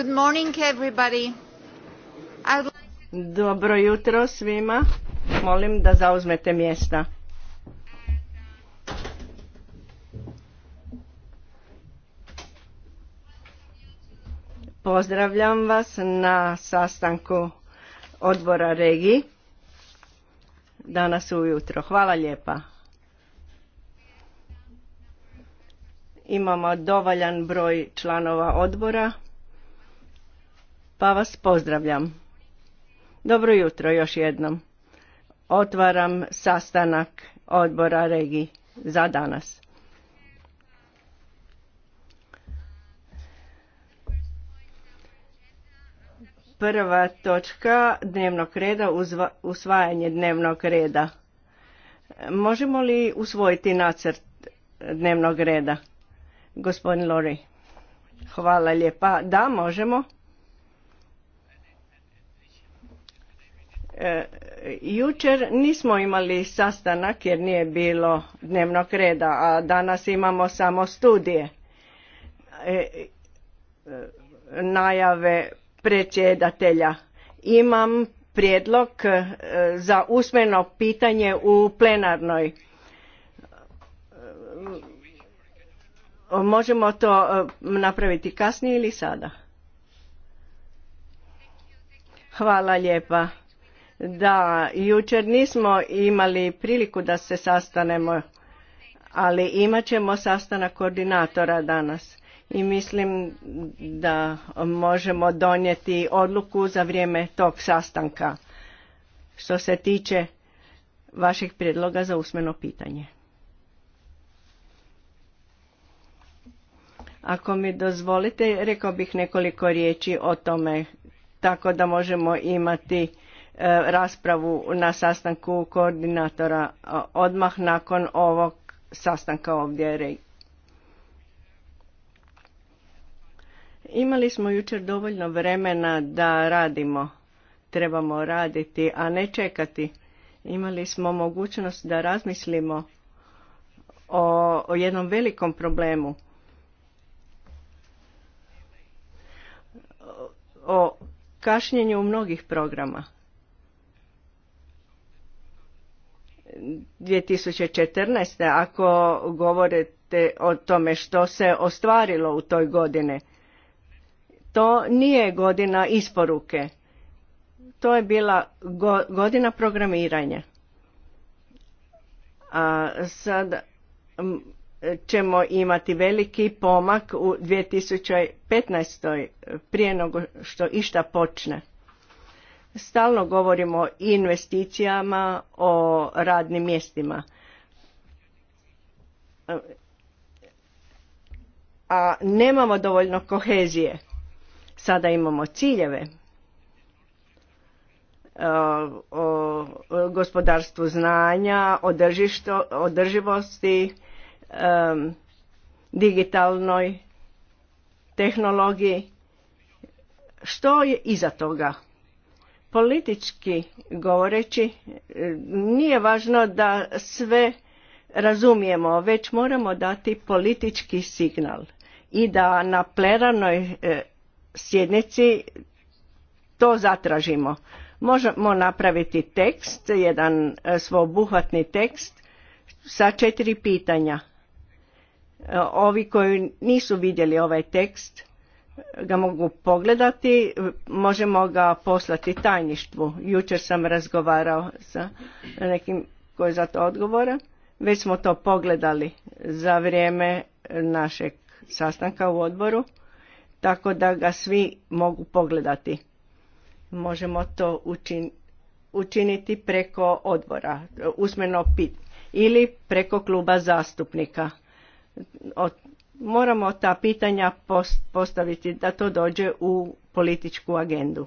Good morning everybody. Dobro jutro svima. Molim da zauzmete mjesta. Pozdravljam vas na sastanku odbora Regi danas ujutro. Hvala lijepa. Imamo dovoljan broj članova odbora pa vas pozdravljam. Dobro jutro još jednom. Otvaram sastanak odbora regi za danas. Prva točka dnevnog reda, usvajanje dnevnog reda. Možemo li usvojiti nacrt dnevnog reda? Gospodin Lori. Hvala lijepa. Da, možemo. E, jučer nismo imali sastanak jer nije bilo dnevnog reda, a danas imamo samo studije. E, najave predsjedatelja. Imam prijedlog e, za usmeno pitanje u plenarnoj. Možemo to napraviti kasnije ili sada? Hvala lijepa da jučer nismo imali priliku da se sastanemo, ali imat ćemo sastanak koordinatora danas i mislim da možemo donijeti odluku za vrijeme tog sastanka što se tiče vaših prijedloga za usmeno pitanje. Ako mi dozvolite, rekao bih nekoliko riječi o tome tako da možemo imati E, raspravu na sastanku koordinatora odmah nakon ovog sastanka ovdje. Imali smo jučer dovoljno vremena da radimo. Trebamo raditi, a ne čekati. Imali smo mogućnost da razmislimo o, jednom velikom problemu. O kašnjenju mnogih programa. 2014. ako govorite o tome što se ostvarilo u toj godine. To nije godina isporuke. To je bila godina programiranja. A sad ćemo imati veliki pomak u 2015. prije nego što išta počne. Stalno govorimo o investicijama, o radnim mjestima. A nemamo dovoljno kohezije. Sada imamo ciljeve e, o gospodarstvu znanja, održivosti, e, digitalnoj tehnologiji. Što je iza toga? Politički govoreći, e, nije važno da sve razumijemo, već moramo dati politički signal i da na plenarnoj e, sjednici to zatražimo. Možemo napraviti tekst, jedan e, svobuhvatni tekst sa četiri pitanja. Ovi koji nisu vidjeli ovaj tekst ga mogu pogledati, možemo ga poslati tajništvu. Jučer sam razgovarao sa nekim koji je za to odgovora. Već smo to pogledali za vrijeme našeg sastanka u odboru, tako da ga svi mogu pogledati. Možemo to učiniti preko odbora, usmeno pit, ili preko kluba zastupnika. O Moramo ta pitanja postaviti da to dođe u političku agendu.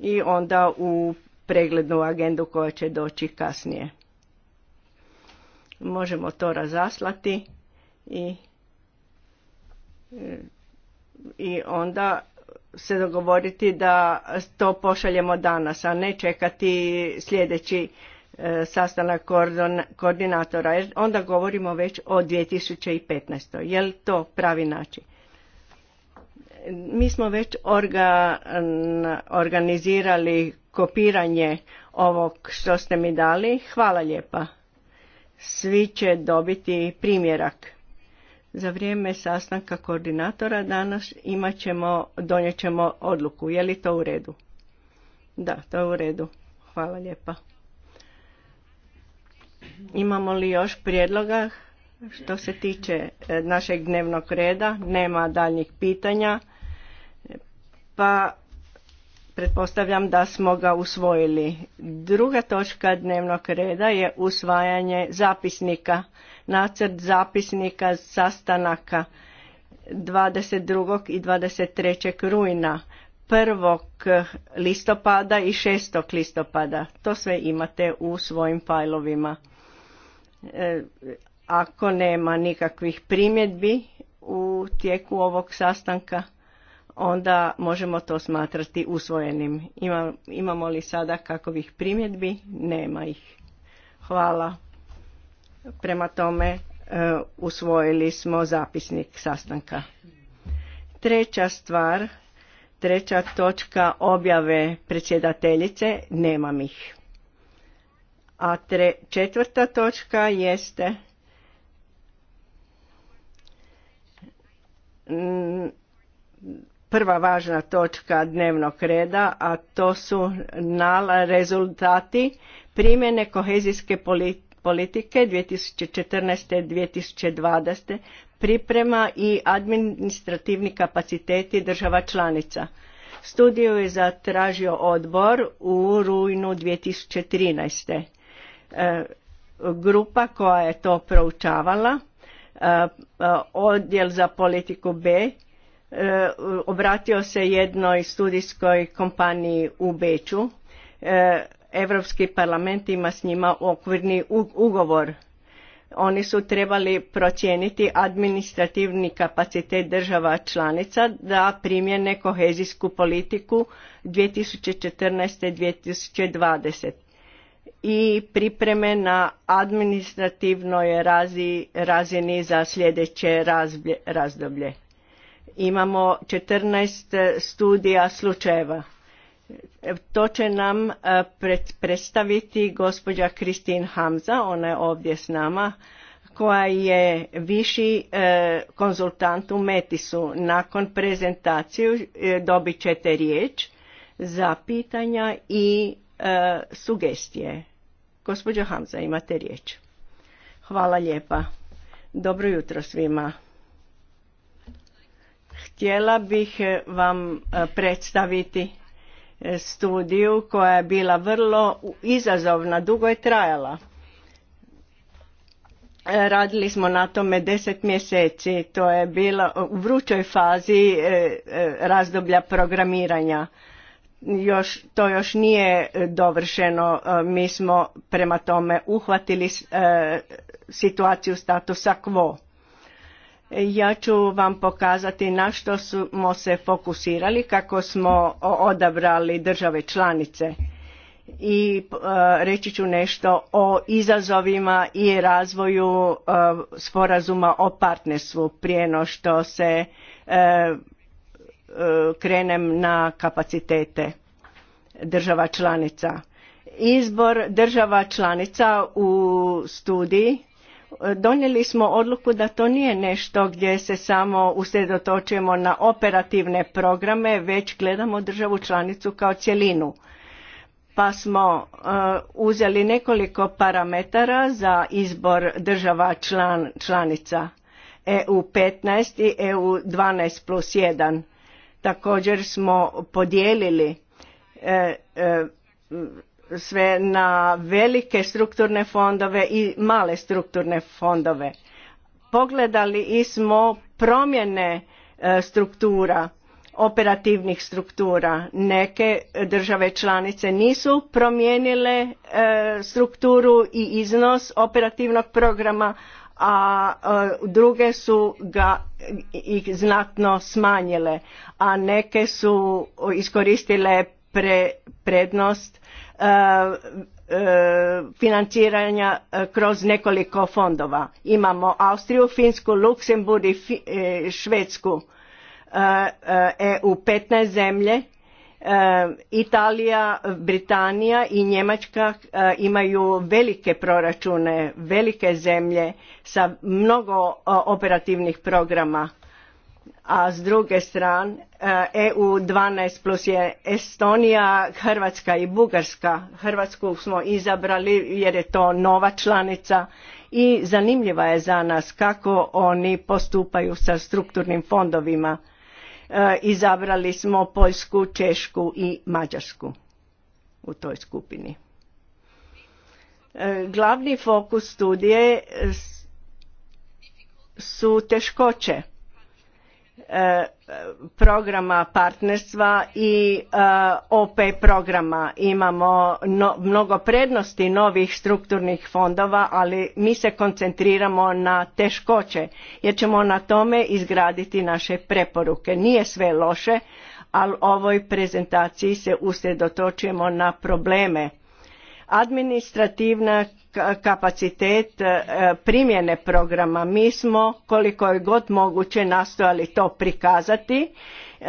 I onda u preglednu agendu koja će doći kasnije. Možemo to razaslati i i onda se dogovoriti da to pošaljemo danas, a ne čekati sljedeći E, sastanak koordinatora, jer onda govorimo već o 2015. Je li to pravi način? Mi smo već organizirali kopiranje ovog što ste mi dali. Hvala lijepa. Svi će dobiti primjerak. Za vrijeme sastanka koordinatora danas imat ćemo, donijet ćemo odluku. Je li to u redu? Da, to je u redu. Hvala lijepa. Imamo li još prijedloga što se tiče e, našeg dnevnog reda? Nema daljnjih pitanja, pa pretpostavljam da smo ga usvojili. Druga točka dnevnog reda je usvajanje zapisnika, nacrt zapisnika sastanaka 22. i 23. rujna. 1. listopada i 6. listopada. To sve imate u svojim fajlovima. E, ako nema nikakvih primjedbi u tijeku ovog sastanka, onda možemo to smatrati usvojenim. imamo li sada kakovih primjedbi? Nema ih. Hvala. Prema tome e, usvojili smo zapisnik sastanka. Treća stvar, treća točka objave predsjedateljice, nemam ih. A tre, četvrta točka jeste mm, prva važna točka dnevnog reda, a to su nala rezultati primjene kohezijske politike 2014-2020, priprema i administrativni kapaciteti država članica. Studiju je zatražio odbor u rujnu 2013. E, grupa koja je to proučavala, e, odjel za politiku B, e, obratio se jednoj studijskoj kompaniji u Beću. Europski parlament ima s njima okvirni ugovor. Oni su trebali procijeniti administrativni kapacitet država članica da primjene kohezijsku politiku 2014. 2020 i pripreme na administrativnoj razini za sljedeće razdoblje. Imamo 14 studija slučajeva. To će nam e, predstaviti gospođa Kristin Hamza, ona je ovdje s nama, koja je viši e, konzultant u Metisu. Nakon prezentaciju e, dobit ćete riječ za pitanja i sugestije. Gospođo Hamza, imate riječ. Hvala lijepa. Dobro jutro svima. Htjela bih eh, vam eh, predstaviti eh, studiju koja je bila vrlo izazovna, dugo je trajala. Radili smo na tome deset mjeseci, to je bilo u vrućoj fazi razdoblja programiranja još, to još nije e, dovršeno, e, mi smo prema tome uhvatili e, situaciju statusa quo. Ja ću vam pokazati na što smo se fokusirali, kako smo odabrali države članice i reći ću nešto o izazovima i razvoju sporazuma o partnerstvu prije no što se E, krenem na kapacitete država članica. Izbor država članica u studiji e, donijeli smo odluku da to nije nešto gdje se samo usredotočujemo na operativne programe, već gledamo državu članicu kao cjelinu. Pa smo e, uzeli nekoliko parametara za izbor država član, članica EU 15 i EU 12 plus Također smo podijelili e, e, sve na velike strukturne fondove i male strukturne fondove. Pogledali i smo promjene e, struktura, operativnih struktura. Neke države članice nisu promijenile strukturu i iznos operativnog programa, a e, druge su ga ih znatno smanjile, a neke su iskoristile prednost e, e, financiranja kroz nekoliko fondova. Imamo Austriju, Finsku, Luksemburg i Švedsku, EU 15 zemlje Italija, Britanija i Njemačka e, imaju velike proračune, velike zemlje sa mnogo e, operativnih programa. A s druge strane EU 12 plus je Estonija, Hrvatska i Bugarska. Hrvatsku smo izabrali jer je to nova članica i zanimljiva je za nas kako oni postupaju sa strukturnim fondovima E, izabrali smo Poljsku, Češku i Mađarsku u toj skupini. E, glavni fokus studije su teškoće E, programa partnerstva i e, OP programa. Imamo mnogo prednosti novih strukturnih fondova, ali mi se koncentriramo na teškoće jer ćemo na tome izgraditi naše preporuke. Nije sve loše, ali ovoj prezentaciji se usredotočujemo na probleme. Administrativna kapacitet e, primjene programa. Mi smo koliko je god moguće nastojali to prikazati. E,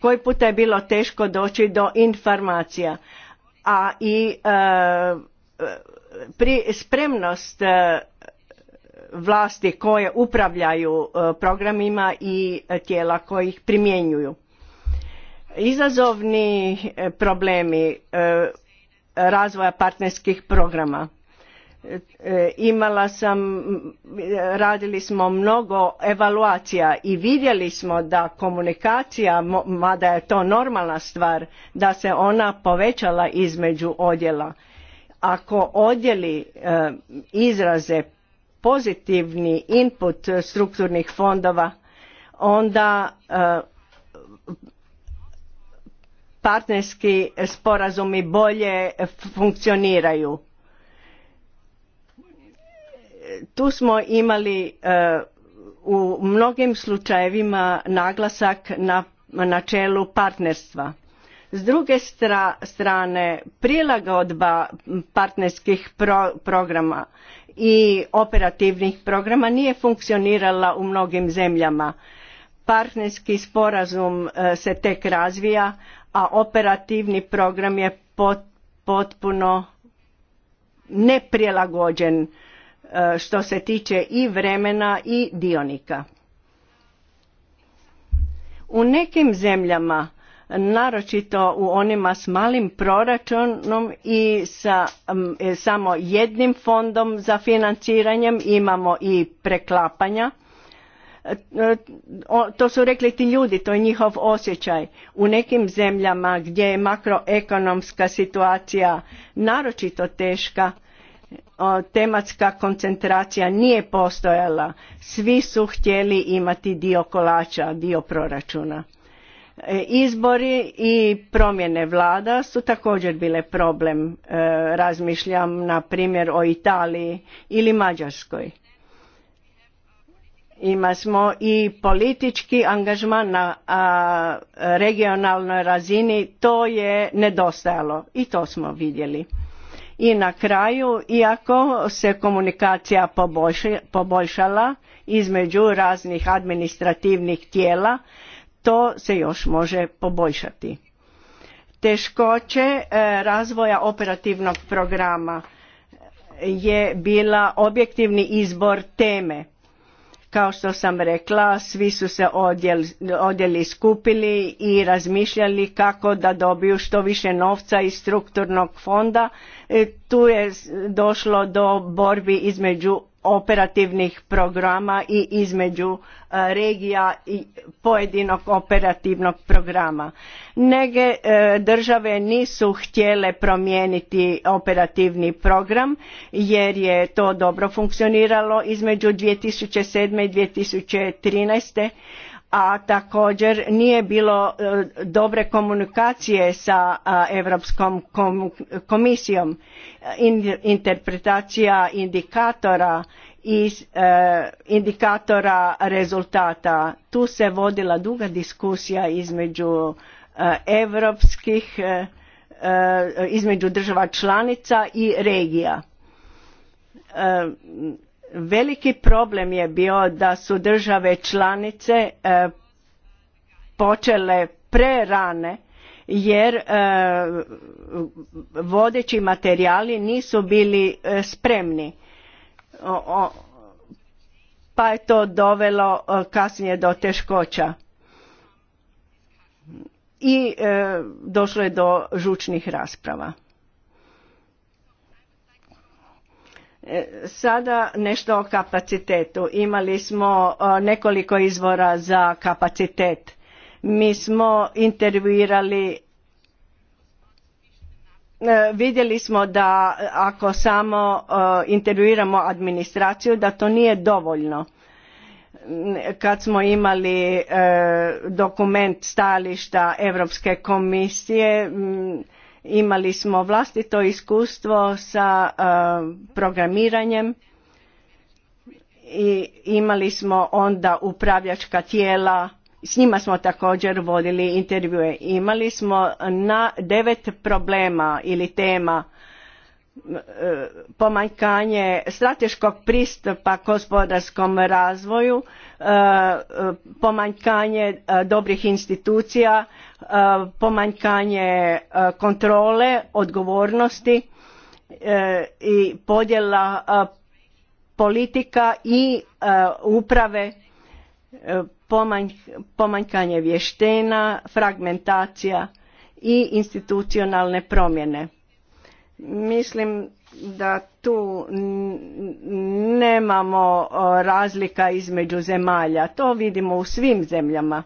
koji puta je bilo teško doći do informacija. A i e, spremnost vlasti koje upravljaju programima i tijela koji ih primjenjuju. Izazovni problemi razvoja partnerskih programa. E, imala sam, radili smo mnogo evaluacija i vidjeli smo da komunikacija, mada je to normalna stvar, da se ona povećala između odjela. Ako odjeli e, izraze pozitivni input strukturnih fondova, onda e, partnerski sporazumi bolje funkcioniraju. Tu smo imali e, u mnogim slučajevima naglasak na načelu partnerstva. S druge stra, strane, prilagodba partnerskih programa i operativnih programa nije funkcionirala u mnogim zemljama. Partnerski sporazum e, se tek razvija, a operativni program je potpuno neprilagođen e, što se tiče i vremena i dionika. U nekim zemljama, naročito u onima s malim proračunom i sa e, samo jednim fondom za financiranjem imamo i preklapanja to su rekli ti ljudi, to je njihov osjećaj. U nekim zemljama gdje je makroekonomska situacija naročito teška, tematska koncentracija nije postojala. Svi su htjeli imati dio kolača, dio proračuna. E, izbori i promjene vlada su također bile problem. E, razmišljam na primjer o Italiji ili Mađarskoj ima smo i politički angažman na regionalnoj razini to je nedostajalo i to smo vidjeli i na kraju iako se komunikacija poboljšala između raznih administrativnih tijela to se još može poboljšati teškoće e, razvoja operativnog programa je bila objektivni izbor teme kao što sam rekla, svi su se odjeli, skupili i razmišljali kako da dobiju što više novca iz strukturnog fonda. E, tu je došlo do borbi između operativnih programa i između E, regija i pojedinog operativnog programa. Nege e, države nisu htjele promijeniti operativni program jer je to dobro funkcioniralo između 2007. i 2013 a također nije bilo e, dobre komunikacije sa Europskom komisijom. Interpretacija indikatora iz eh, indikatora rezultata. Tu se vodila duga diskusija između europskih, eh, eh, između država članica i regija. Veliki problem je bio da su države članice počele prerane jer vodeći materijali nisu bili spremni pa je to dovelo e, kasnije do teškoća i e, došlo je do žučnih rasprava. E, sada nešto o kapacitetu. Imali smo nekoliko izvora za kapacitet. Mi smo intervjuirali E, vidjeli smo da ako samo e, intervjuiramo administraciju da to nije dovoljno kad smo imali e, dokument stajališta europske komisije imali smo vlastito iskustvo sa programiranjem i imali smo onda upravljačka tijela s njima smo također vodili intervjue. Imali smo na devet problema ili tema e, pomanjkanje strateškog pristupa gospodarskom razvoju, e, e, pomanjkanje dobrih institucija, pomanjkanje kontrole, odgovornosti i podjela politika i uprave pomanjkanje vještena, fragmentacija i institucionalne promjene. Mislim da tu nemamo razlika između zemalja. To vidimo u svim zemljama.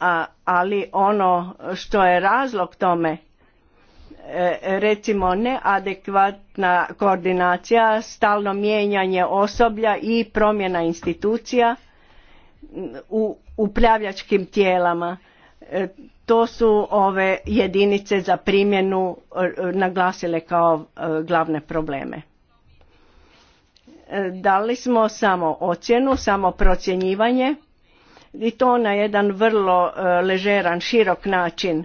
A, ali ono što je razlog tome E, recimo neadekvatna koordinacija, stalno mijenjanje osoblja i promjena institucija u upravljačkim tijelama. E, to su ove jedinice za primjenu e, naglasile kao glavne probleme. Dali smo samo ocjenu, samo procjenjivanje i to na jedan vrlo ležeran, širok način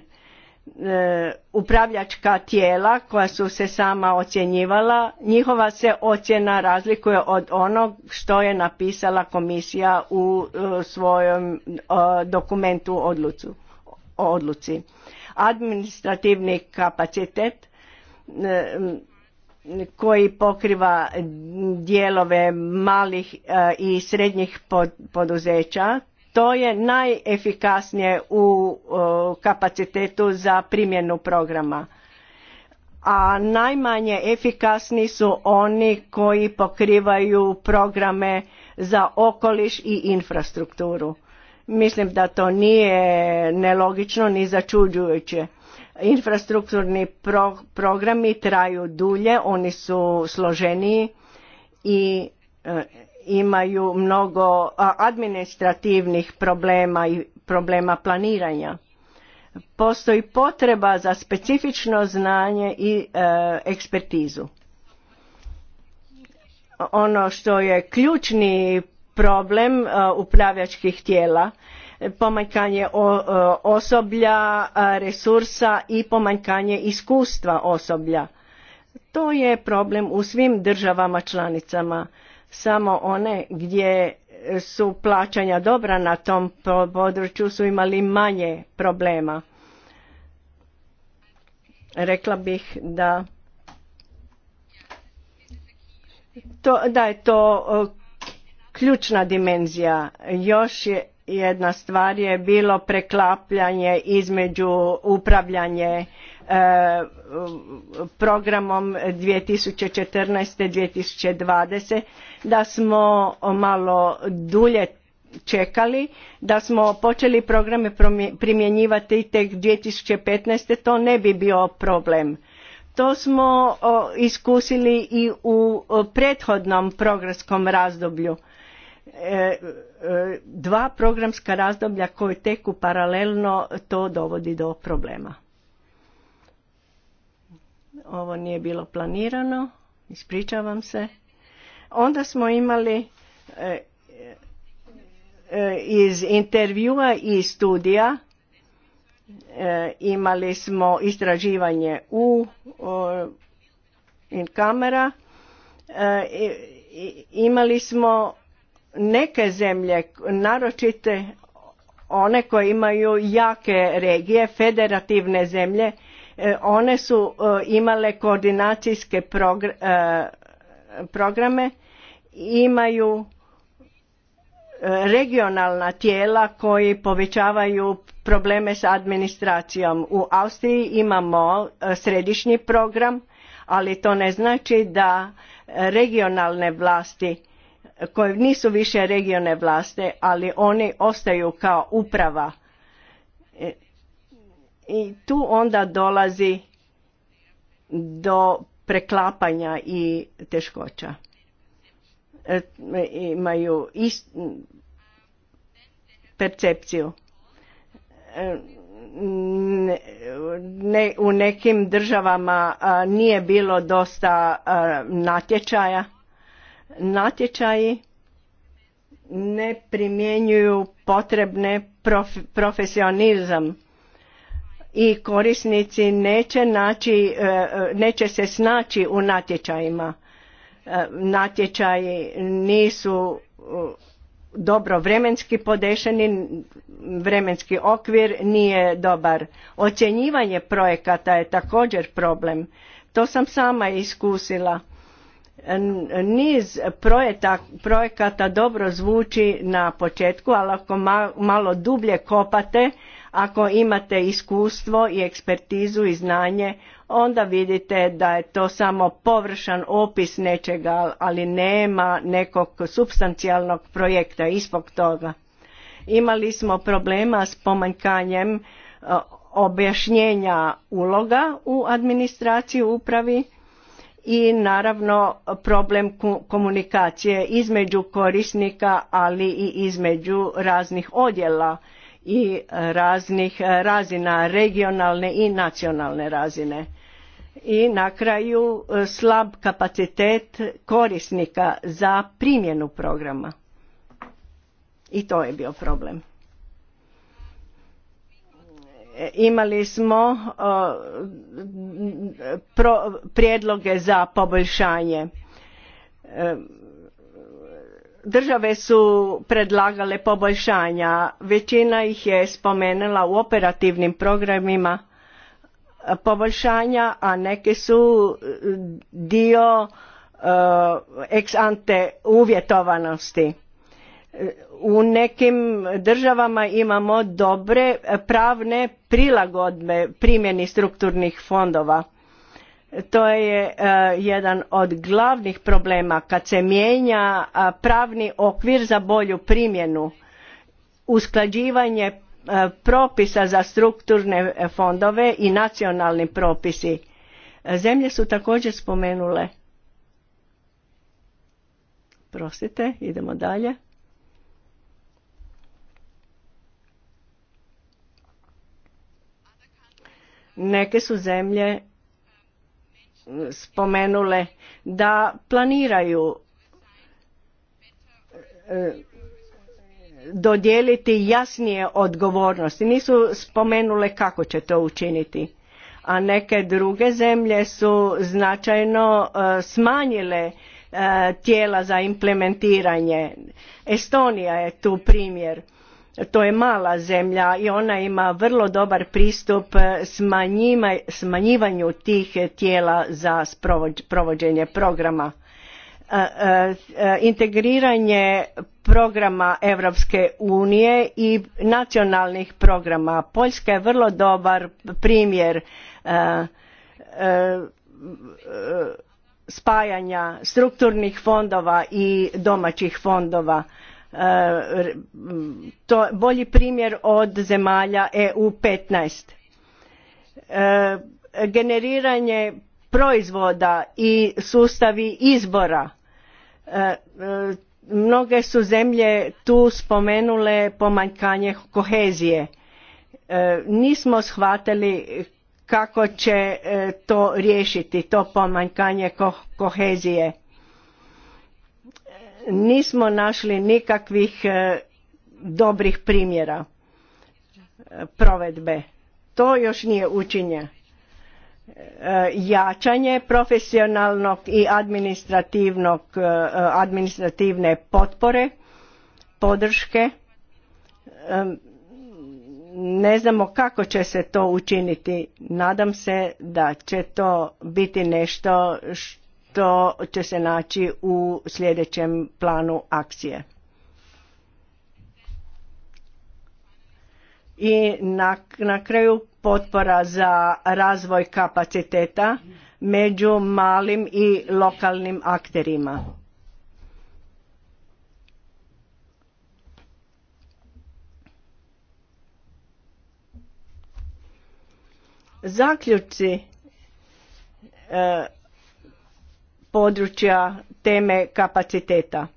E, upravljačka tijela koja su se sama ocjenjivala njihova se ocjena razlikuje od onog što je napisala komisija u e, svojem e, dokumentu o odluci administrativni kapacitet koji pokriva dijelove malih i srednjih poduzeća to je najefikasnije u kapacitetu za primjenu programa a najmanje efikasni su oni koji pokrivaju programe za okoliš i infrastrukturu mislim da to nije nelogično ni začuđujuće infrastrukturni programi traju dulje oni su složeniji i e, imaju mnogo administrativnih problema i problema planiranja postoji potreba za specifično znanje i e, ekspertizu ono što je ključni problem e, upravljačkih tijela pomanjkanje e, osoblja resursa i pomanjkanje iskustva osoblja to je problem u svim državama članicama samo one gdje su plaćanja dobra na tom području su imali manje problema. Rekla bih da to, da je to ključna dimenzija. Još je jedna stvar je bilo preklapljanje između upravljanje programom 2014-2020 da smo malo dulje čekali da smo počeli programe primjenjivati tek 2015. to ne bi bio problem. To smo iskusili i u prethodnom programskom razdoblju. E, e, dva programska razdoblja koje teku paralelno to dovodi do problema. Ovo nije bilo planirano, ispričavam se. Onda smo imali e, e, iz intervjua i studija e, imali smo istraživanje u in kamera. Imali smo neke zemlje, naročite one koje imaju jake regije, federativne zemlje, E, one su e, imale koordinacijske e, programe, imaju regionalna tijela koji povećavaju probleme s administracijom. U Austriji imamo središnji program, ali to ne znači da regionalne vlasti koje nisu više regionalne vlasti, ali oni ostaju kao uprava i tu onda dolazi do preklapanja i teškoća. E, imaju ist, percepciju. E, ne, u nekim državama nije bilo dosta natječaja. Natječaji ne primjenjuju potrebne prof, profesionizam i korisnici neće, naći, e, e, neće se snaći u natječajima. E, natječaji nisu dobro vremenski podešeni, vremenski okvir nije dobar. Ocjenjivanje projekata je također problem. To sam sama iskusila. Niz projekata dobro zvuči na početku, ali ako malo dublje kopate, ako imate iskustvo i ekspertizu i znanje, onda vidite da je to samo površan opis nečega, ali nema nekog substancijalnog projekta ispod toga. Imali smo problema s pomanjkanjem e, objašnjenja uloga u administraciji upravi i naravno problem komunikacije između korisnika ali i između raznih odjela i raznih razina regionalne i nacionalne razine i na kraju slab kapacitet korisnika za primjenu programa i to je bio problem imali smo prijedloge za poboljšanje e, Države su predlagale poboljšanja, većina ih je spomenula u operativnim programima e, poboljšanja, a neke su e, dio e, ex ante uvjetovanosti. U nekim državama imamo dobre pravne prilagodbe primjeni strukturnih fondova to je e, jedan od glavnih problema kad se mijenja pravni okvir za bolju primjenu usklađivanje e, propisa za strukturne e, fondove i nacionalni propisi zemlje su također spomenule Prostite, idemo dalje. Neke su zemlje spomenule da planiraju e, dodijeliti jasnije odgovornosti. Nisu spomenule kako će to učiniti. A neke druge zemlje su značajno e, smanjile e, tijela za implementiranje. Estonija je tu primjer to je mala zemlja i ona ima vrlo dobar pristup eh, smanjivanju tih tijela za provođenje programa eh, eh, integriranje programa europske unije i nacionalnih programa poljska je vrlo dobar primjer spajanja strukturnih fondova i domaćih fondova E, to bolji primjer od zemalja EU 15 e, generiranje proizvoda i sustavi izbora e, mnoge su zemlje tu spomenule pomanjkanje kohezije nismo shvatili kako će to riješiti to pomanjkanje kohezije nismo našli nikakvih e, dobrih primjera e, provedbe. To još nije učinjeno. E, jačanje profesionalnog i administrativnog, administrativne potpore, podrške, ne znamo kako će se to učiniti. Nadam se da će to biti nešto to će se naći u sljedećem planu akcije. I na, na kraju potpora za razvoj kapaciteta među malim i lokalnim akterima. Zaključci e, područja teme kapaciteta.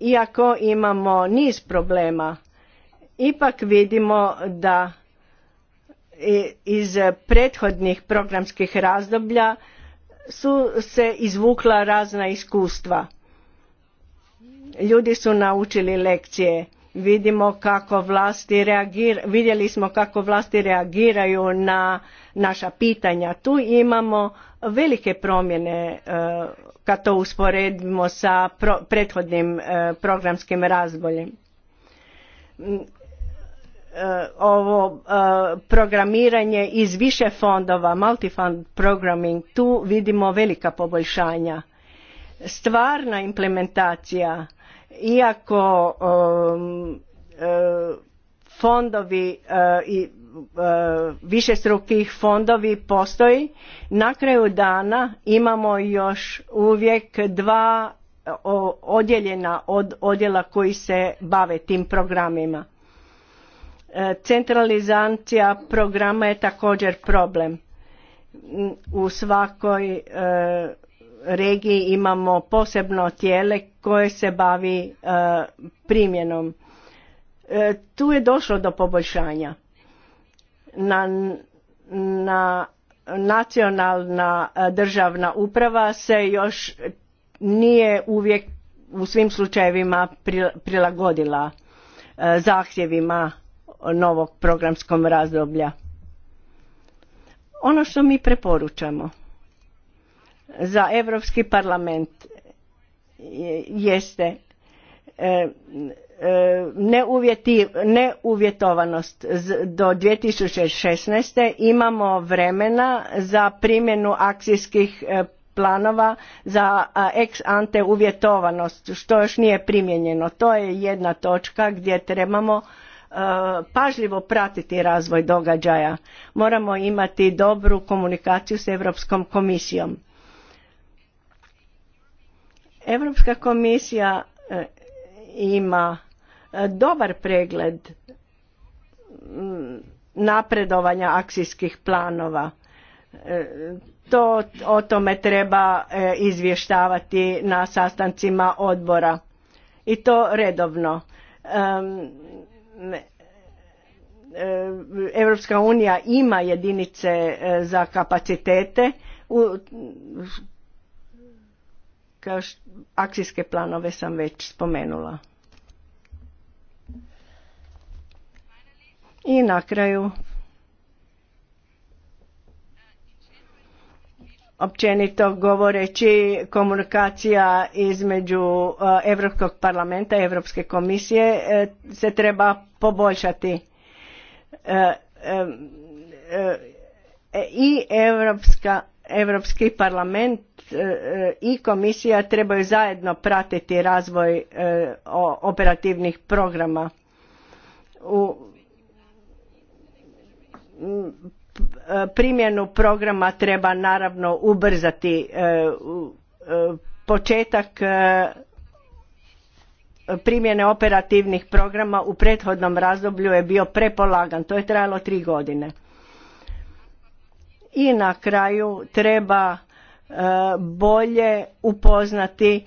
Iako imamo niz problema, ipak vidimo da iz prethodnih programskih razdoblja su se izvukla razna iskustva. Ljudi su naučili lekcije. Vidimo kako vlasti reagir, vidjeli smo kako vlasti reagiraju na naša pitanja. Tu imamo velike promjene e, kad to usporedimo sa prethodnim e, programskim razboljem. Mm, e, ovo programiranje iz više fondova, multifund programming, tu vidimo velika poboljšanja. Stvarna implementacija, iako fondovi i E, višestrukih fondovi postoji. Na kraju dana imamo još uvijek dva odjeljena od odjela koji se bave tim programima. E, centralizacija programa je također problem. Mm, u svakoj e, regiji imamo posebno tijele koje se bavi primjenom. Tu je došlo do poboljšanja na, na nacionalna e, državna uprava se još nije uvijek u svim slučajevima prilagodila e, zahtjevima novog programskog razdoblja. Ono što mi preporučamo za Europski parlament jeste e, E, neuvjetovanost Do two thousand do 2016. imamo vremena za primjenu akcijskih e, planova za ex ante uvjetovanost što još nije primijenjeno. To je jedna točka gdje trebamo e, pažljivo pratiti razvoj događaja. Moramo imati dobru komunikaciju s Europskom komisijom. Europska komisija ima dobar pregled mm, napredovanja akcijskih planova. E, to, o tome treba e, izvještavati na sastancima odbora i to redovno. Europska e, unija ima jedinice za kapacitete u akcijske planove sam već spomenula. I na kraju općenito govoreći komunikacija između Europskog parlamenta i Europske komisije e, se treba poboljšati. E, e, I Evropska, Europski parlament i komisija trebaju zajedno pratiti razvoj operativnih programa u primjenu programa treba naravno ubrzati e, e, početak e, primjene operativnih programa u prethodnom razdoblju je bio prepolagan to je trajalo tri godine i na kraju treba bolje upoznati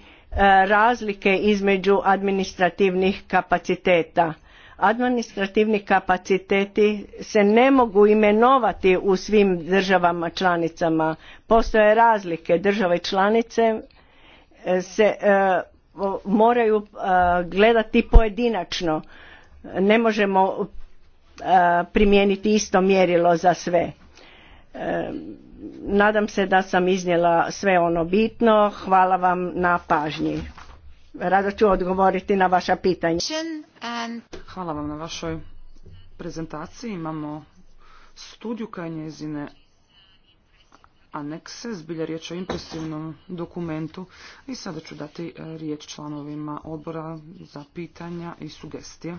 razlike između administrativnih kapaciteta administrativni kapaciteti se ne mogu imenovati u svim državama članicama postoje razlike države članice eh, se eh, moraju eh, gledati pojedinačno ne možemo primijeniti isto mjerilo za sve nadam se da sam iznijela sve ono bitno hvala vam na pažnji Rado ću odgovoriti na vaša pitanja. Hvala vam na vašoj prezentaciji. Imamo studiju kaj njezine anekse, zbilja riječ o impresivnom dokumentu. I sada ću dati e, riječ članovima odbora za pitanja i sugestije.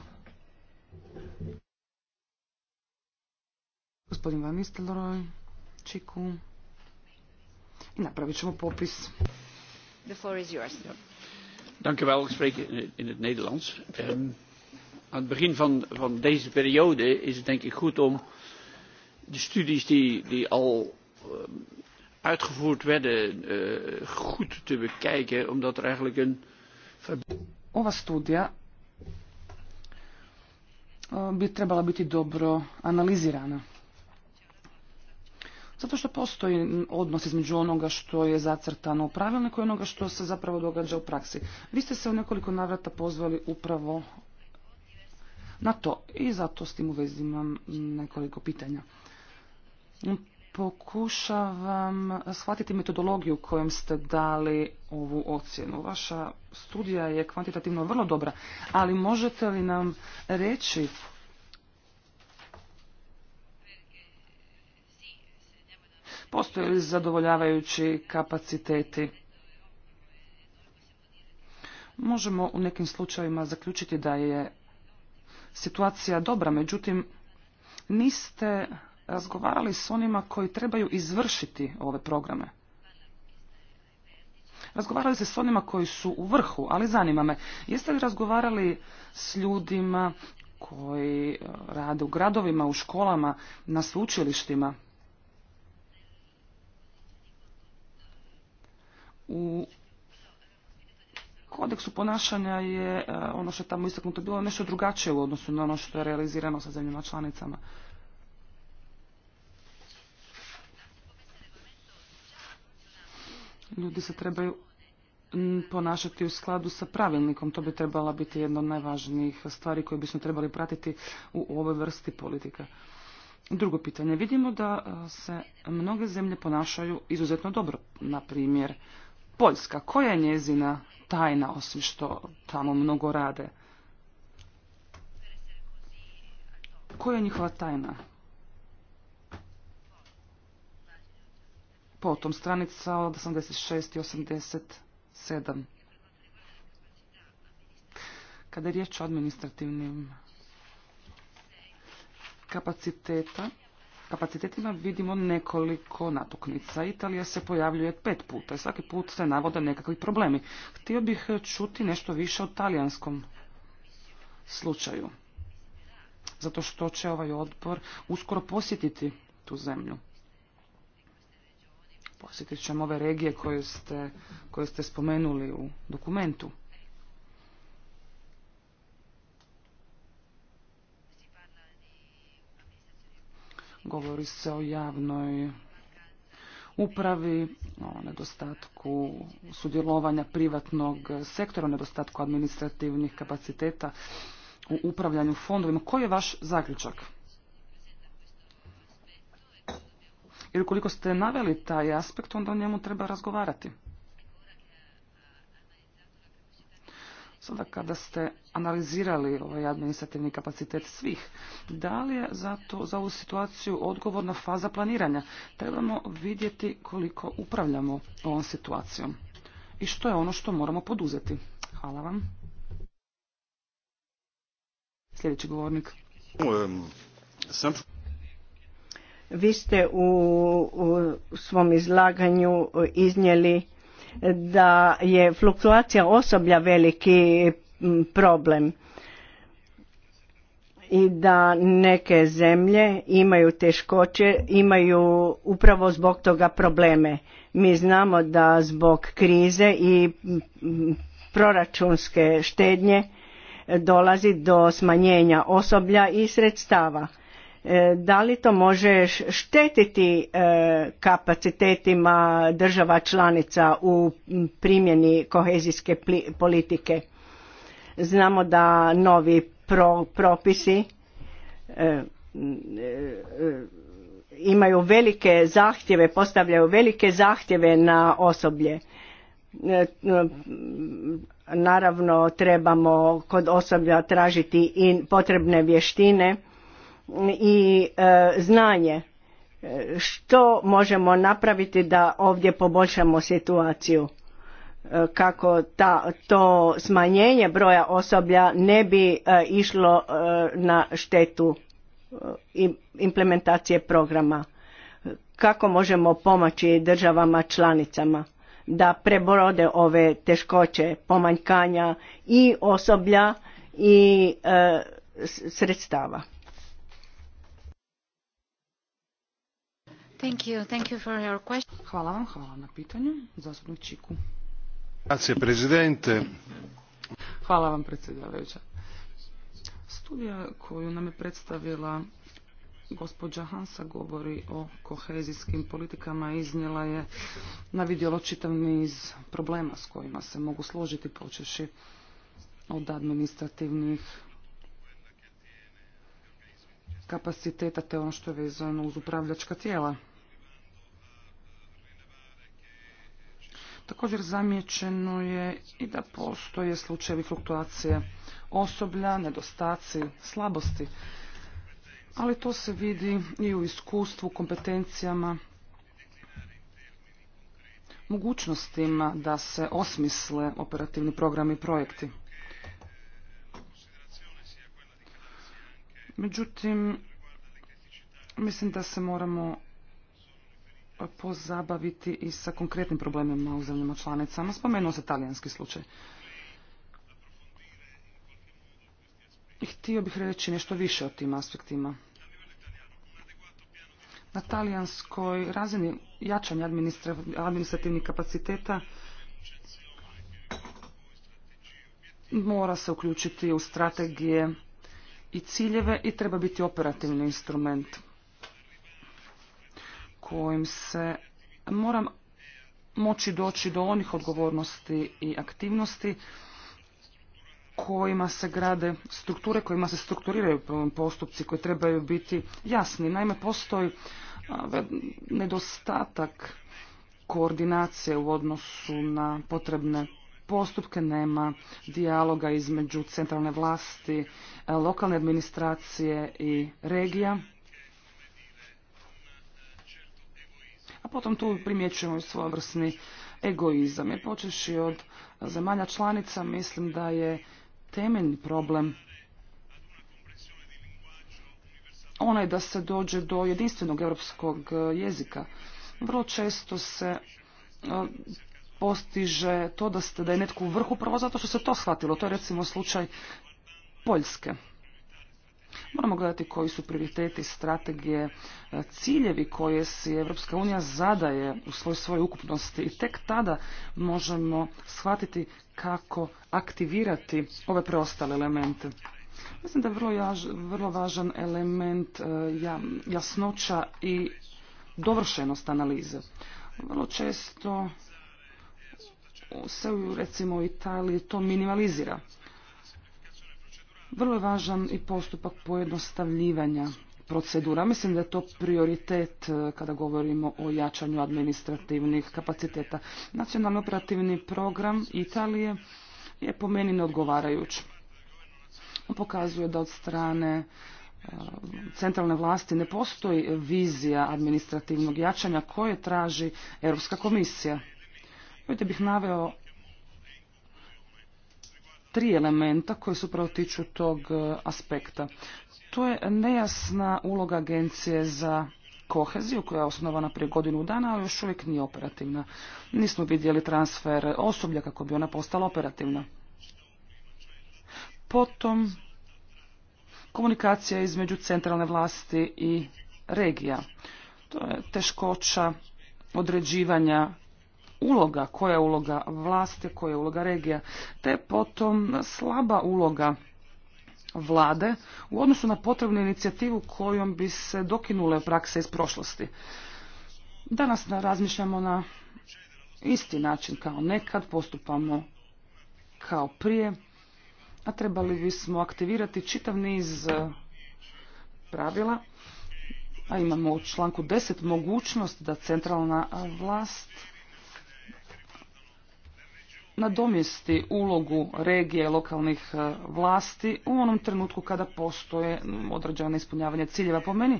Gospodin Van Isteloroj, Čiku. I napravit ćemo popis. The floor is yours in het Nederlands. Ehm, aan het begin van, deze periode is het denk ik goed om de studies die, al ehm, uitgevoerd werden eh, goed te bekijken, omdat er eigenlijk een... Ova studija eh, bi trebala biti dobro analizirana. Zato što postoji odnos između onoga što je zacrtano u pravilniku i onoga što se zapravo događa u praksi. Vi ste se u nekoliko navrata pozvali upravo na to i zato s tim u vezi nekoliko pitanja. Pokušavam shvatiti metodologiju kojom ste dali ovu ocjenu. Vaša studija je kvantitativno vrlo dobra, ali možete li nam reći Postoje li zadovoljavajući kapaciteti? Možemo u nekim slučajevima zaključiti da je situacija dobra, međutim niste razgovarali s onima koji trebaju izvršiti ove programe. Razgovarali ste s onima koji su u vrhu, ali zanima me, jeste li razgovarali s ljudima koji eh, rade u gradovima, u školama, na sveučilištima? U kodeksu ponašanja je e, ono što je tamo istaknuto bilo nešto drugačije u odnosu na ono što je realizirano sa zemljama članicama. Ljudi se trebaju ponašati u skladu sa pravilnikom. To bi trebala biti jedna od najvažnijih stvari koje bismo trebali pratiti u ovoj vrsti politika. Drugo pitanje. Vidimo da e, se mnoge zemlje ponašaju izuzetno dobro. Na primjer, Poljska, koja je njezina tajna osim što tamo mnogo rade? Koja je njihova tajna? Potom stranica od 86 i 87. Kada je riječ o administrativnim kapaciteta, kapacitetima vidimo nekoliko natuknica. Italija se pojavljuje pet puta i svaki put se navode nekakvi problemi. Htio bih čuti nešto više o talijanskom slučaju. Zato što će ovaj odbor uskoro posjetiti tu zemlju. Posjetit ćemo ove regije koje ste, koje ste spomenuli u dokumentu. Govori se o javnoj upravi, o nedostatku sudjelovanja privatnog sektora, o nedostatku administrativnih kapaciteta u upravljanju fondovima. Koji je vaš zaključak? Jer ukoliko ste naveli taj aspekt, onda o njemu treba razgovarati. Sada kada ste analizirali ovaj administrativni kapacitet svih, da li je to, za ovu situaciju odgovorna faza planiranja? Trebamo vidjeti koliko upravljamo ovom situacijom i što je ono što moramo poduzeti. Hvala vam. Sljedeći govornik. Um, Vi ste u, u svom izlaganju iznijeli da je fluktuacija osoblja veliki problem i da neke zemlje imaju teškoće, imaju upravo zbog toga probleme. Mi znamo da zbog krize i proračunske štednje dolazi do smanjenja osoblja i sredstava E, da li to može štetiti e, kapacitetima država članica u primjeni kohezijske politike znamo da novi propisi e, imaju velike zahtjeve postavljaju velike zahtjeve na osoblje naravno trebamo kod osoblja tražiti i potrebne vještine i e, znanje e, što možemo napraviti da ovdje poboljšamo situaciju e, kako to smanjenje broja osoblja ne bi išlo na štetu implementacije programa kako možemo pomoći državama članicama da prebrode ove teškoće pomanjkanja i osoblja i sredstava Thank you. Thank Hvala vam, hvala na pitanju. Čiku. Hvala vam, predsjedavajuća. Studija koju nam je predstavila gospođa Hansa govori o kohezijskim politikama iznijela je na vidjelo čitav niz problema s kojima se mogu složiti počeši od administrativnih kapaciteta te ono što je vezano uz upravljačka tijela. Također zamijećeno je i da postoje slučajevi fluktuacije osoblja, nedostaci, slabosti. Ali to se vidi i u iskustvu, kompetencijama, mogućnostima da se osmisle operativni programi i projekti. Međutim, mislim da se moramo pozabaviti i sa konkretnim problemima u zemljama članicama. Spomenuo se talijanski slučaj. I htio bih reći nešto više o tim aspektima. Na talijanskoj razini jačanja administrativnih kapaciteta mora se uključiti u strategije i ciljeve i treba biti operativni instrument kojim se moram moći doći do onih odgovornosti i aktivnosti kojima se grade strukture, kojima se strukturiraju postupci koji trebaju biti jasni. Naime, postoji nedostatak koordinacije u odnosu na potrebne postupke, nema dijaloga između centralne vlasti, e, lokalne administracije i regija. potom tu primjećujemo i svojevrsni egoizam. Jer počeši od zemalja članica mislim da je temeljni problem onaj da se dođe do jedinstvenog europskog jezika. Vrlo često se e, postiže to da, ste, da je netko u vrhu prvo zato što se to shvatilo. To je recimo slučaj Poljske. Moramo gledati koji su prioriteti, strategije, e, ciljevi koje si Evropska unija zadaje u svoj svojoj ukupnosti i tek tada možemo shvatiti kako aktivirati ove preostale elemente. Mislim da je vrlo, vrlo važan element e, jasnoća i dovršenost analize. Vrlo često se recimo u Italiji to minimalizira. Vrlo je važan i postupak pojednostavljivanja procedura. Mislim da je to prioritet e, kada govorimo o jačanju administrativnih kapaciteta. Nacionalni operativni program Italije je po meni neodgovarajuć. On pokazuje da od strane e, centralne vlasti ne postoji vizija administrativnog jačanja koje traži Europska komisija. Ovdje bih naveo tri elementa koji su upravo tiču tog e, aspekta. To je nejasna uloga agencije za koheziju koja je osnovana prije godinu dana, ali još uvijek nije operativna. Nismo vidjeli transfer osoblja kako bi ona postala operativna. Potom komunikacija između centralne vlasti i regija. To je teškoća određivanja uloga, koja je uloga vlasti, koja je uloga regija, te potom slaba uloga vlade u odnosu na potrebnu inicijativu kojom bi se dokinule prakse iz prošlosti. Danas razmišljamo na isti način kao nekad, postupamo kao prije, a trebali bismo aktivirati čitav niz e, pravila, a imamo u članku 10 mogućnost da centralna vlast nadomjesti ulogu regije lokalnih e, vlasti u onom trenutku kada postoje određene ispunjavanje ciljeva. Po meni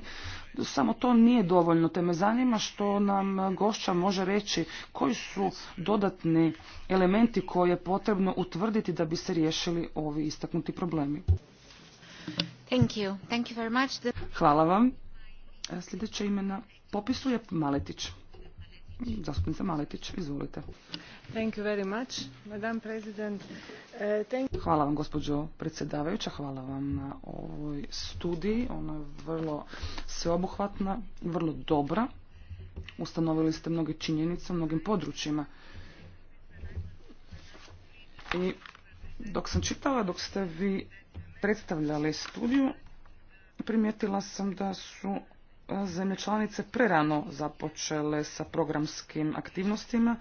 samo to nije dovoljno, te me zanima što nam gošća može reći koji su dodatni elementi koje je potrebno utvrditi da bi se riješili ovi istaknuti problemi. Thank Hvala vam. E, sljedeće imena popisu je Maletić. Zastupnica Maletić, izvolite. Uh, hvala vam, gospođo predsjedavajuća, hvala vam na ovoj studiji. Ona je vrlo sveobuhvatna, vrlo dobra. Ustanovili ste mnoge činjenice u mnogim područjima. I dok sam čitala, dok ste vi predstavljali studiju, primijetila sam da su zemlje članice prerano započele sa programskim aktivnostima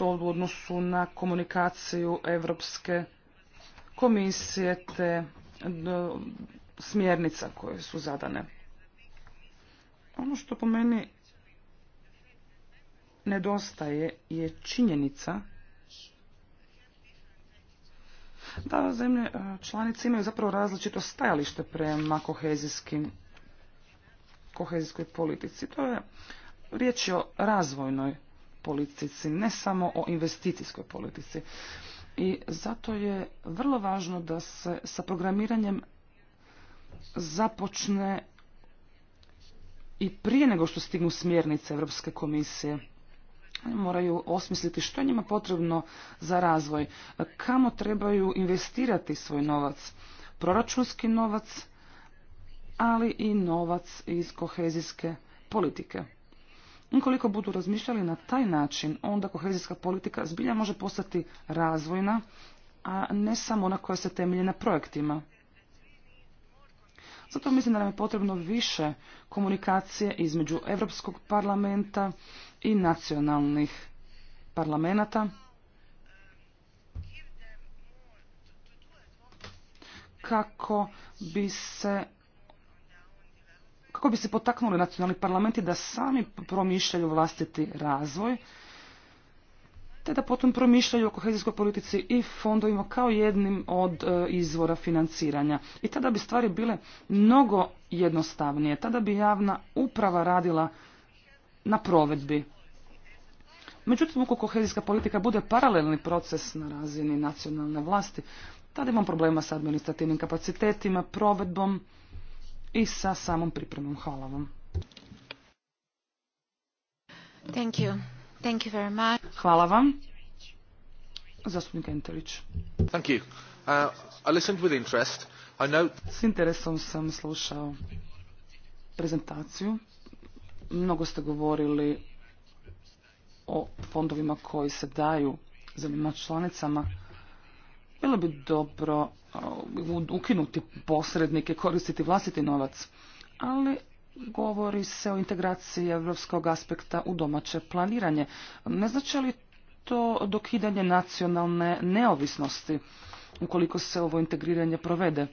u odnosu na komunikaciju Evropske komisije te smjernica koje su zadane. Ono što po meni nedostaje je činjenica da zemlje e, članice imaju zapravo različito stajalište prema kohezijskim kohezijskoj politici. To je riječ o razvojnoj politici, ne samo o investicijskoj politici. I zato je vrlo važno da se sa programiranjem započne i prije nego što stignu smjernice Europske komisije. Moraju osmisliti što je njima potrebno za razvoj, kamo trebaju investirati svoj novac, proračunski novac ali i novac iz kohezijske politike. Ukoliko budu razmišljali na taj način, onda kohezijska politika zbilja može postati razvojna, a ne samo ona koja se temelji na projektima. Zato mislim da nam je potrebno više komunikacije između Europskog parlamenta i nacionalnih parlamenta. Kako bi se kako bi se potaknuli nacionalni parlamenti da sami promišljaju vlastiti razvoj, te da potom promišljaju o kohezijskoj politici i fondovima kao jednim od e, izvora financiranja. I tada bi stvari bile mnogo jednostavnije. Tada bi javna uprava radila na provedbi. Međutim, ako kohezijska politika bude paralelni proces na razini nacionalne vlasti, tada imam problema sa administrativnim kapacitetima, provedbom, i sa samom pripremom. Hvala vam. Thank you. Thank you very much. Hvala vam. Zastupnik Entelić. Thank you. Uh, I listened with interest. I know... S interesom sam slušao prezentaciju. Mnogo ste govorili o fondovima koji se daju zemljama članicama. Bilo bi dobro uh, ukinuti posrednike, koristiti vlastiti novac, ali govori se o integraciji evropskog aspekta u domaće planiranje. Ne znači li to dokidanje nacionalne neovisnosti ukoliko se ovo integriranje provede?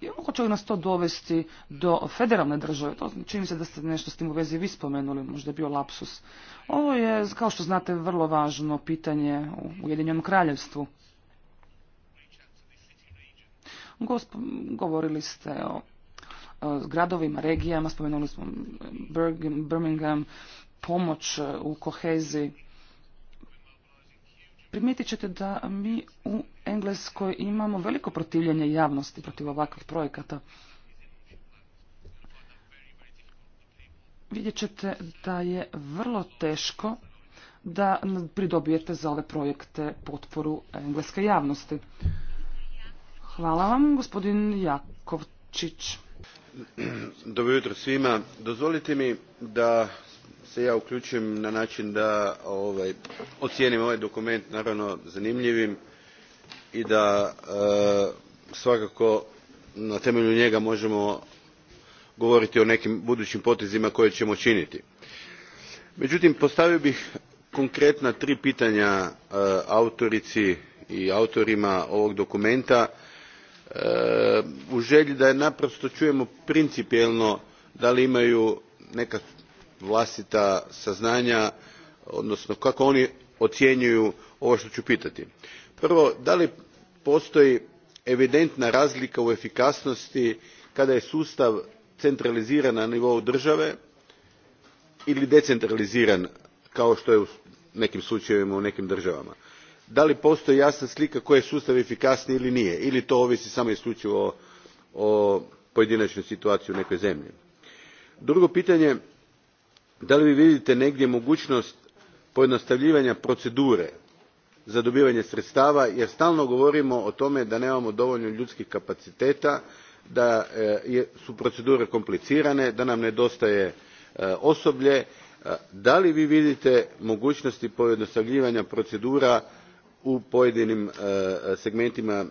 I moguće će nas to dovesti do federalne države? To čini se da ste nešto s tim u vezi vi spomenuli, možda je bio lapsus. Ovo je, kao što znate, vrlo važno pitanje u Ujedinjenom kraljevstvu. govorili ste o, o gradovima, regijama, spomenuli smo Birmingham, pomoć u koheziji primijetit ćete da mi u Engleskoj imamo veliko protivljenje javnosti protiv ovakvih projekata. Vidjet ćete da je vrlo teško da pridobijete za ove projekte potporu engleske javnosti. Hvala vam, gospodin Jakovčić. Dobro jutro svima. Dozvolite mi da se ja uključim na način da ovaj, ocijenim ovaj dokument naravno zanimljivim i da eh, svakako na temelju njega možemo govoriti o nekim budućim potezima koje ćemo činiti. međutim postavio bih konkretna tri pitanja eh, autorici i autorima ovog dokumenta eh, u želji da naprosto čujemo principijelno da li imaju neka vlastita saznanja odnosno kako oni ocjenjuju ovo što ću pitati. prvo da li postoji evidentna razlika u efikasnosti kada je sustav centraliziran na nivou države ili decentraliziran kao što je u nekim slučajevima u nekim državama? da li postoji jasna slika koji je sustav efikasniji ili nije ili to ovisi samo i isključivo o pojedinačnoj situaciji u nekoj zemlji? drugo pitanje da li vi vidite negdje mogućnost pojednostavljivanja procedure za dobivanje sredstava jer stalno govorimo o tome da nemamo dovoljno ljudskih kapaciteta da e, su procedure komplicirane da nam nedostaje e, osoblje e, da li vi vidite mogućnosti pojednostavljivanja procedura u pojedinim segmentima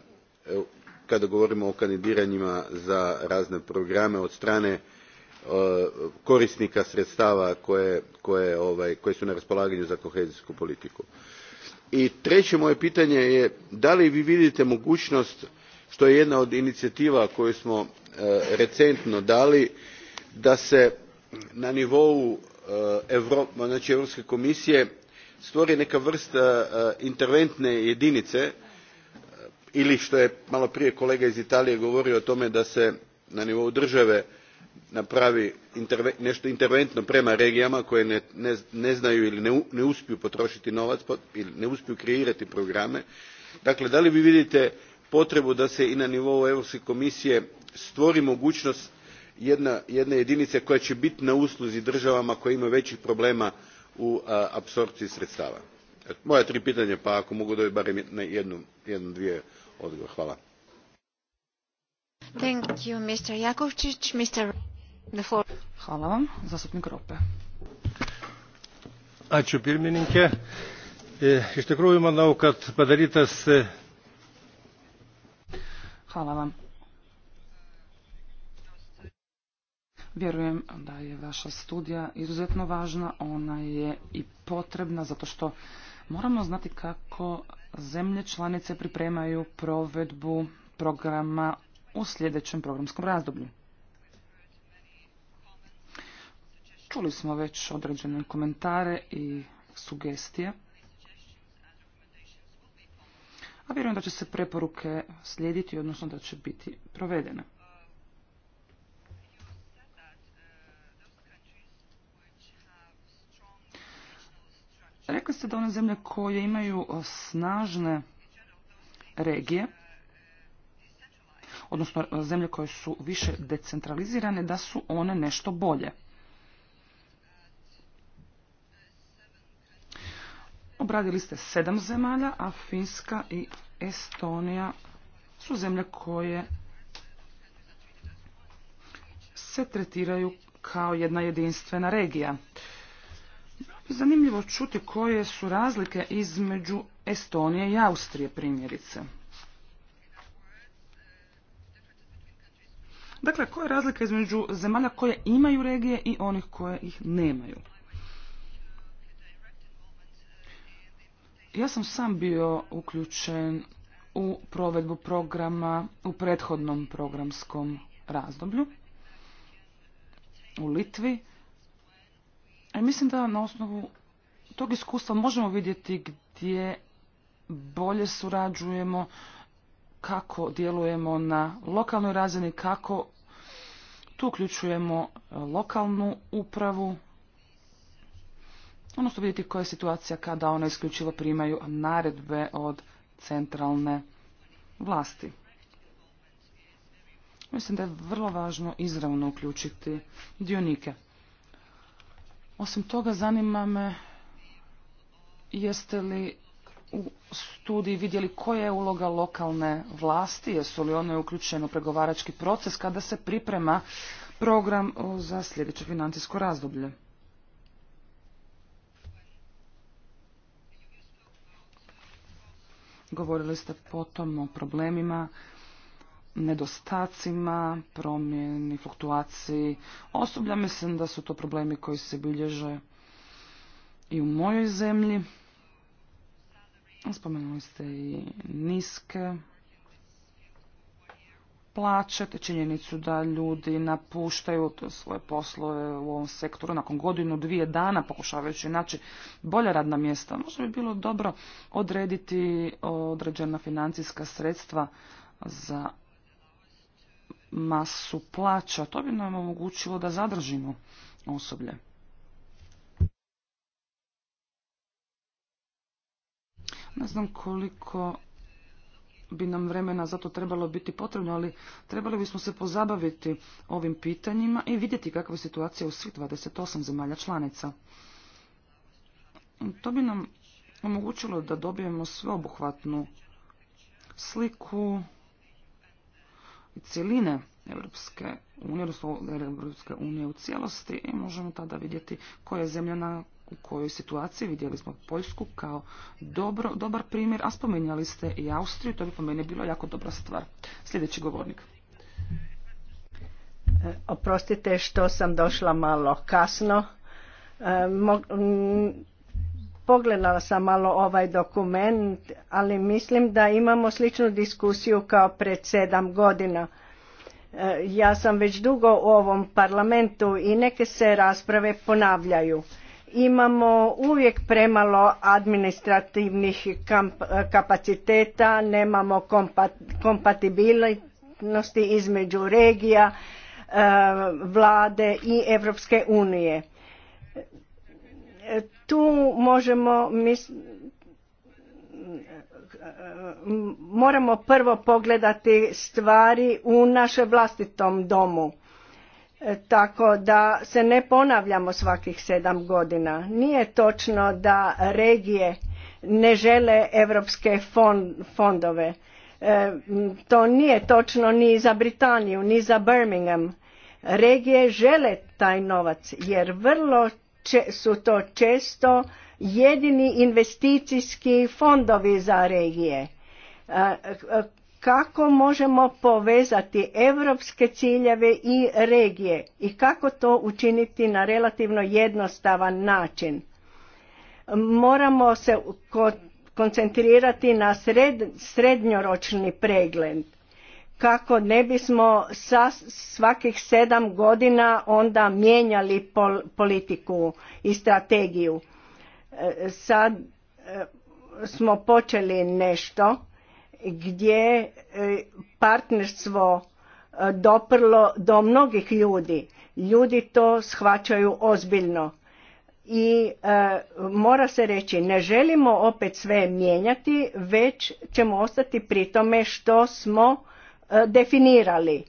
kada govorimo o kandidiranjima za razne programe od strane E, korisnika sredstava ovaj, koje, su na raspolaganju za kohezijsku politiku. i treće moje pitanje je da li vi vidite mogućnost što je jedna od inicijativa koju smo e, recentno dali da se na nivou e, znači europske komisije stvori neka vrsta interventne jedinice ili što je maloprije kolega iz italije govorio o tome da se na nivou države napravi nešto interventno prema regijama koje ne znaju ili ne uspiju potrošiti novac ili ne uspiju kreirati programe dakle da li vi vidite potrebu da se i na nivou europske komisije stvori mogućnost jedne jedinice koja će biti na usluzi državama koje imaju većih problema u apsorpciji sredstava? moja tri pitanja pa ako mogu dobiti barem na jedno dvije odgovore. hvala. Hvala vam. Zastupnik Rope. i e, kad Hvala vam. Vjerujem da je vaša studija izuzetno važna, ona je i potrebna zato što moramo znati kako zemlje članice pripremaju provedbu programa u sljedećem programskom razdoblju. Čuli smo već određene komentare i sugestije. A vjerujem da će se preporuke slijediti, odnosno da će biti provedene. Rekli ste da one zemlje koje imaju snažne regije, odnosno zemlje koje su više decentralizirane, da su one nešto bolje. Obradili ste sedam zemalja, a Finska i Estonija su zemlje koje se tretiraju kao jedna jedinstvena regija. Zanimljivo čuti koje su razlike između Estonije i Austrije primjerice. Dakle, koja je razlika između zemalja koje imaju regije i onih koje ih nemaju? Ja sam sam bio uključen u provedbu programa u prethodnom programskom razdoblju u Litvi. I mislim da na osnovu tog iskustva možemo vidjeti gdje bolje surađujemo, kako djelujemo na lokalnoj razini, kako tu uključujemo lokalnu upravu, odnosno vidjeti koja je situacija kada one isključivo primaju naredbe od centralne vlasti. Mislim da je vrlo važno izravno uključiti dionike. Osim toga, zanima me jeste li u studiji vidjeli koja je uloga lokalne vlasti, jesu li one uključeno u pregovarački proces kada se priprema program za sljedeće financijsko razdoblje. Govorili ste potom o problemima, nedostacima, promjeni, fluktuaciji. Osoblja mislim da su to problemi koji se bilježe i u mojoj zemlji. Spomenuli ste i niske plaće, činjenicu da ljudi napuštaju svoje poslove u ovom sektoru nakon godinu, dvije dana pokušavajući naći bolja radna mjesta. Možda bi bilo dobro odrediti određena financijska sredstva za masu plaća. To bi nam omogućilo da zadržimo osoblje. Ne znam koliko bi nam vremena zato trebalo biti potrebno, ali trebali bismo se pozabaviti ovim pitanjima i vidjeti kakva je situacija u svih 28 zemalja članica. To bi nam omogućilo da dobijemo sveobuhvatnu sliku cijeline Europske unije, odnosno Europske unije u cijelosti i možemo tada vidjeti koja je zemlja na u kojoj situaciji vidjeli smo Poljsku kao dobro, dobar primjer, a spomenjali ste i Austriju, to bi po mene bilo jako dobra stvar. Sljedeći govornik. E, oprostite što sam došla malo kasno. E, pogledala sam malo ovaj dokument, ali mislim da imamo sličnu diskusiju kao pred sedam godina. E, ja sam već dugo u ovom parlamentu i neke se rasprave ponavljaju imamo uvijek premalo administrativnih eh, kapaciteta, nemamo kompatibilnosti između regija, eh, vlade i Europske unije. Eh, tu možemo moramo prvo pogledati stvari u našem vlastitom domu E, tako da se ne ponavljamo svakih sedam godina. Nije točno da regije ne žele europske fondove. E, to nije točno ni za Britaniju, ni za Birmingham. Regije žele taj novac jer vrlo su to često jedini investicijski fondovi za regije e, kako možemo povezati europske ciljeve i regije i kako to učiniti na relativno jednostavan način. Moramo se koncentrirati na srednjoročni pregled kako ne bismo svakih sedam godina onda mijenjali politiku i strategiju. E, sad e, smo počeli nešto gdje e, partnerstvo e, doprlo do mnogih ljudi. Ljudi to shvaćaju ozbiljno i e, mora se reći ne želimo opet sve mijenjati već ćemo ostati pri tome što smo definirali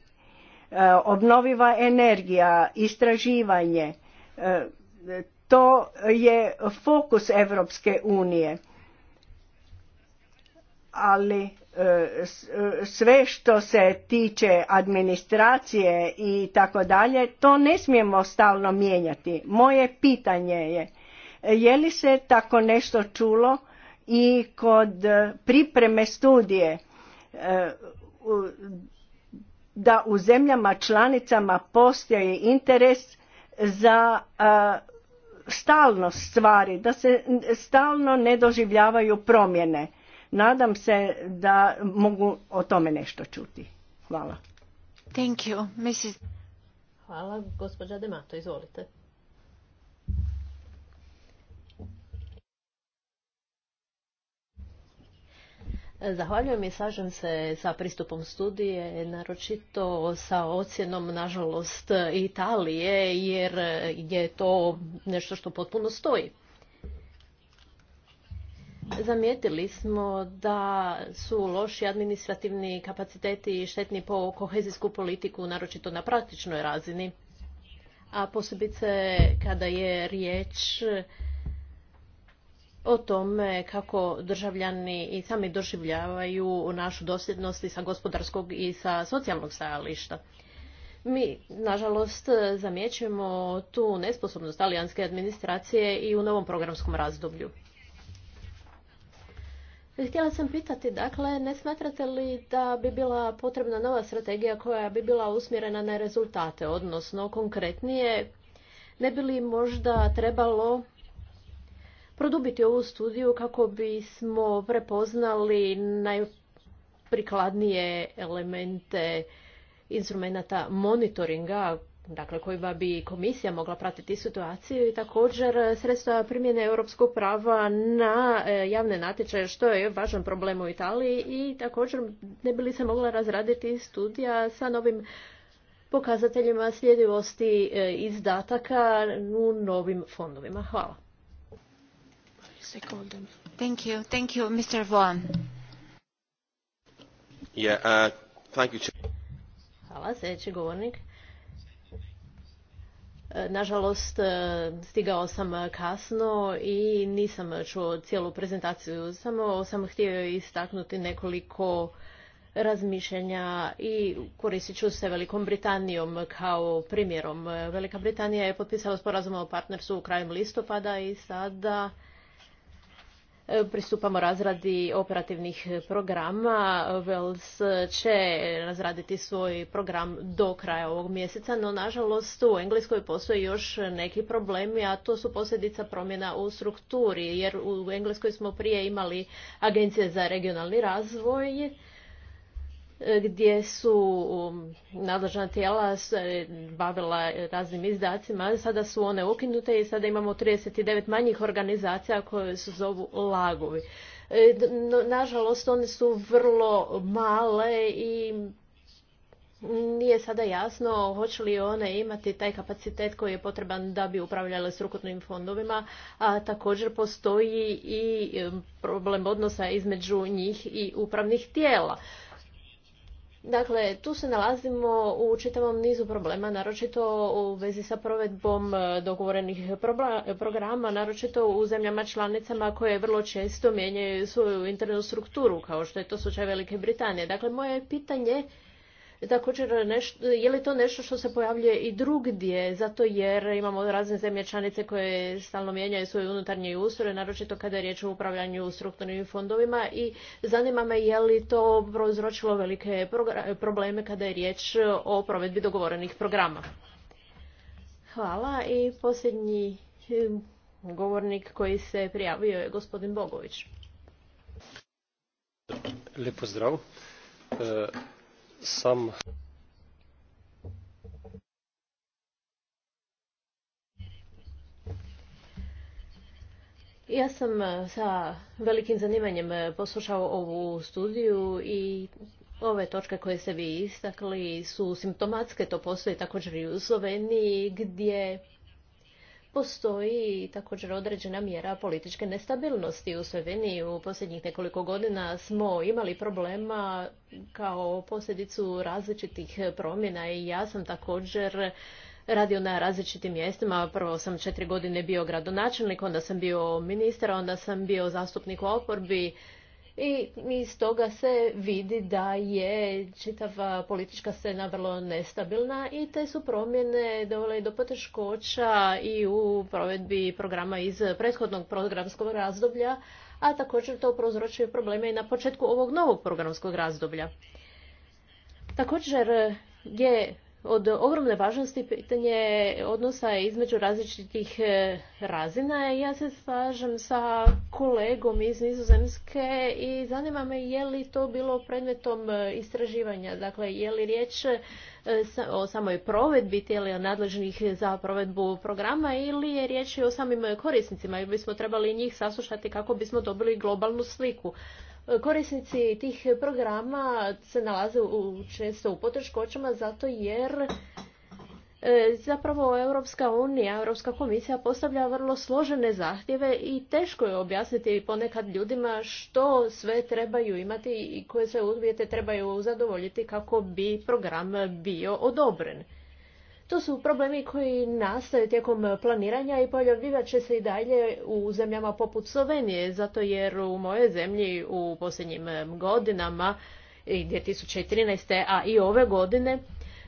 obnoviva energija istraživanje to je fokus Europske unije ali sve što se tiče administracije i tako dalje, to ne smijemo stalno mijenjati. Moje pitanje je, je li se tako nešto čulo i kod pripreme studije e, da u zemljama članicama postoji interes za e, stalnost stvari, da se stalno ne doživljavaju promjene Nadam se da mogu o tome nešto čuti. Hvala. Thank you, Mrs. Hvala, gospođa Demato, izvolite. Zahvaljujem i slažem se sa pristupom studije, naročito sa ocjenom, nažalost, Italije, jer je to nešto što potpuno stoji. Zamijetili smo da su loši administrativni kapaciteti štetni po kohezijsku politiku, naročito na praktičnoj razini, a posebice kada je riječ o tome kako državljani i sami doživljavaju našu dosljednost i sa gospodarskog i sa socijalnog stajališta. Mi, nažalost, zamjećujemo tu nesposobnost talijanske administracije i u novom programskom razdoblju. Htjela sam pitati, dakle, ne smatrate li da bi bila potrebna nova strategija koja bi bila usmjerena na rezultate, odnosno konkretnije, ne bi li možda trebalo produbiti ovu studiju kako bismo prepoznali najprikladnije elemente instrumenta monitoringa dakle kojima bi komisija mogla pratiti situaciju i također sredstva primjene europskog prava na e, javne natječaje što je važan problem u Italiji i također ne bi li se mogla razraditi studija sa novim pokazateljima sljedivosti e, izdataka u novim fondovima. Hvala. Uh, Hvala, sljedeći govornik. Nažalost, e, stigao sam kasno i nisam čuo cijelu prezentaciju, samo sam htio istaknuti nekoliko razmišljanja i koristit ću se Velikom Britanijom kao primjerom. Velika Britanija je potpisala sporazum o partnerstvu u krajem listopada i sada pristupamo razradi operativnih programa. Wells će razraditi svoj program do kraja ovog mjeseca, no nažalost u Engleskoj postoje još neki problemi, a to su posljedica promjena u strukturi, jer u Engleskoj smo prije imali agencije za regionalni razvoj, gdje su um, nadležna tijela bavila raznim izdacima. Sada su one ukinute i sada imamo 39 manjih organizacija koje se zovu lagovi. E, nažalost, one su vrlo male i nije sada jasno hoće li one imati taj kapacitet koji je potreban da bi upravljale strukturnim fondovima, a također postoji i e, problem odnosa između njih i upravnih tijela. Dakle, tu se nalazimo u čitavom nizu problema, naročito u vezi sa provedbom e, dogovorenih programa, naročito u zemljama članicama koje vrlo često mijenjaju svoju internu strukturu, kao što je to slučaj Velike Britanije. Dakle, moje pitanje Također, nešto, je li to nešto što se pojavljuje i drugdje, zato jer imamo razne zemlje članice koje stalno mijenjaju svoje unutarnje ustroj, naročito kada je riječ o upravljanju strukturnim fondovima i zanima me je li to prouzročilo velike probleme kada je riječ o provedbi dogovorenih programa. Hvala i posljednji hm, govornik koji se prijavio je gospodin Bogović. Lijep pozdrav. E, sam Ja sam eh, sa velikim zanimanjem eh, poslušao ovu studiju i ove točke koje ste vi istakli su simptomatske, to postoji također i u Sloveniji gdje postoji također određena mjera političke nestabilnosti u Sloveniji. U posljednjih nekoliko godina smo imali problema kao posljedicu različitih promjena i ja sam također radio na različitim mjestima. Prvo sam četiri godine bio gradonačelnik, onda sam bio ministar, onda sam bio zastupnik u oporbi i iz toga se vidi da je čitava politička scena vrlo nestabilna i te su promjene dovele do poteškoća i u provedbi programa iz prethodnog programskog razdoblja, a također to prozročuje probleme i na početku ovog novog programskog razdoblja. Također je od ogromne važnosti pitanje odnosa između različitih e, razina. Ja se slažem sa kolegom iz Nizozemske i zanima me je li to bilo predmetom e, istraživanja. Dakle, je li riječ e, o samoj provedbi tijela nadležnih za provedbu programa ili je riječ o samim korisnicima i bismo trebali njih saslušati kako bismo dobili globalnu sliku korisnici tih programa se nalaze u, često u poteškoćama zato jer e, zapravo Europska unija, Europska komisija postavlja vrlo složene zahtjeve i teško je objasniti ponekad ljudima što sve trebaju imati i koje sve uvjete trebaju zadovoljiti kako bi program bio odobren. To su problemi koji nastaju tijekom planiranja i pojavljivat će se i dalje u zemljama poput Slovenije, zato jer u mojoj zemlji u posljednjim godinama, i 2013. a i ove godine,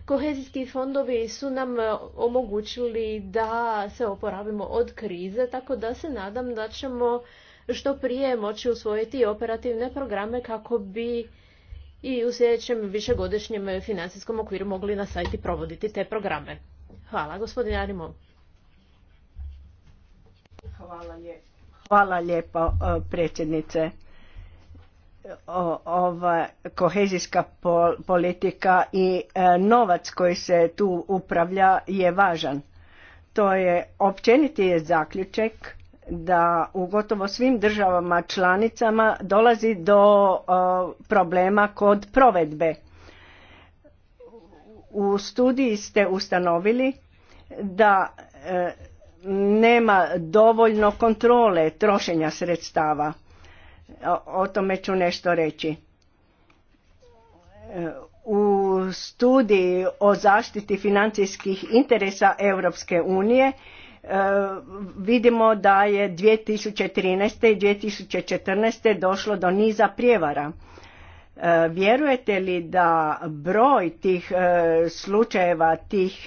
kohezijski fondovi su nam omogućili da se oporavimo od krize, tako da se nadam da ćemo što prije moći usvojiti operativne programe kako bi i u sljedećem višegodišnjem financijskom okviru mogli na sajti provoditi te programe. Hvala, gospodin Arimo. Hvala, lijepo, e, predsjednice. ova kohezijska politika i e, novac koji se tu upravlja je važan. To je općeniti je zaključak da u gotovo svim državama članicama dolazi do problema kod provedbe. U studiji ste ustanovili da e, nema dovoljno kontrole trošenja sredstava. O tome ću nešto reći. E, u studiji o zaštiti financijskih interesa Europske unije E, vidimo da je 2013. i 2014. došlo do niza prijevara. E, vjerujete li da broj tih e, slučajeva, tih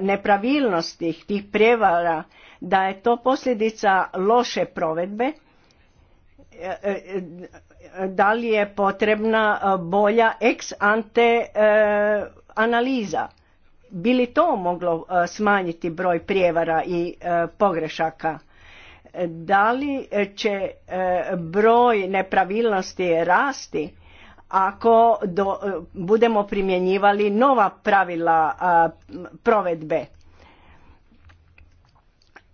nepravilnosti, tih prijevara, da je to posljedica loše provedbe? Da li je potrebna bolja ex ante analiza? bi li to moglo e, smanjiti broj prijevara i e, pogrešaka? Da li će e, broj nepravilnosti rasti ako do, budemo primjenjivali nova pravila provedbe?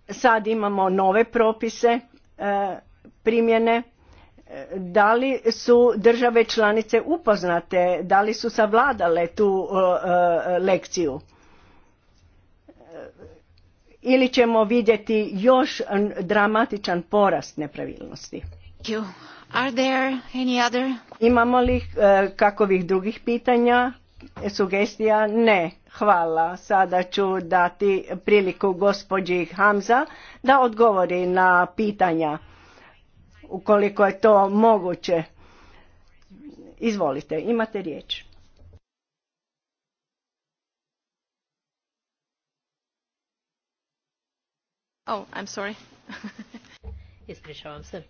Sad imamo nove propise primjene da li su države članice upoznate da li su savladale tu lekciju ili ćemo vidjeti još dramatičan porast nepravilnosti. Imamo li eh, kakovih drugih pitanja, sugestija? Ne. Hvala. Sada ću dati priliku gospođi Hamza da odgovori na pitanja ukoliko je to moguće. Izvolite, imate riječ. Oh, I'm sorry. Ispričavam se.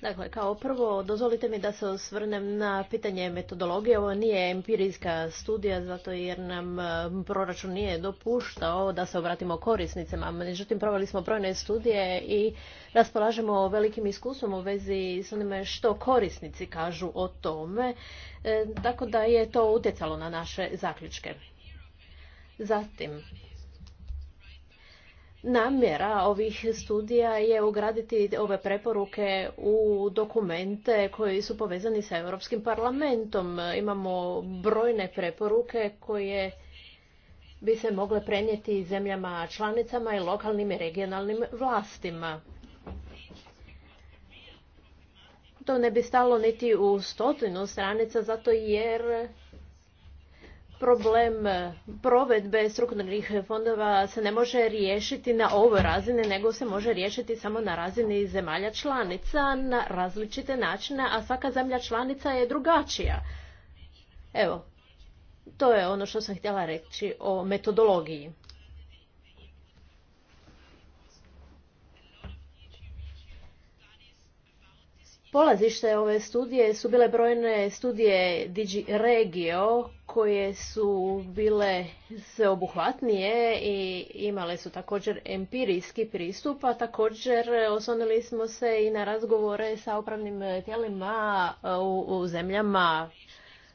Dakle, kao prvo, dozvolite mi da se osvrnem na pitanje metodologije. Ovo nije empirijska studija, zato jer nam e, proračun nije dopuštao da se obratimo korisnicama. Međutim, proveli smo brojne studije i raspolažemo velikim iskusom u vezi s onime što korisnici kažu o tome, e, tako da je to utjecalo na naše zaključke. Zatim, Namjera ovih studija je ugraditi ove preporuke u dokumente koji su povezani sa Europskim parlamentom. Imamo brojne preporuke koje bi se mogle prenijeti zemljama članicama i lokalnim i regionalnim vlastima. To ne bi stalo niti u stotinu stranica zato jer problem provedbe strukturnih fondova se ne može riješiti na ovoj razini, nego se može riješiti samo na razini zemalja članica na različite načine, a svaka zemlja članica je drugačija. Evo, to je ono što sam htjela reći o metodologiji. Polazište ove studije su bile brojne studije Digi Regio koje su bile sveobuhvatnije i imale su također empirijski pristup, a također osvrnuli smo se i na razgovore sa upravnim tijelima u zemljama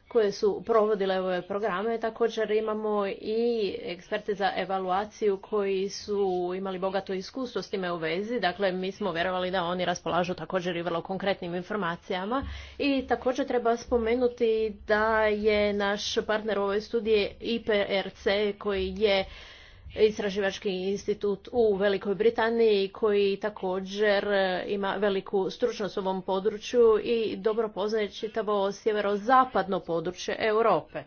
koje su provodile ove programe. Također imamo i eksperte za evaluaciju koji su imali bogato iskustvo s time u vezi. Dakle, mi smo vjerovali da oni raspolažu također i vrlo konkretnim informacijama. I također treba spomenuti da je naš partner u ovoj studiji IPRC koji je istraživački institut u Velikoj Britaniji koji također e, ima veliku stručnost u ovom području i dobro poznaje čitavo sjeverozapadno područje Europe.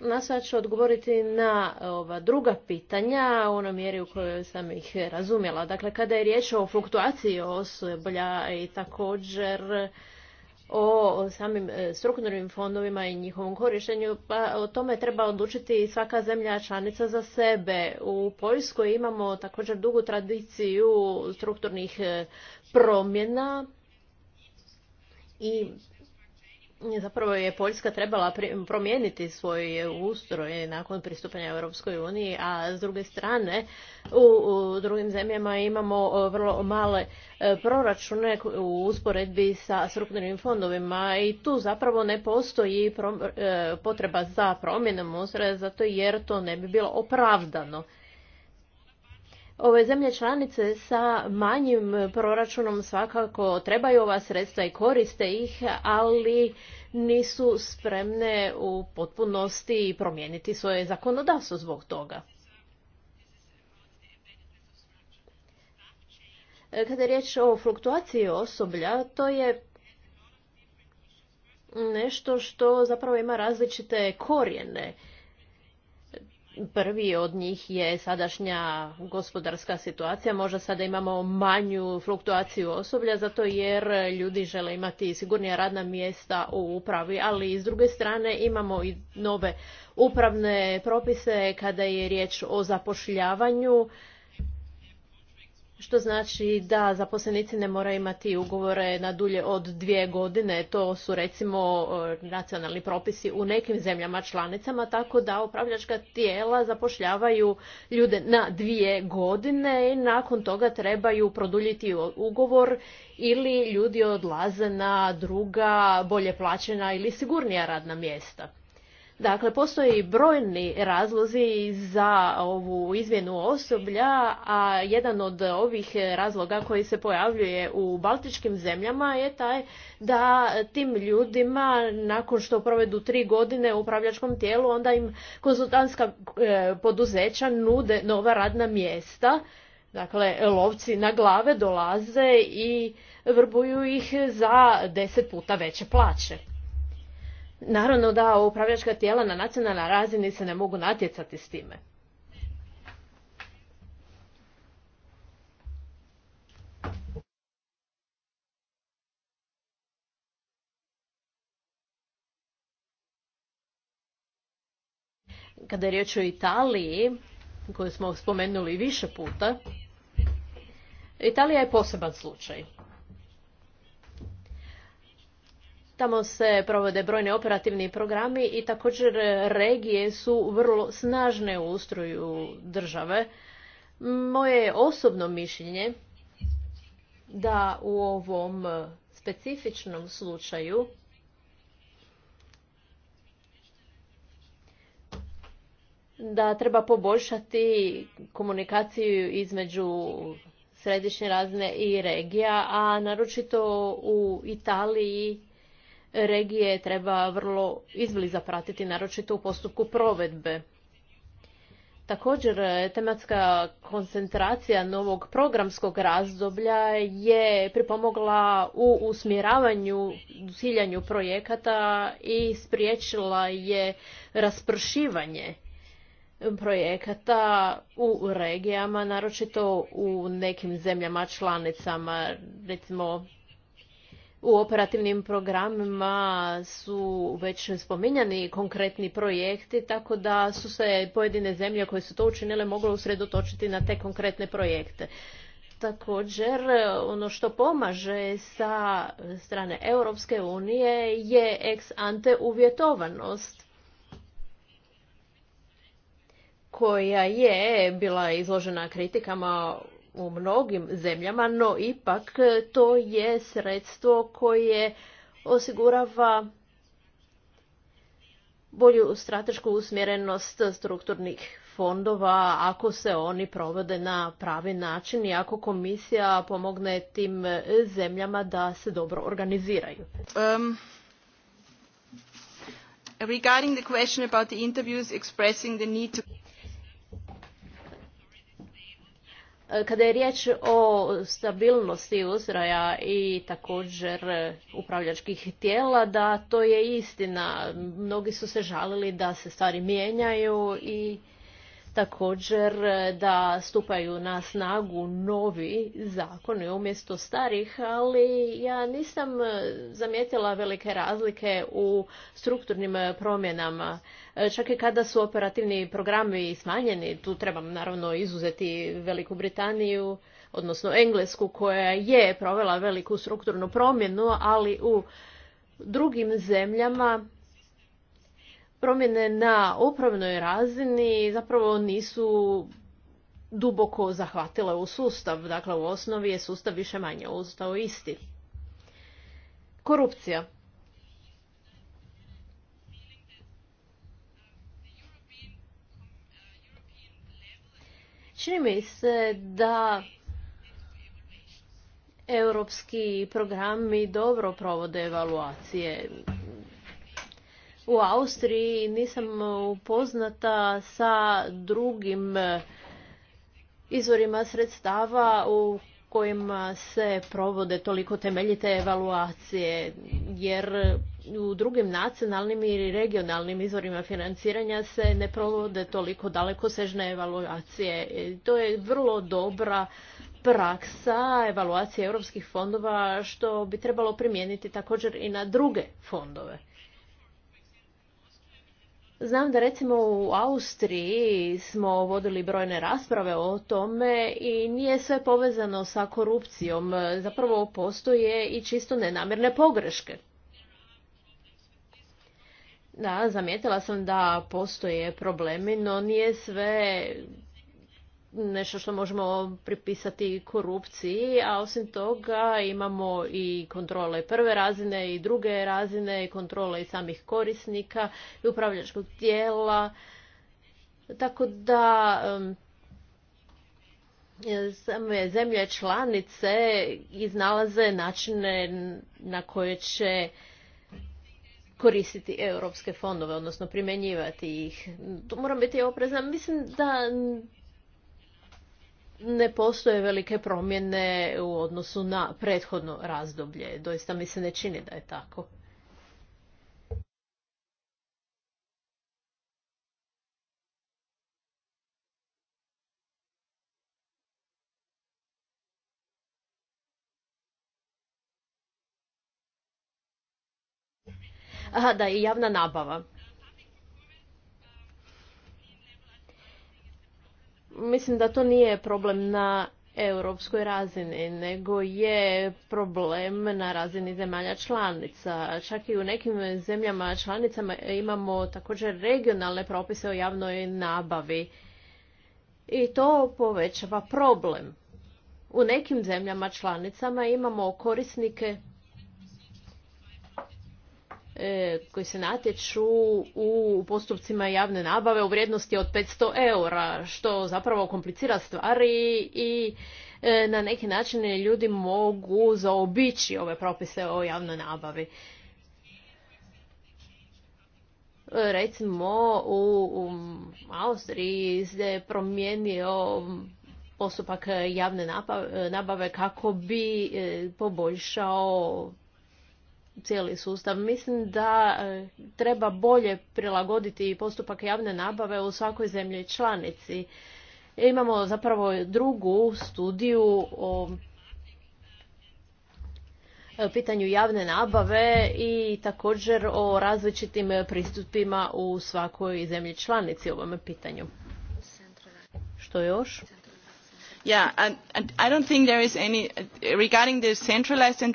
Nasad ću odgovoriti na ova druga pitanja u onoj mjeri u kojoj sam ih razumjela. Dakle, kada je riječ o fluktuaciji osoblja i također o samim e, strukturnim fondovima i njihovom korištenju, pa o tome treba odlučiti svaka zemlja članica za sebe. U Poljskoj imamo također dugu tradiciju strukturnih e, promjena i Zapravo je Poljska trebala promijeniti svoj ustroj nakon pristupanja Europskoj uniji, a s druge strane u drugim zemljama imamo e, vrlo male e, proračune u usporedbi sa strukturnim fondovima i tu zapravo ne postoji e, potreba za promjenom ustroja zato jer to ne bi bilo opravdano ove zemlje članice sa manjim proračunom svakako trebaju ova sredstva i koriste ih, ali nisu spremne u potpunosti promijeniti svoje zakonodavstvo zbog toga. Kada je riječ o fluktuaciji osoblja, to je nešto što zapravo ima različite korijene. Prvi od njih je sadašnja gospodarska situacija. Možda sada imamo manju fluktuaciju osoblja, zato jer ljudi žele imati sigurnija radna mjesta u upravi, ali s druge strane imamo i nove upravne propise kada je riječ o zapošljavanju što znači da zaposlenici ne moraju imati ugovore na dulje od dvije godine. To su recimo e, nacionalni propisi u nekim zemljama članicama, tako da upravljačka tijela zapošljavaju ljude na dvije godine i nakon toga trebaju produljiti ugovor ili ljudi odlaze na druga bolje plaćena ili sigurnija radna mjesta. Dakle, postoji brojni razlozi za ovu izmjenu osoblja, a jedan od ovih razloga koji se pojavljuje u baltičkim zemljama je taj da tim ljudima nakon što provedu tri godine u upravljačkom tijelu, onda im konzultantska e, poduzeća nude nova radna mjesta. Dakle, lovci na glave dolaze i vrbuju ih za deset puta veće plaće. Naravno da upravljačka tijela na nacionalnoj razini se ne mogu natjecati s time. Kada je riječ o Italiji, koju smo spomenuli više puta, Italija je poseban slučaj. Tamo se provode brojne operativni programi i također e, regije su vrlo snažne u ustroju države. Moje osobno mišljenje da u ovom specifičnom slučaju da treba poboljšati komunikaciju između središnje razine i regija, a naročito u Italiji regije treba vrlo izbliza pratiti, naročito u postupku provedbe. Također, tematska koncentracija novog programskog razdoblja je pripomogla u usmjeravanju, ciljanju projekata i spriječila je raspršivanje projekata u regijama, naročito u nekim zemljama članicama, recimo u operativnim programima su već spominjani konkretni projekti, tako da su se pojedine zemlje koje su to učinile mogle usredotočiti na te konkretne projekte. Također, ono što pomaže sa strane Europske unije je ex ante uvjetovanost koja je bila izložena kritikama u mnogim zemljama, no ipak e, to je sredstvo koje osigurava bolju stratešku usmjerenost strukturnih fondova ako se oni provode na pravi način i ako komisija pomogne tim e, zemljama da se dobro organiziraju. Um, regarding the question about the interviews expressing the need to Kada je riječ o stabilnosti uzraja i također upravljačkih tijela, da to je istina. Mnogi su se žalili da se stvari mijenjaju i također e, da stupaju na snagu novi zakoni umjesto starih, ali ja nisam e, zamijetila velike razlike u strukturnim promjenama. E, čak i kada su operativni programi smanjeni, tu trebam naravno izuzeti Veliku Britaniju, odnosno Englesku koja je provela veliku strukturnu promjenu, ali u drugim zemljama promjene na upravnoj razini zapravo nisu duboko zahvatile u sustav. Dakle, u osnovi je sustav više manje ostao isti. Korupcija. Čini mi se da europski programi dobro provode evaluacije u Austriji nisam upoznata sa drugim e, izvorima sredstava u kojima se provode toliko temeljite evaluacije, jer u drugim nacionalnim i regionalnim izvorima financiranja se ne provode toliko daleko sežne evaluacije. E, to je vrlo dobra praksa evaluacije europskih fondova što bi trebalo primijeniti također i na druge fondove. Znam da recimo u Austriji smo vodili brojne rasprave o tome i nije sve povezano sa korupcijom. Zapravo postoje i čisto nenamjerne pogreške. Da, zamijetila sam da postoje problemi, no nije sve nešto što možemo pripisati korupciji, a osim toga imamo i kontrole prve razine i druge razine, i kontrole i samih korisnika i upravljačkog tijela. Tako da same zemlje članice iznalaze načine na koje će koristiti europske fondove, odnosno primjenjivati ih. Tu moram biti oprezan, Mislim da ne postoje velike promjene u odnosu na prethodno razdoblje. Doista mi se ne čini da je tako. Aha, da, i javna nabava. mislim da to nije problem na europskoj razini, nego je problem na razini zemalja članica. Čak i u nekim zemljama članicama imamo također regionalne propise o javnoj nabavi. I to povećava problem. U nekim zemljama članicama imamo korisnike E, koji se natječu u postupcima javne nabave u vrijednosti od 500 eura, što zapravo komplicira stvari i e, na neki način ljudi mogu zaobići ove propise o javnoj nabavi. Recimo u Austriji se promijenio postupak javne nabave kako bi e, poboljšao cijeli sustav. Mislim da e, treba bolje prilagoditi postupak javne nabave u svakoj zemlji članici. E, imamo zapravo drugu studiju o e, pitanju javne nabave i također o različitim pristupima u svakoj zemlji članici u ovome pitanju. Što još? Ja, I don't think there is any regarding the centralized and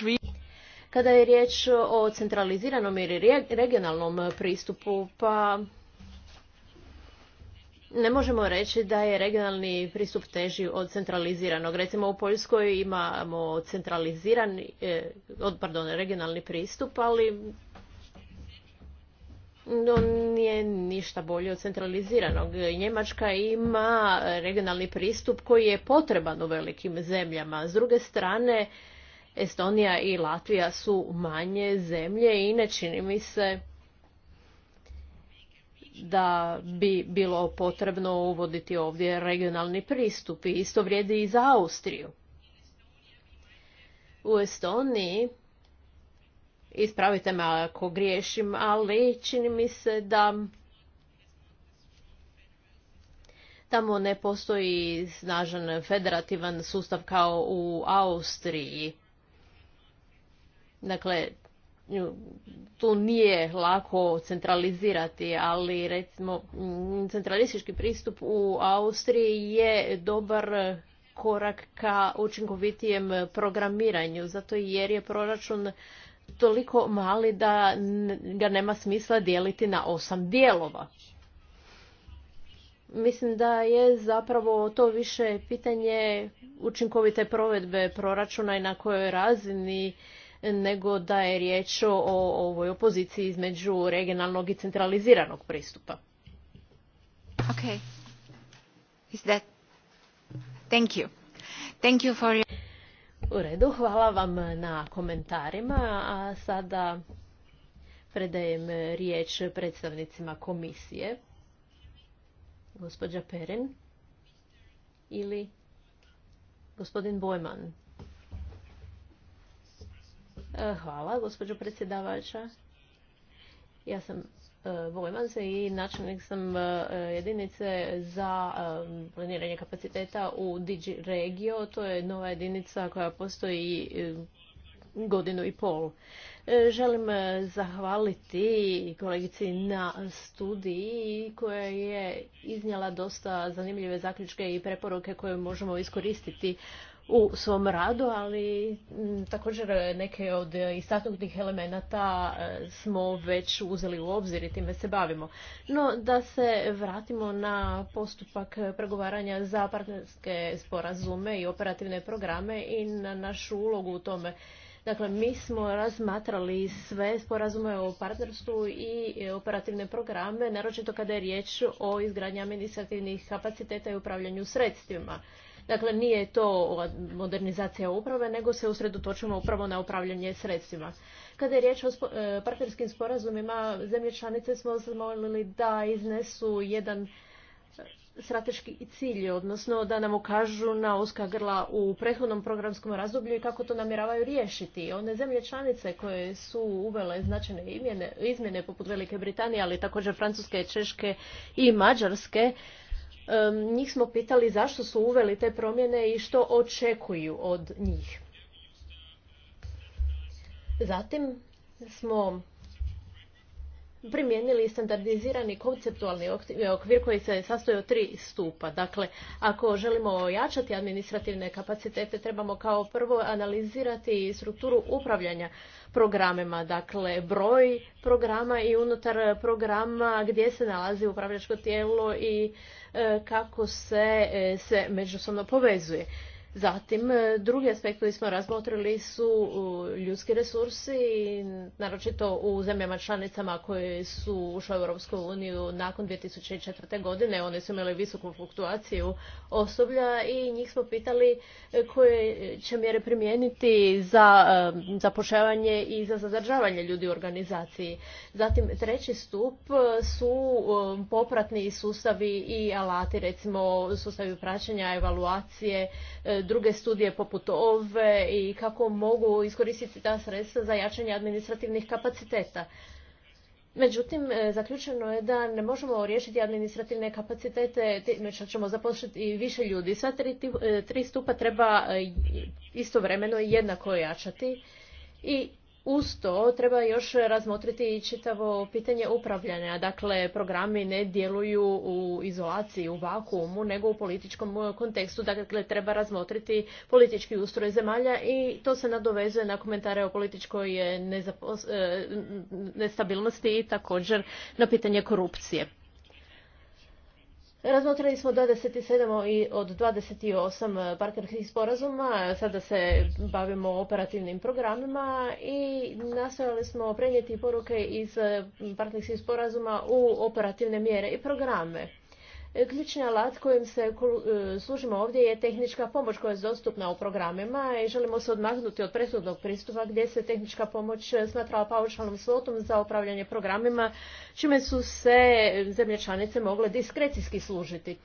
kada je riječ o centraliziranom ili regionalnom pristupu, pa ne možemo reći da je regionalni pristup teži od centraliziranog. Recimo u Poljskoj imamo centralizirani, e, pardon, regionalni pristup, ali nije ništa bolje od centraliziranog. Njemačka ima regionalni pristup koji je potreban u velikim zemljama. S druge strane, Estonija i Latvija su manje zemlje i ne čini mi se da bi bilo potrebno uvoditi ovdje regionalni pristup i isto vrijedi i za Austriju. U Estoniji, ispravite me ako griješim, ali čini mi se da tamo ne postoji snažan federativan sustav kao u Austriji. Dakle, tu nije lako centralizirati, ali recimo mm, centralistički pristup u Austriji je dobar korak ka učinkovitijem programiranju, zato jer je proračun toliko mali da ga nema smisla dijeliti na osam dijelova. Mislim da je zapravo to više pitanje učinkovite provedbe proračuna i na kojoj razini nego da je riječ o ovoj opoziciji između regionalnog i centraliziranog pristupa. Ok. Is that... Thank you. Thank you for... U redu, hvala vam na komentarima, a sada predajem riječ predstavnicima komisije. Gospođa Perin ili gospodin Bojman. E, hvala, gospođo predsjedavača. Ja sam Vojmanze e, i načelnik sam e, jedinice za planiranje kapaciteta u Digi Regio. To je nova jedinica koja postoji godinu i pol. Želim zahvaliti kolegici na studiji koja je iznijela dosta zanimljive zaključke i preporuke koje možemo iskoristiti u svom radu, ali mm, također neke od istaknutih elemenata e, smo već uzeli u obzir i time se bavimo. No, da se vratimo na postupak pregovaranja za partnerske sporazume i operativne programe i na našu ulogu u tome. Dakle, mi smo razmatrali sve sporazume o partnerstvu i operativne programe, naročito kada je riječ o izgradnji administrativnih kapaciteta i upravljanju sredstvima. Dakle, nije to modernizacija uprave, nego se usredotočimo upravo na upravljanje sredstvima. Kada je riječ o e, partnerskim sporazumima, zemlje članice smo zamolili da iznesu jedan e, strateški cilj, odnosno da nam ukažu na uska grla u prethodnom programskom razdoblju i kako to namjeravaju riješiti. One zemlje članice koje su uvele značajne izmjene poput Velike Britanije, ali također Francuske, Češke i Mađarske, njih smo pitali zašto su uveli te promjene i što očekuju od njih. Zatim smo primijenili standardizirani konceptualni okvir koji se sastoji od tri stupa. Dakle, ako želimo ojačati administrativne kapacitete, trebamo kao prvo analizirati strukturu upravljanja programima, dakle broj programa i unutar programa gdje se nalazi upravljačko tijelo i e, kako se, e, se međusobno povezuje. Zatim, e, drugi aspekt koji smo razmotrili su ljudski resursi, naročito u zemljama članicama koje su ušle u Europsku uniju nakon 2004. godine. One su imale visoku fluktuaciju osoblja i njih smo pitali e, koje će mjere primijeniti za e, zapošljavanje i za zadržavanje ljudi u organizaciji. Zatim, treći stup su popratni sustavi i alati, recimo sustavi praćenja, evaluacije, druge studije poput ove i kako mogu iskoristiti ta sredstva za jačanje administrativnih kapaciteta. Međutim, e, zaključeno je da ne možemo riješiti administrativne kapacitete, time ćemo zaposliti više ljudi. Sva tri, e, tri stupa treba e, istovremeno i jednako jačati i uz to treba još razmotriti i čitavo pitanje upravljanja. Dakle, programi ne djeluju u izolaciji, u vakuumu, nego u političkom kontekstu. Dakle, treba razmotriti politički ustroj zemalja i to se nadovezuje na komentare o političkoj nestabilnosti i također na pitanje korupcije. Razmotrili smo 27 od 28 eh, partnerskih sporazuma, sada se bavimo operativnim programima i nastojali smo prenijeti poruke iz eh, partnerskih sporazuma u operativne mjere i programe. Ključni alat kojim se e, služimo ovdje je tehnička pomoć koja je dostupna u programima i želimo se odmahnuti od presudnog pristupa gdje se tehnička pomoć e, smatrala paušalnom svotom za upravljanje programima čime su se zemlje članice mogle diskrecijski služiti.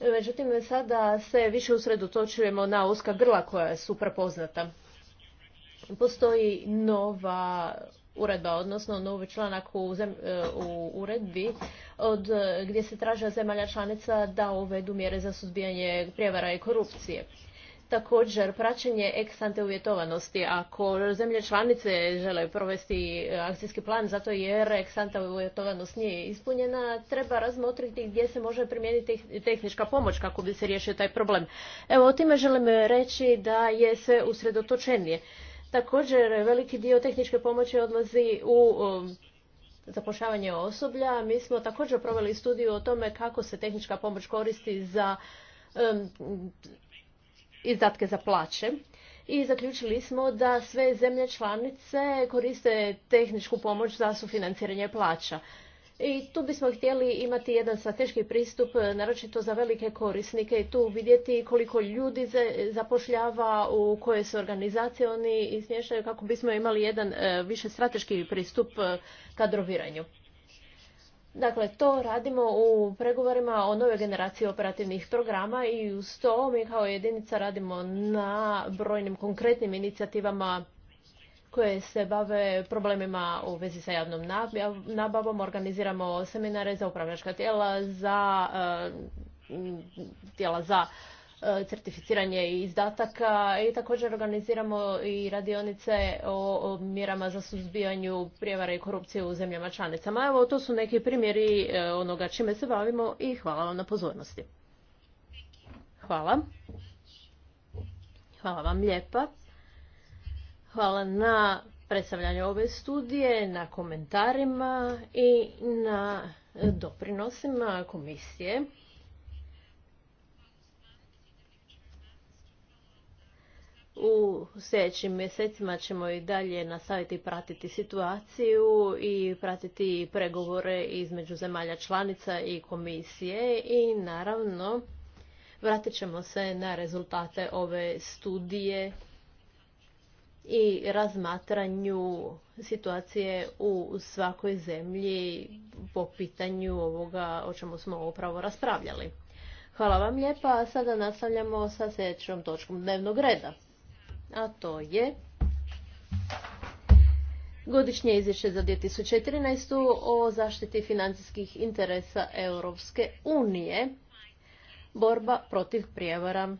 Međutim, sada se više usredotočujemo na uska grla koja su prepoznata. Postoji nova uredba, odnosno novi članak u, e, u uredbi od, e, gdje se traže zemalja članica da uvedu mjere za suzbijanje prijevara i korupcije. Također, praćenje eksante uvjetovanosti. Ako zemlje članice žele provesti e, akcijski plan zato jer eksanta uvjetovanost nije ispunjena, treba razmotriti gdje se može primijeniti tehnička pomoć kako bi se riješio taj problem. Evo, o time želim reći da je sve usredotočenije. Također, veliki dio tehničke pomoći odlazi u um, zapošljavanje osoblja. Mi smo također proveli studiju o tome kako se tehnička pomoć koristi za um, izdatke za plaće i zaključili smo da sve zemlje članice koriste tehničku pomoć za sufinanciranje plaća. I tu bismo htjeli imati jedan strateški pristup, naročito za velike korisnike i tu vidjeti koliko ljudi zapošljava, u koje se organizacije oni izmještaju, kako bismo imali jedan e, više strateški pristup e, kadroviranju. Dakle, to radimo u pregovorima o nove generaciji operativnih programa i uz to mi kao jedinica radimo na brojnim konkretnim inicijativama koje se bave problemima u vezi sa javnom nabavom. Organiziramo seminare za upravljačka tijela, za e, tijela za e, certificiranje izdataka i također organiziramo i radionice o mjerama za suzbijanju prijevara i korupcije u zemljama članicama. Evo, to su neki primjeri e, onoga čime se bavimo i hvala vam na pozornosti. Hvala. Hvala vam lijepa. Hvala na predstavljanju ove studije, na komentarima i na doprinosima komisije. U sljedećim mjesecima ćemo i dalje nastaviti pratiti situaciju i pratiti pregovore između zemalja članica i komisije i naravno vratit ćemo se na rezultate ove studije i razmatranju situacije u svakoj zemlji po pitanju ovoga o čemu smo upravo raspravljali. Hvala vam lijepa. Sada nastavljamo sa sljedećom točkom dnevnog reda. A to je Godišnje izvješće za 2014. o zaštiti financijskih interesa Europske unije. Borba protiv prijevara.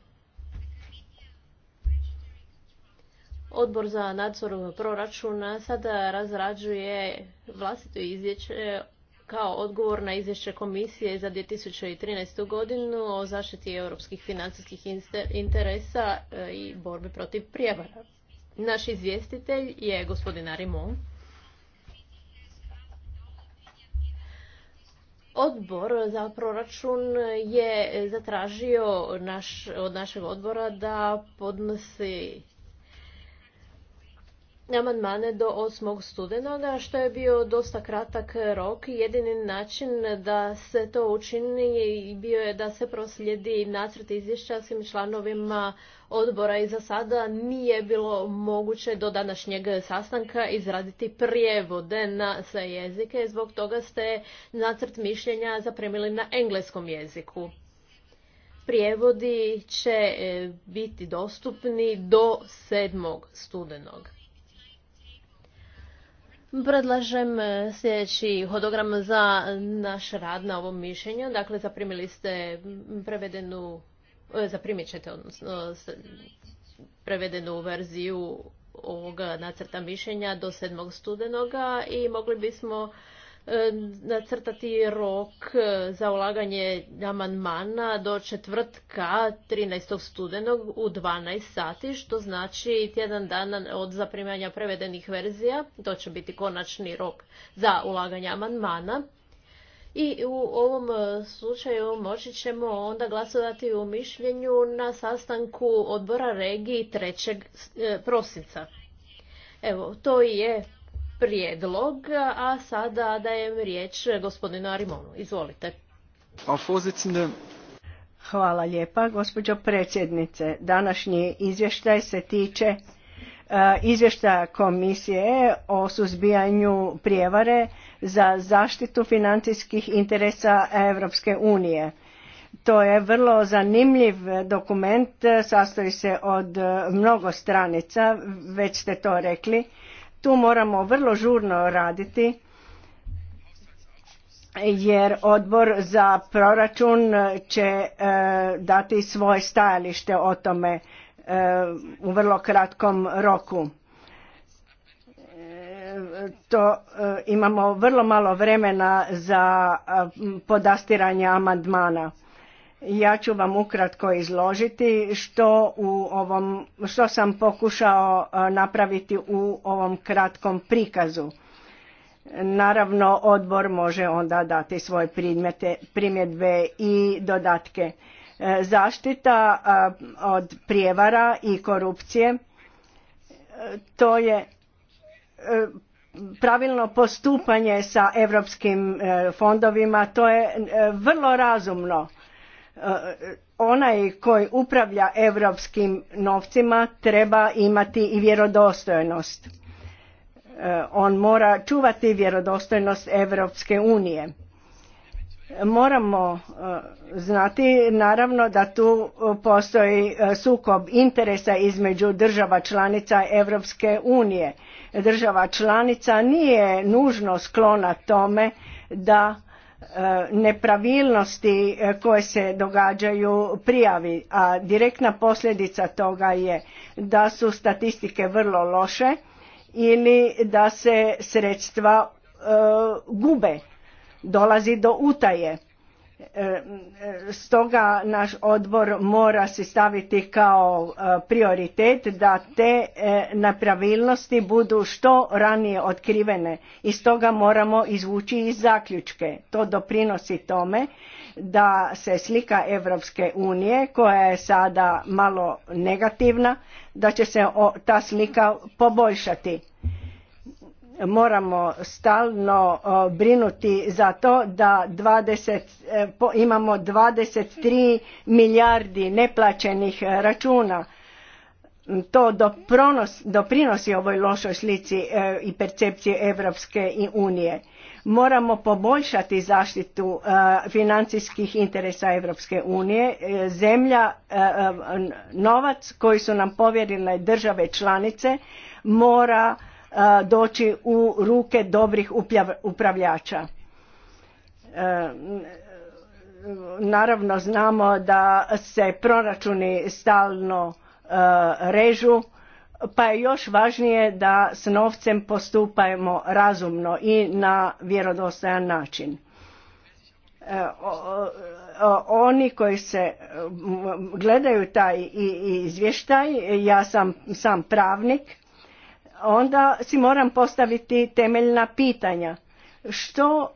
Odbor za nadzor proračuna sada razrađuje vlastito izvješće kao odgovor na izvješće komisije za 2013. godinu o zaštiti europskih financijskih interesa e, i borbi protiv prijevara. Naš izvjestitelj je gospodin Arimon. Odbor za proračun je zatražio od našeg odbora da podnosi amandmane do 8. studenoga, što je bio dosta kratak rok. Jedini način da se to učini bio je da se proslijedi nacrt izvješća svim članovima odbora i za sada nije bilo moguće do današnjeg sastanka izraditi prijevode na sve jezike. Zbog toga ste nacrt mišljenja zapremili na engleskom jeziku. Prijevodi će e, biti dostupni do 7. studenog. Predlažem e, sljedeći hodogram za naš rad na ovom mišljenju. Dakle, zaprimili ste prevedenu, e, zaprimit ćete odnosno prevedenu verziju ovog nacrta mišljenja do 7. studenoga i mogli bismo E, nacrtati rok e, za ulaganje amandmana do četvrtka 13. studenog u 12 sati, što znači tjedan dana od zaprimanja prevedenih verzija. To će biti konačni rok za ulaganje amandmana. I u ovom e, slučaju moći ćemo onda glasovati u mišljenju na sastanku odbora regiji 3. prosinca. Evo, to je prijedlog, a sada dajem riječ gospodinu Arimonu. Izvolite. Hvala lijepa, gospođo predsjednice. Današnji izvještaj se tiče e, izvještaja komisije o suzbijanju prijevare za zaštitu financijskih interesa Europske unije. To je vrlo zanimljiv dokument, sastoji se od mnogo stranica, već ste to rekli. Tu moramo vrlo žurno raditi jer odbor za proračun će e, dati svoje stajalište o tome e, u vrlo kratkom roku. E, to imamo vrlo malo vremena za podastiranje amandmana ja ću vam ukratko izložiti što, u ovom, što sam pokušao e, napraviti u ovom kratkom prikazu. Naravno, odbor može onda dati svoje primjedbe i dodatke. E, zaštita e, od prijevara i korupcije, to je pravilno postupanje sa europskim fondovima, to je vrlo razumno E, onaj koji upravlja europskim novcima treba imati i vjerodostojnost. E, on mora čuvati vjerodostojnost Europske unije. Moramo e, znati naravno da tu postoji sukob interesa između država članica Europske unije. Država članica nije nužno sklona tome da E, nepravilnosti e, koje se događaju prijavi, a direktna posljedica toga je da su statistike vrlo loše ili da se sredstva e, gube, dolazi do utaje E, e, stoga naš odbor mora se staviti kao e, prioritet da te nepravilnosti budu što ranije otkrivene i stoga moramo izvući i zaključke. To doprinosi tome da se slika Europske unije koja je sada malo negativna, da će se ta slika poboljšati moramo stalno brinuti za to da 20, e, imamo 23 milijardi neplaćenih računa. To doprinosi ovoj lošoj slici e, i percepciji Evropske unije. Moramo poboljšati zaštitu e, financijskih interesa Evropske unije. Zemlja, novac koji su nam povjerile države članice mora doći u ruke dobrih upravljača. E, naravno znamo da se proračuni stalno e, režu, pa je još važnije da s novcem postupajemo razumno i na vjerodostojan način. E, oni koji se gledaju taj izvještaj, ja sam sam pravnik, onda si moram postaviti temeljna pitanja što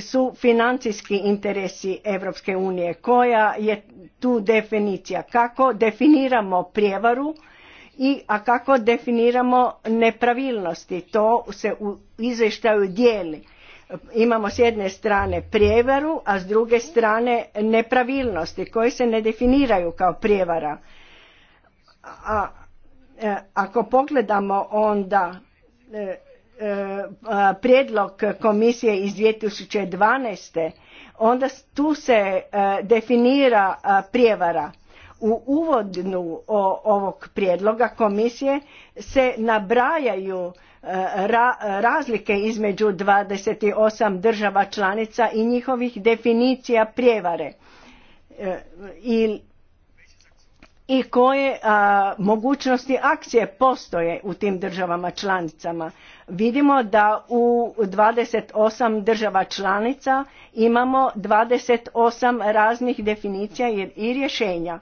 su financijski interesi Europske unije, koja je tu definicija, kako definiramo prijevaru i a kako definiramo nepravilnosti, to se u izvještaju dijeli. Imamo s jedne strane prijevaru, a s druge strane nepravilnosti koje se ne definiraju kao prijevara. A, E, ako pogledamo onda e, e, prijedlog komisije iz 2012. onda tu se definira prijevara. U uvodnu ovog prijedloga komisije se nabrajaju razlike između 28 država članica i njihovih definicija prijevare. I i koje mogućnosti akcije postoje u tim državama članicama. Vidimo da u 28 država članica imamo 28 raznih definicija i rješenja.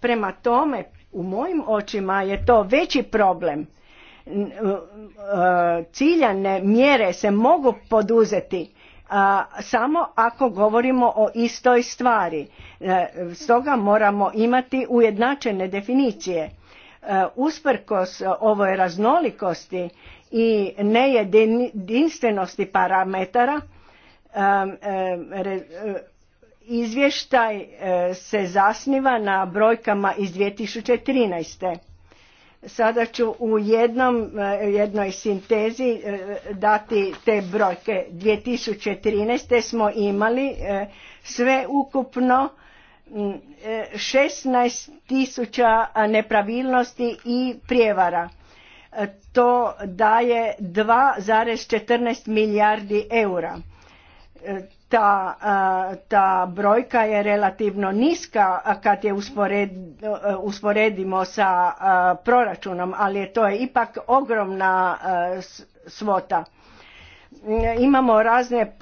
Prema tome, u mojim očima je to veći problem. E, ciljane mjere se mogu poduzeti samo ako govorimo o istoj stvari. E, stoga moramo imati ujednačene definicije. E, usprkos ovoj raznolikosti i nejedinstvenosti parametara, e, izvještaj se zasniva na brojkama iz 2013. Sada ću u jednom, e, jednoj sintezi e, dati te brojke. 2013. smo imali e, sve ukupno 16.000 tisuća nepravilnosti i prijevara. To daje 2,14 milijardi eura ta, ta brojka je relativno niska kad je usporedimo sa proračunom, ali to je ipak ogromna svota. Imamo razne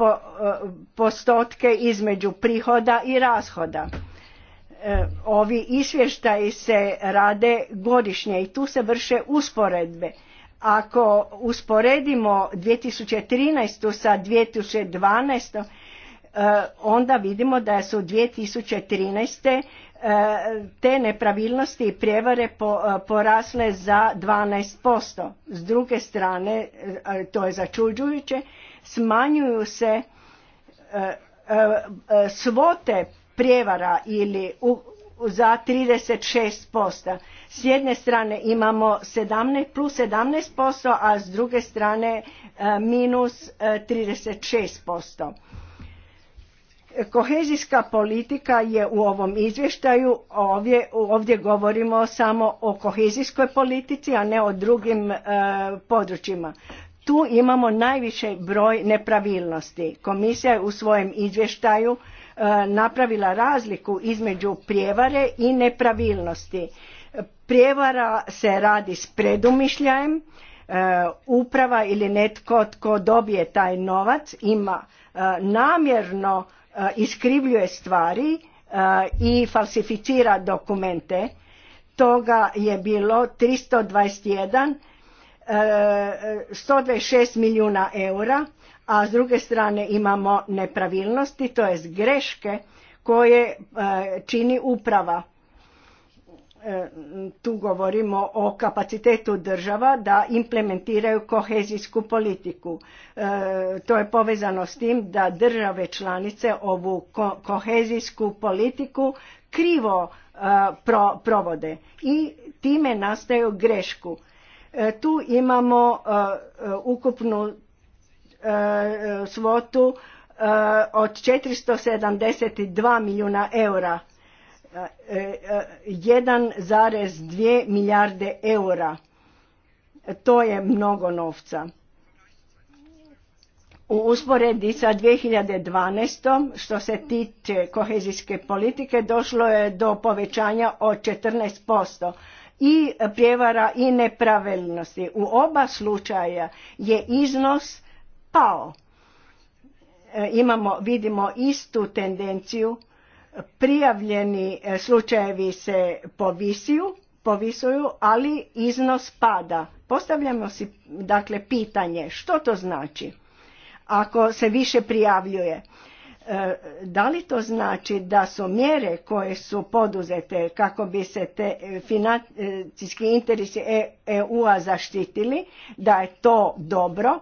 postotke između prihoda i rashoda. E, ovi izvještaji se rade godišnje i tu se vrše usporedbe ako usporedimo 2013. sa 2012. E, onda vidimo da su 2013. E, te nepravilnosti i prijevare e, porasle za 12%. S druge strane, to je začuđujuće, smanjuju se svote prijevara ili za 36%. S jedne strane imamo 17, plus 17%, a s druge strane minus 36% kohezijska politika je u ovom izvještaju, ovdje, ovdje govorimo samo o kohezijskoj politici, a ne o drugim e, područjima. Tu imamo najviše broj nepravilnosti. Komisija je u svojem izvještaju e, napravila razliku između prijevare i nepravilnosti. Prijevara se radi s predumišljajem, e, uprava ili netko tko dobije taj novac ima namjerno Eh, iskrivljuje stvari eh, i falsificira dokumente. Toga je bilo 321, 126 eh, milijuna eura, a s druge strane imamo nepravilnosti, to je greške koje čini uprava E, tu govorimo o kapacitetu država da implementiraju kohezijsku politiku. E, to je povezano s tim da države članice ovu kohezijsku politiku krivo e, provode i time nastaju grešku. Tu imamo ukupnu svotu od 472 milijuna eura 1,2 milijarde eura. To je mnogo novca. U usporedi sa 2012. što se tiče kohezijske politike došlo je do povećanja od 14% i prijevara i nepravilnosti. U oba slučaja je iznos pao. E, imamo, vidimo istu tendenciju prijavljeni e, slučajevi se povisuju, povisuju, ali iznos pada. Postavljamo si dakle pitanje što to znači ako se više prijavljuje. E, da li to znači da su mjere koje su poduzete kako bi se te financijski interesi e, EU-a zaštitili, da je to dobro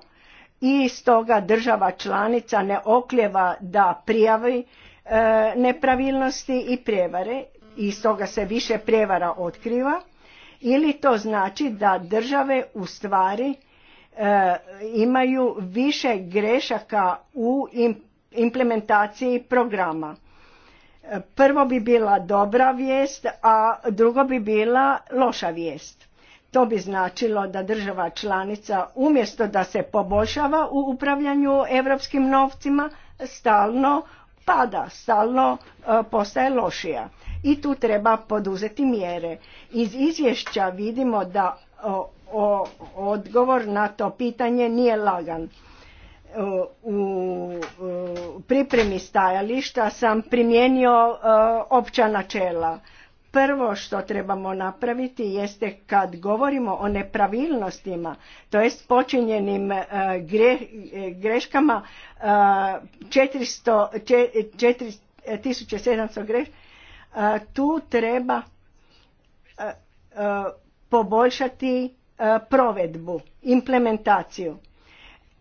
i stoga država članica ne okljeva da prijavi E, nepravilnosti i prijevare i stoga se više prevara otkriva ili to znači da države u stvari e, imaju više grešaka u implementaciji programa. Prvo bi bila dobra vijest, a drugo bi bila loša vijest. To bi značilo da država članica umjesto da se poboljšava u upravljanju europskim novcima, stalno pada, stalno e, postaje lošija i tu treba poduzeti mjere. Iz izvješća vidimo da odgovor na to pitanje nije lagan. E, u, u pripremi stajališta sam primijenio e, opća načela prvo što trebamo napraviti jeste kad govorimo o nepravilnostima, to jest počinjenim e, e, greškama 400, e, greš, tu treba poboljšati provedbu, implementaciju.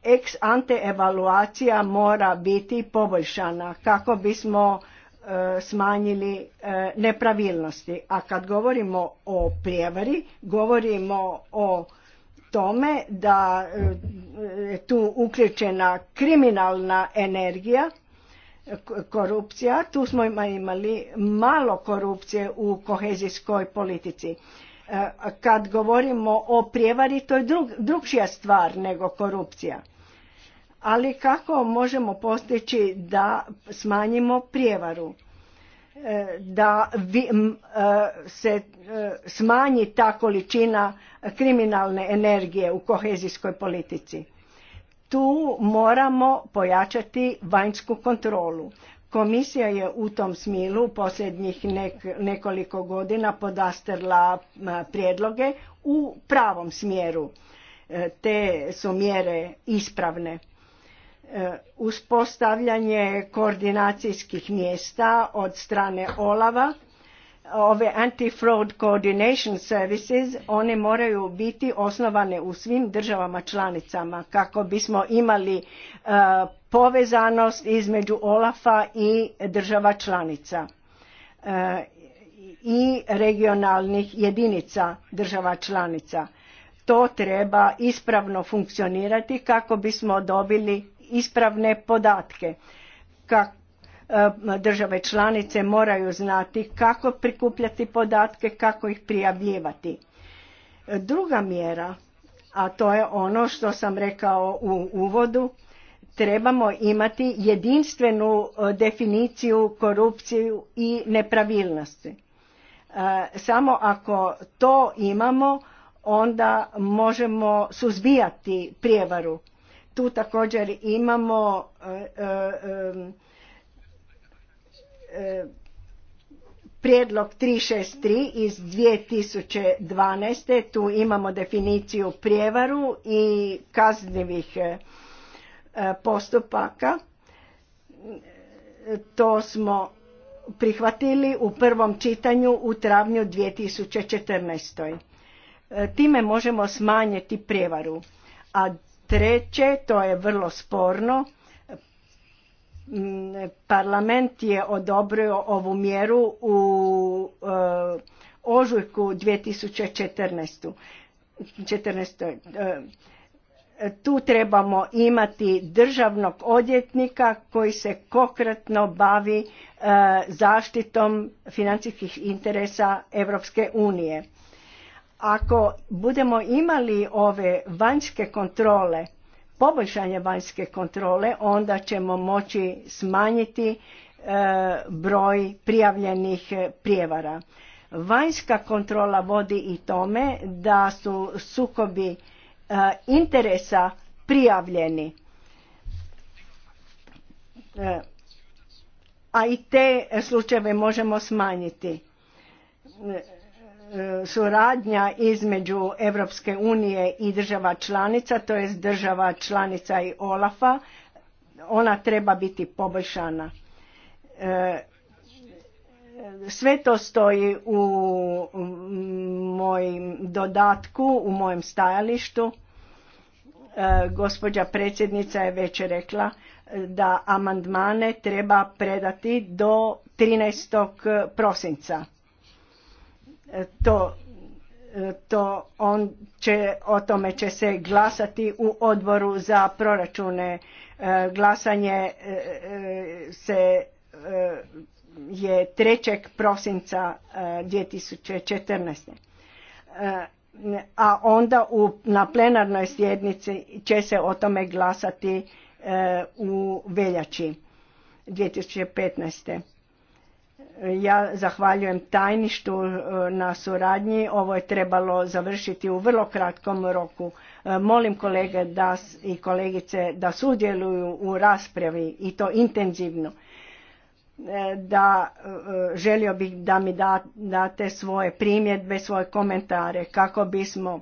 Ex ante evaluacija mora biti poboljšana kako bismo E, smanjili e, nepravilnosti. A kad govorimo o prijevari, govorimo o tome da e, je tu uključena kriminalna energija, korupcija. Tu smo imali malo korupcije u kohezijskoj politici. Kad govorimo o prijevari, to je drug, drugšija stvar nego korupcija ali kako možemo postići da smanjimo prijevaru e, da e, se e, smanji ta količina kriminalne energije u kohezijskoj politici tu moramo pojačati vanjsku kontrolu komisija je u tom smilu posljednjih nekoliko godina podastrla prijedloge u pravom smjeru te su mjere ispravne E, uspostavljanje koordinacijskih mjesta od strane olava ove anti-fraud coordination services, one moraju biti osnovane u svim državama članicama kako bismo imali e, povezanost između olafa i država članica e, i regionalnih jedinica država članica. To treba ispravno funkcionirati kako bismo dobili ispravne podatke. E, države članice moraju znati kako prikupljati podatke, kako ih prijavljivati. Druga mjera, a to je ono što sam rekao u uvodu, trebamo imati jedinstvenu e, definiciju korupciju i nepravilnosti. E, samo ako to imamo, onda možemo suzbijati prijevaru tu također imamo e, e, e, prijedlog 363 iz 2012. Tu imamo definiciju prijevaru i kaznivih postupaka. To smo prihvatili u prvom čitanju u travnju 2014. Time možemo smanjiti prijevaru. A Treće, to je vrlo sporno, mm, parlament je odobrio ovu mjeru u e, ožujku 2014. 14. E, tu trebamo imati državnog odjetnika koji se konkretno bavi e, zaštitom financijskih interesa Europske unije. Ako budemo imali ove vanjske kontrole, poboljšanje vanjske kontrole, onda ćemo moći smanjiti e, broj prijavljenih e, prijevara. Vanjska kontrola vodi i tome da su sukobi e, interesa prijavljeni. A i te slučajeve možemo smanjiti suradnja između Europske unije i država članica, to jest država članica i Olafa, ona treba biti poboljšana. E, sve to stoji u mojim dodatku, u mojem stajalištu. E, gospođa predsjednica je već rekla da amandmane treba predati do 13. prosinca to, to on o tome će se glasati u odboru za proračune. E, glasanje e, se e, je 3. prosinca 2014 a onda u, na plenarnoj sjednici će se o tome glasati u veljači 2015. Ja zahvaljujem tajništu e, na suradnji. Ovo je trebalo završiti u vrlo kratkom roku. E, molim kolege da, i kolegice da sudjeluju u raspravi i to intenzivno. E, da, želio bih da mi date svoje primjedbe, svoje komentare kako bismo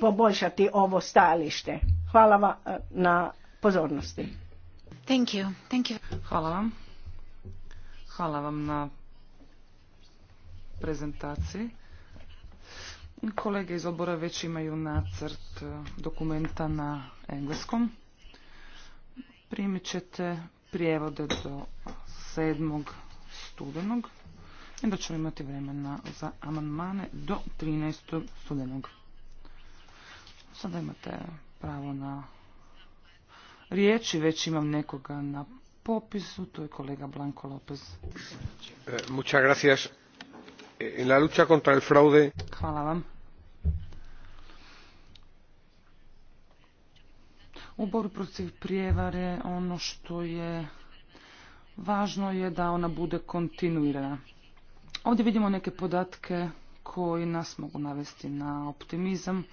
poboljšati ovo stajalište. Hvala vam na pozornosti. Hvala vam. Hvala vam na prezentaciji. Kolege iz odbora već imaju nacrt dokumenta na engleskom. Primit ćete prijevode do 7. studenog i da ćemo imati vremena za amandmane do 13. studenog. Sada imate pravo na riječi, već imam nekoga na popisu, tu je kolega Blanko Lopez. Eh, muchas gracias. Eh, en la lucha contra el fraude... Hvala vam. U borbi protiv prijevare ono što je važno je da ona bude kontinuirana. Ovdje vidimo neke podatke koji nas mogu navesti na optimizam,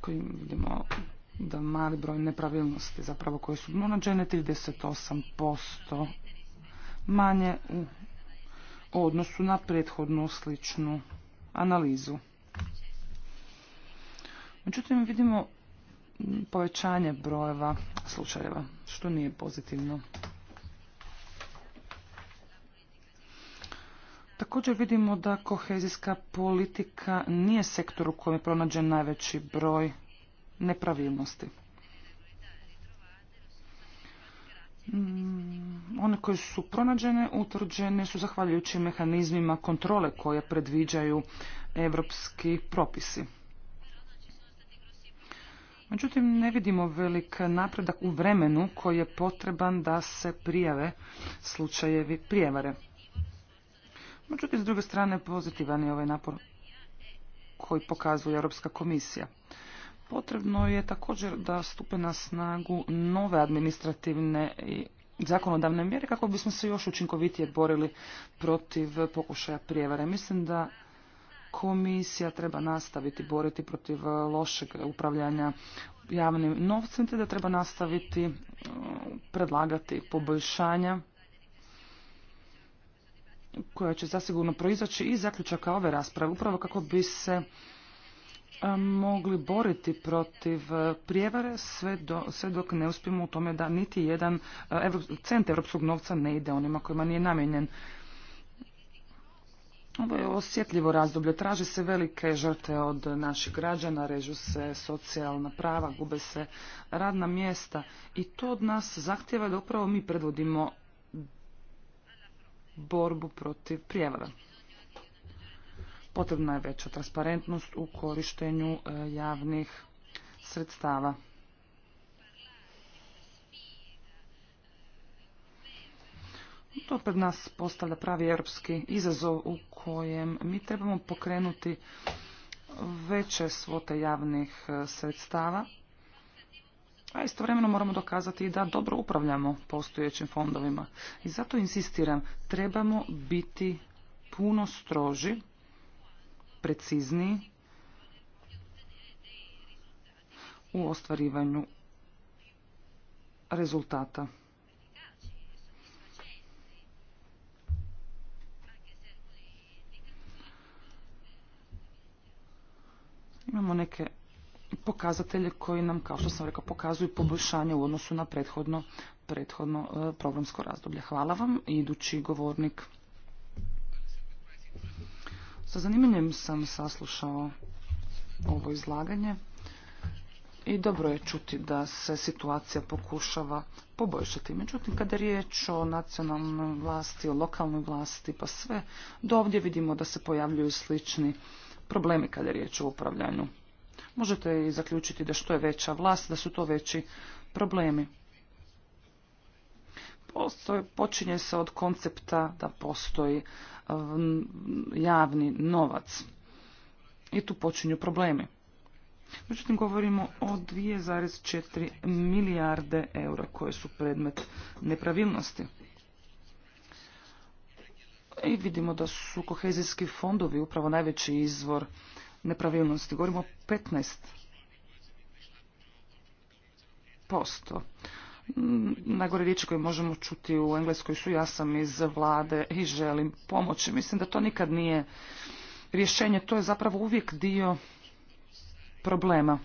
koji vidimo da mali broj nepravilnosti zapravo koje su pronađene 38% manje u odnosu na prethodnu sličnu analizu. Međutim, vidimo povećanje brojeva slučajeva, što nije pozitivno. Također vidimo da kohezijska politika nije sektor u kojem je pronađen najveći broj nepravilnosti. Mm, one koje su pronađene, utvrđene su zahvaljujući mehanizmima kontrole koje predviđaju evropski propisi. Međutim, ne vidimo velik napredak u vremenu koji je potreban da se prijave slučajevi prijevare. Međutim, s druge strane, pozitivan je ovaj napor koji pokazuje Europska komisija. Potrebno je također da stupe na snagu nove administrativne i zakonodavne mjere kako bismo se još učinkovitije borili protiv pokušaja prijevare. Mislim da komisija treba nastaviti boriti protiv lošeg upravljanja javnim novcem te da treba nastaviti e, predlagati poboljšanja koja će zasigurno proizaći i zaključaka ove rasprave upravo kako bi se mogli boriti protiv prijevare sve, sve dok ne uspijemo u tome da niti jedan cent europskog novca ne ide onima kojima nije namijenjen. Ovo je osjetljivo razdoblje. Traže se velike žrte od naših građana, režu se socijalna prava, gube se radna mjesta i to od nas zahtjeva da upravo mi predvodimo borbu protiv prijevara. Potrebna je veća transparentnost u korištenju e, javnih sredstava. To pred nas postavlja pravi europski izazov u kojem mi trebamo pokrenuti veće svote javnih e, sredstava, a istovremeno moramo dokazati da dobro upravljamo postojećim fondovima. I zato insistiram, trebamo biti puno stroži precizniji u ostvarivanju rezultata. Imamo neke pokazatelje koji nam, kao što sam rekao, pokazuju poboljšanje u odnosu na prethodno, prethodno e, programsko razdoblje. Hvala vam. Idući govornik. Sa zanimanjem sam saslušao ovo izlaganje i dobro je čuti da se situacija pokušava poboljšati. Međutim, kada je riječ o nacionalnoj vlasti, o lokalnoj vlasti, pa sve do ovdje vidimo da se pojavljuju slični problemi kada je riječ o upravljanju. Možete i zaključiti da što je veća vlast, da su to veći problemi. počinje se od koncepta da postoji Um, javni novac. I tu počinju problemi. Međutim, govorimo o 2,4 milijarde eura koje su predmet nepravilnosti. I vidimo da su kohezijski fondovi upravo najveći izvor nepravilnosti. Govorimo o 15 posto. Mm, najgore riječi koje možemo čuti u Engleskoj su ja sam iz vlade i želim pomoći. Mislim da to nikad nije rješenje, to je zapravo uvijek dio problema.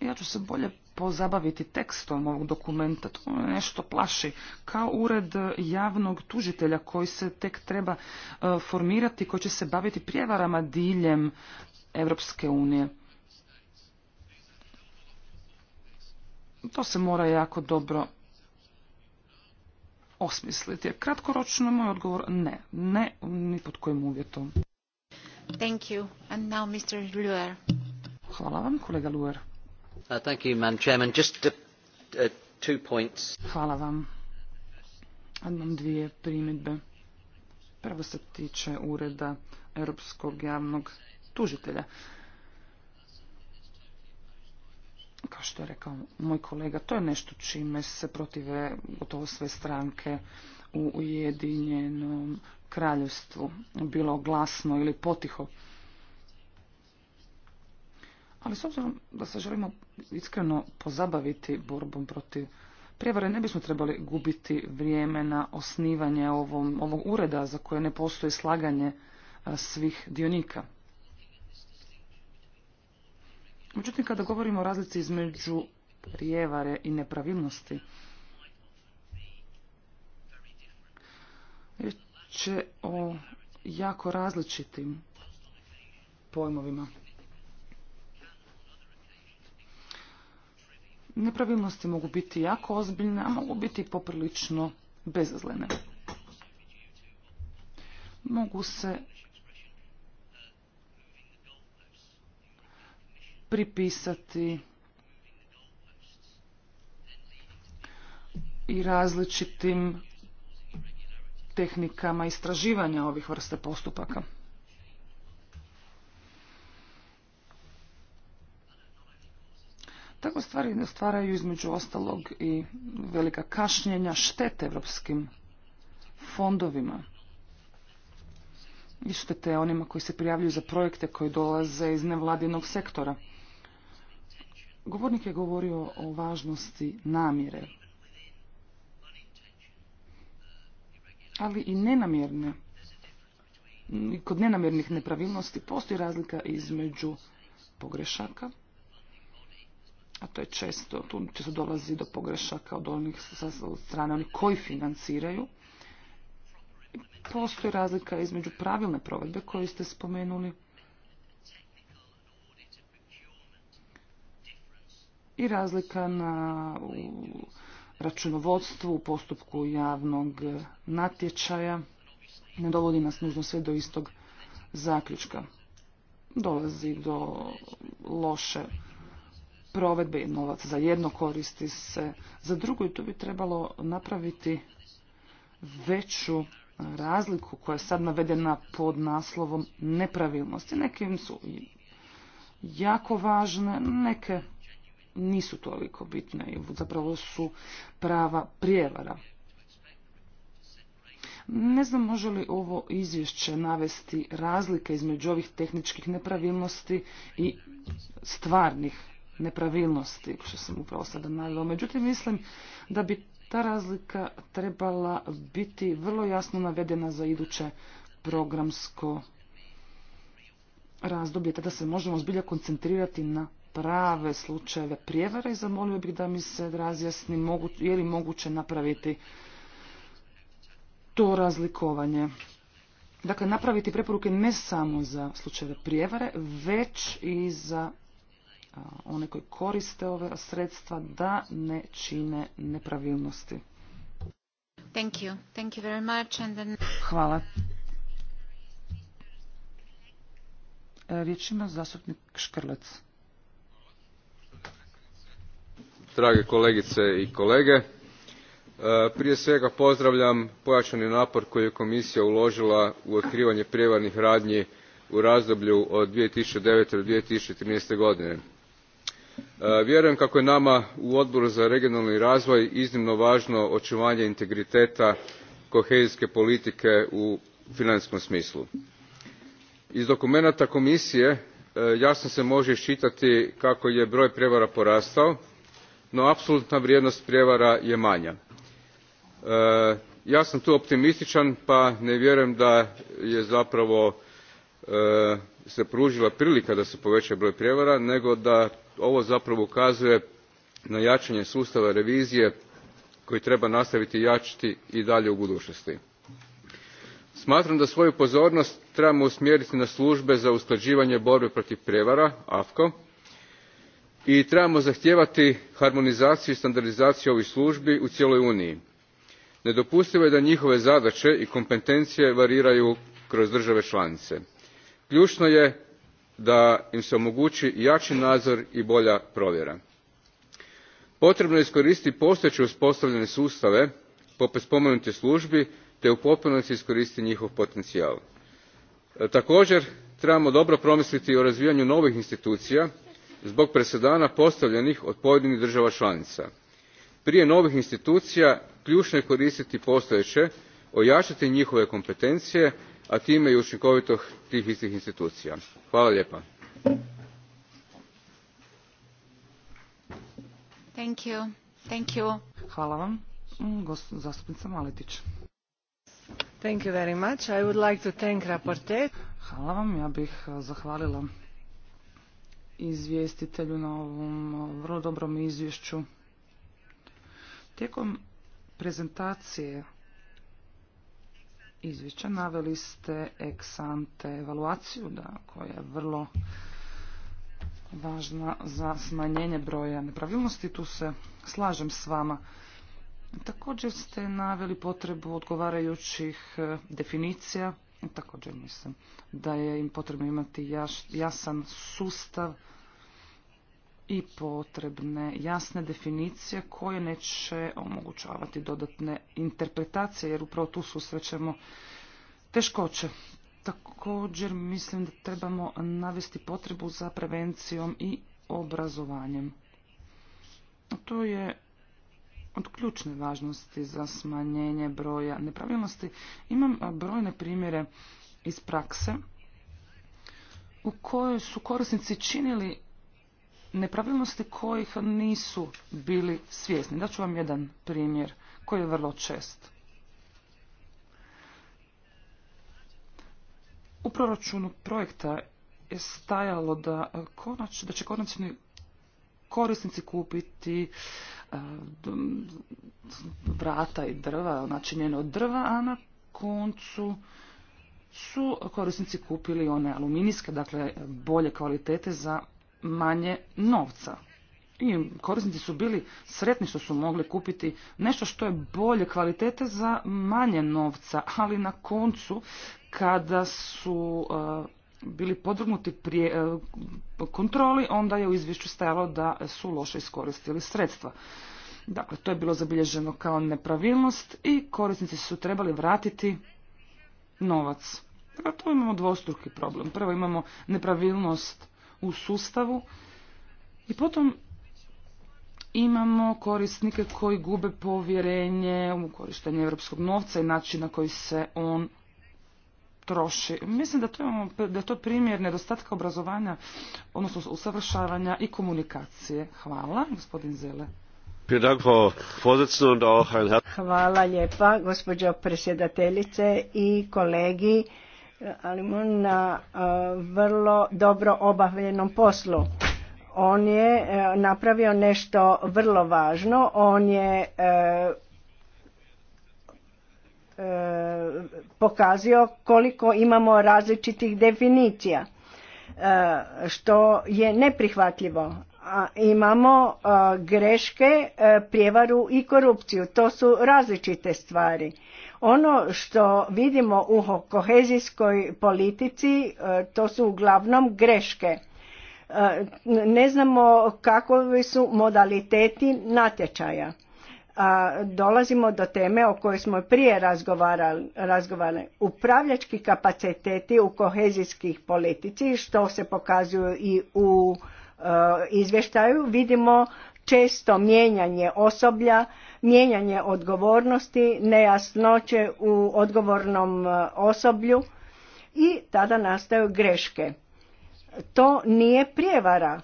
Ja ću se bolje pozabaviti tekstom ovog dokumenta, to nešto plaši, kao ured javnog tužitelja koji se tek treba e, formirati, koji će se baviti prijevarama diljem Europske unije. To se mora jako dobro osmisliti. Kratkoročno moj odgovor ne. Ne, ni pod kojim uvjetom. Thank you. And now Mr. Luer. Hvala vam, kolega Luer. Uh, thank you, man chairman. Just to, uh, two points. Hvala vam. Imam dvije primjedbe. Prvo se tiče ureda Europskog javnog tužitelja kao što je rekao moj kolega, to je nešto čime se protive gotovo sve stranke u Ujedinjenom kraljevstvu, bilo glasno ili potiho. Ali s obzirom da se želimo iskreno pozabaviti borbom protiv prijevare, ne bismo trebali gubiti vrijeme na osnivanje ovom, ovog ureda za koje ne postoji slaganje svih dionika. Međutim, kada govorimo o razlici između prijevare i nepravilnosti, će o jako različitim pojmovima. Nepravilnosti mogu biti jako ozbiljne, a mogu biti poprilično bezazlene. Mogu se pripisati i različitim tehnikama istraživanja ovih vrste postupaka. Tako stvari ne stvaraju između ostalog i velika kašnjenja štete evropskim fondovima. I štete onima koji se prijavljuju za projekte koji dolaze iz nevladinog sektora. Govornik je govorio o važnosti namjere, ali i nenamjerne. Kod nenamjernih nepravilnosti postoji razlika između pogrešaka, a to je često, tu često dolazi do pogrešaka od onih sa strane onih koji financiraju. Postoji razlika između pravilne provedbe koju ste spomenuli i razlika na računovodstvu u postupku javnog natječaja ne dovodi nas nužno sve do istog zaključka. Dolazi do loše provedbe i novac za jedno koristi se za drugo i tu bi trebalo napraviti veću razliku koja je sad navedena pod naslovom nepravilnosti. Neke su jako važne, neke nisu toliko bitne i zapravo su prava prijevara. Ne znam može li ovo izvješće navesti razlike između ovih tehničkih nepravilnosti i stvarnih nepravilnosti, što sam upravo sada navjela. Međutim, mislim da bi ta razlika trebala biti vrlo jasno navedena za iduće programsko razdoblje, tada se možemo zbilja koncentrirati na prave slučajeve prijevare i zamolio bih da mi se razjasni je li moguće napraviti to razlikovanje. Dakle, napraviti preporuke ne samo za slučajeve prijevare, već i za one koji koriste ove sredstva da ne čine nepravilnosti. Thank you. Thank you very much. Hvala. E, riječ ima zastupnik Škrlec. drage kolegice i kolege e, prije svega pozdravljam pojačani napor koji je komisija uložila u otkrivanje prijevarnih radnji u razdoblju od. two thousand and nine do. two thousand and godine e, vjerujem kako je nama u odboru za regionalni razvoj iznimno važno očuvanje integriteta kohezijske politike u financijskom smislu. iz dokumenata komisije e, jasno se može iščitati kako je broj prijevara porastao no apsolutna vrijednost prijevara je manja. E, ja sam tu optimističan pa ne vjerujem da je zapravo e, se pružila prilika da se poveća broj prijevara nego da ovo zapravo ukazuje na jačanje sustava revizije koji treba nastaviti jačati i dalje u budućnosti. smatram da svoju pozornost trebamo usmjeriti na službe za usklađivanje borbe protiv prijevara AFKO, i trebamo zahtijevati harmonizaciju i standardizaciju ovih službi u cijeloj uniji. nedopustivo je da njihove zadaće i kompetencije variraju kroz države članice. ključno je da im se omogući jači nadzor i bolja provjera. potrebno je iskoristiti postojeće uspostavljene sustave poput spomenutih službi te u potpunosti iskoristiti njihov potencijal. E, također trebamo dobro promisliti o razvijanju novih institucija zbog presedana postavljenih od pojedinih država članica. prije novih institucija ključno je koristiti postojeće ojačati njihove kompetencije a time i učinkovitost tih istih institucija. hvala lijepa. Hvala vam. Hvala vam. Ja bih e, zahvalila izvjestitelju na ovom vrlo dobrom izvješću. Tijekom prezentacije izvješća naveli ste ex ante evaluaciju da, koja je vrlo važna za smanjenje broja nepravilnosti. Tu se slažem s vama. Također ste naveli potrebu odgovarajućih e, definicija Također mislim da je im potrebno imati jasan sustav i potrebne jasne definicije koje neće omogućavati dodatne interpretacije jer upravo tu susrećemo teškoće. Također mislim da trebamo navesti potrebu za prevencijom i obrazovanjem. To je od ključne važnosti za smanjenje broja nepravilnosti. Imam brojne primjere iz prakse u kojoj su korisnici činili nepravilnosti kojih nisu bili svjesni. Daću vam jedan primjer koji je vrlo čest. U proračunu projekta je stajalo da, da će konačni korisnici kupiti e, vrata i drva, znači njene od drva, a na koncu su korisnici kupili one aluminijske, dakle bolje kvalitete za manje novca. I korisnici su bili sretni što su mogli kupiti nešto što je bolje kvalitete za manje novca, ali na koncu kada su e, bili podvrgnuti prije, e, kontroli, onda je u izvješću stajalo da su loše iskoristili sredstva. Dakle, to je bilo zabilježeno kao nepravilnost i korisnici su trebali vratiti novac. Dakle, tu imamo dvostruki problem. Prvo imamo nepravilnost u sustavu i potom imamo korisnike koji gube povjerenje u korištenje europskog novca i način na koji se on troši. Mislim da to, imamo, da to primjer nedostatka obrazovanja, odnosno usavršavanja i komunikacije. Hvala, gospodin Zele. Hvala lijepa, gospođo presjedateljice i kolegi ali na vrlo dobro obavljenom poslu. On je napravio nešto vrlo važno, on je E, pokazio koliko imamo različitih definicija e, što je neprihvatljivo. A imamo e, greške, prijevaru i korupciju. To su različite stvari. Ono što vidimo u kohezijskoj politici to su uglavnom greške. Ne znamo kako su modaliteti natječaja a, dolazimo do teme o kojoj smo prije razgovarali. Upravljački kapaciteti u kohezijskih politici, što se pokazuju i u e, izvještaju, vidimo često mijenjanje osoblja, mijenjanje odgovornosti, nejasnoće u odgovornom e, osoblju i tada nastaju greške. To nije prijevara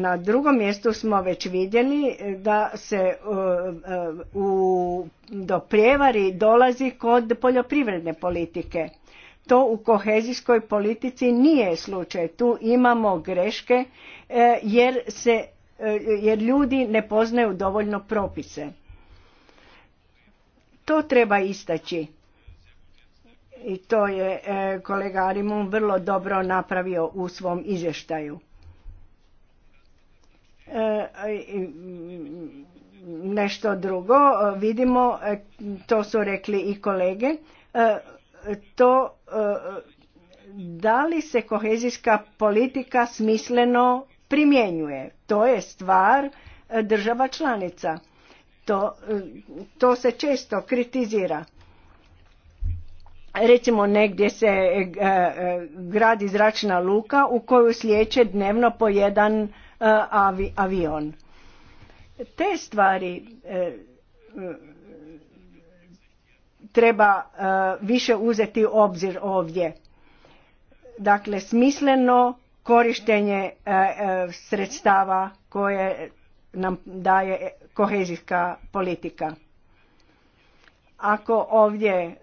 na drugom mjestu smo već vidjeli e, da se e, e, u, do prijevari dolazi kod poljoprivredne politike. To u kohezijskoj politici nije slučaj. Tu imamo greške jer, se, jer ljudi ne poznaju dovoljno propise. To treba istaći. I to je kolega Arimun vrlo dobro napravio u svom izvještaju E, nešto drugo, vidimo, e, to su rekli i kolege, e, to da li se kohezijska politika smisleno primjenjuje. To je stvar država članica. To, to se često kritizira. Recimo negdje se gradi zračna luka u koju sliječe dnevno po jedan avi, avion. Te stvari e, treba e, više uzeti u obzir ovdje. Dakle, smisleno korištenje e, sredstava koje nam daje kohezijska politika. Ako ovdje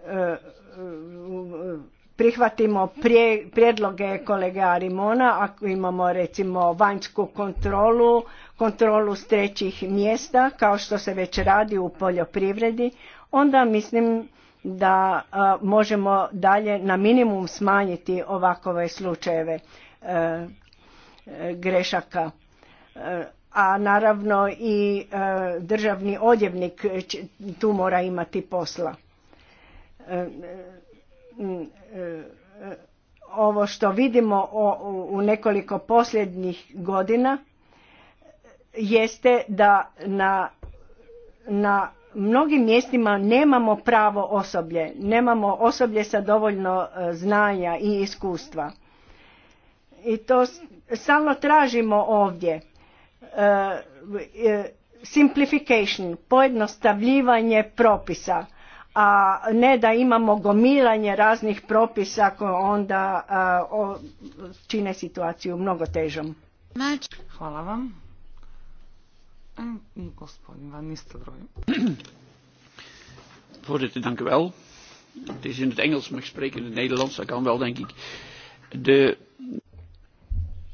prihvatimo prije, prijedloge kolege Arimona, ako imamo recimo vanjsku kontrolu, kontrolu s trećih mjesta, kao što se već radi u poljoprivredi, onda mislim da možemo dalje na minimum smanjiti ovakove slučajeve e, grešaka. E, a naravno i e, državni odjevnik tu mora imati posla ovo što vidimo u nekoliko posljednjih godina jeste da na, na mnogim mjestima nemamo pravo osoblje, nemamo osoblje sa dovoljno e, znanja i iskustva. I to stalno tražimo ovdje. E, e, simplification, pojednostavljivanje propisa a ne da imamo gomilanje raznih propisa koje onda čine situaciju mnogo težom. Hvala vam. E, gospodin Van Nistelrooy. Voorzitter, dank u wel. Het is in het Engels, maar ik spreek in het Nederlands. Dat kan wel, denk ik. De...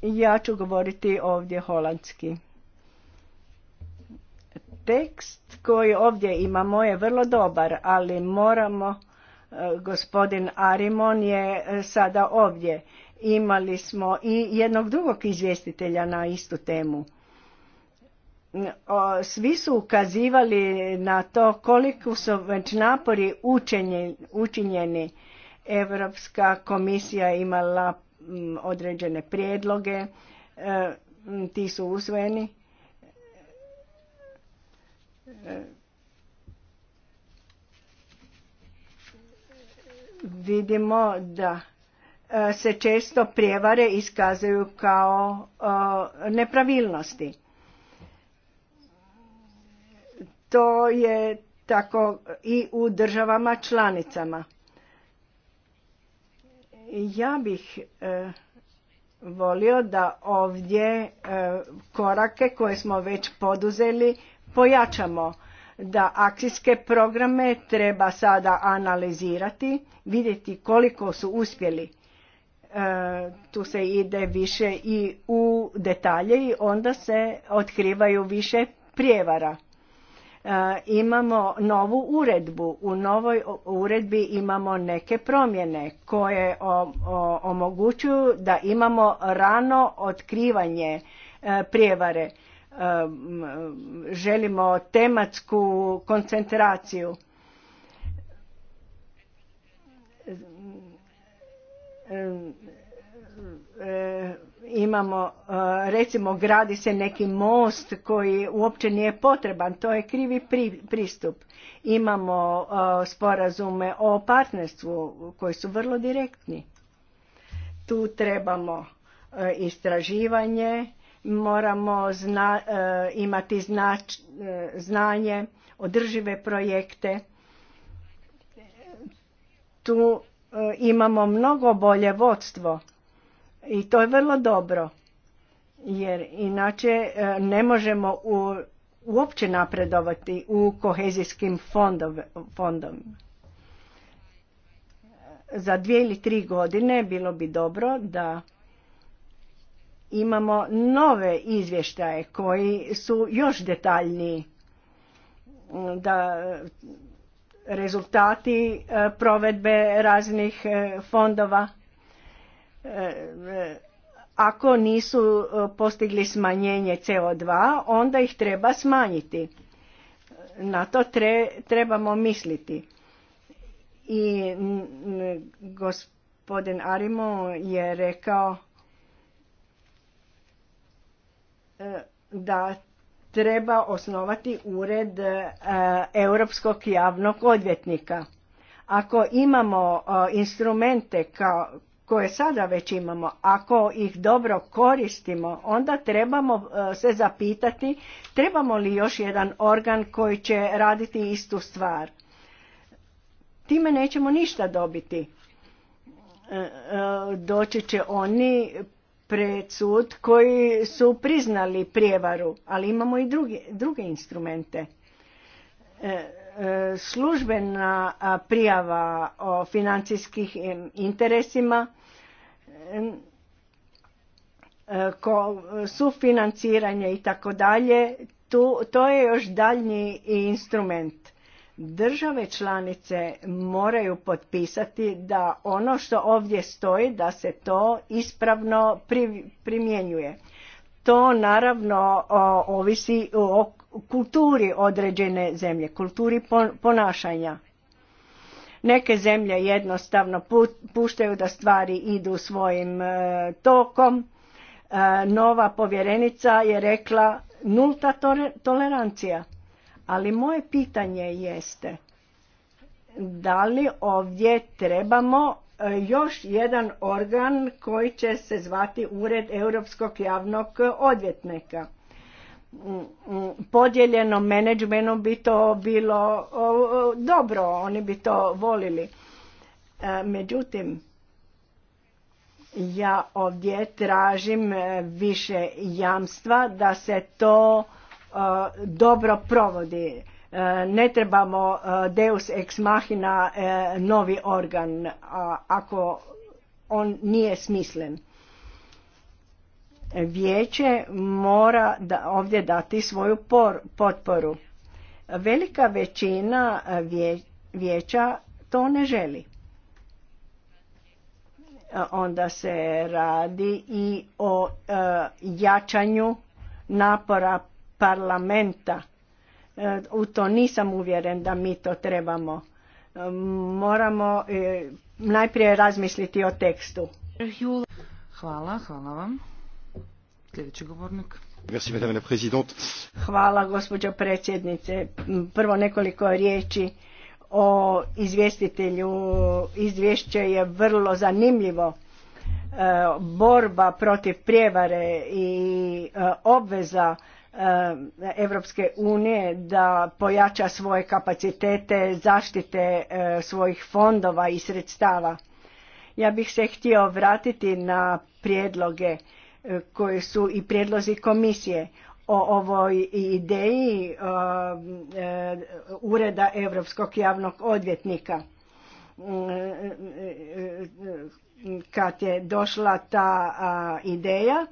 Ja ću govoriti ovdje holandski tekst koji ovdje imamo je vrlo dobar, ali moramo, e, gospodin Arimon je e, sada ovdje. Imali smo i jednog drugog izvjestitelja na istu temu. Svi su ukazivali na to koliko su već napori učinjeni. Evropska komisija imala određene prijedloge, e, ti su usvojeni vidimo da e, se često prijevare iskazuju kao e, nepravilnosti. To je tako i u državama članicama. Ja bih e, volio da ovdje korake koje smo već poduzeli pojačamo da akcijske programe treba sada analizirati, vidjeti koliko su uspjeli. E, tu se ide više i u detalje i onda se otkrivaju više prijevara. E, imamo novu uredbu. U novoj uredbi imamo neke promjene koje omogućuju da imamo rano otkrivanje e, prijevare Um, želimo tematsku koncentraciju um, um, imamo uh, recimo gradi se neki most koji uopće nije potreban to je krivi pristup imamo uh, sporazume o partnerstvu koji su vrlo direktni tu trebamo uh, istraživanje moramo e, imati e, znanje, održive projekte. Tu e, imamo mnogo bolje vodstvo i to je vrlo dobro jer inače ne možemo u, uopće napredovati u kohezijskim fondovima. Za dvije ili tri godine bilo bi dobro da imamo nove izvještaje koji su još detaljniji mm, da rezultati e, provedbe raznih e, fondova e, ako nisu postigli smanjenje CO2 onda ih treba smanjiti na to trebamo misliti i gospodin Arimo je rekao E, da treba osnovati ured e, europskog javnog odvjetnika. Ako imamo e, instrumente kao, koje sada već imamo, ako ih dobro koristimo, onda trebamo se zapitati trebamo li još jedan organ koji će raditi istu stvar. Time nećemo ništa dobiti. Doći će oni pred sud koji su priznali prijevaru, ali imamo i druge, druge instrumente. E, e, službena prijava o financijskih interesima, e, sufinanciranje i tako dalje, to je još daljnji instrument Države članice moraju potpisati da ono što ovdje stoji da se to ispravno primjenjuje. To naravno ovisi o kulturi određene zemlje, kulturi ponašanja. Neke zemlje jednostavno puštaju da stvari idu svojim e, tokom. E, nova povjerenica je rekla nulta tolerancija ali moje pitanje jeste da li ovdje trebamo e, još jedan organ koji će se zvati Ured Europskog javnog odvjetnika. Mm, mm, podijeljeno menadžmenu bi to bilo dobro, oni bi to volili. E, međutim, ja ovdje tražim e, više jamstva da se to Eh, dobro provodi. Eh, ne trebamo eh, deus ex machina novi organ ako on nije smislen. Vijeće mora da ovdje dati svoju potporu. Velika većina vijeća to ne želi. Onda se radi i o jačanju napora parlamenta. E, u to nisam uvjeren da mi to trebamo. E, moramo e, najprije razmisliti o tekstu. Hvala, hvala vam. Sljedeći govornik. Hvala gospođo predsjednice. Prvo nekoliko riječi o izvjestitelju. Izvješće je vrlo zanimljivo. Borba protiv prijevare i obveza Europske eh, unije da pojača svoje kapacitete zaštite eh, svojih fondova i sredstava. Ja bih se htio vratiti na prijedloge eh, koji su i prijedlozi komisije o ovoj ideji Ureda Europskog javnog odvjetnika mm, kad je došla ta ideja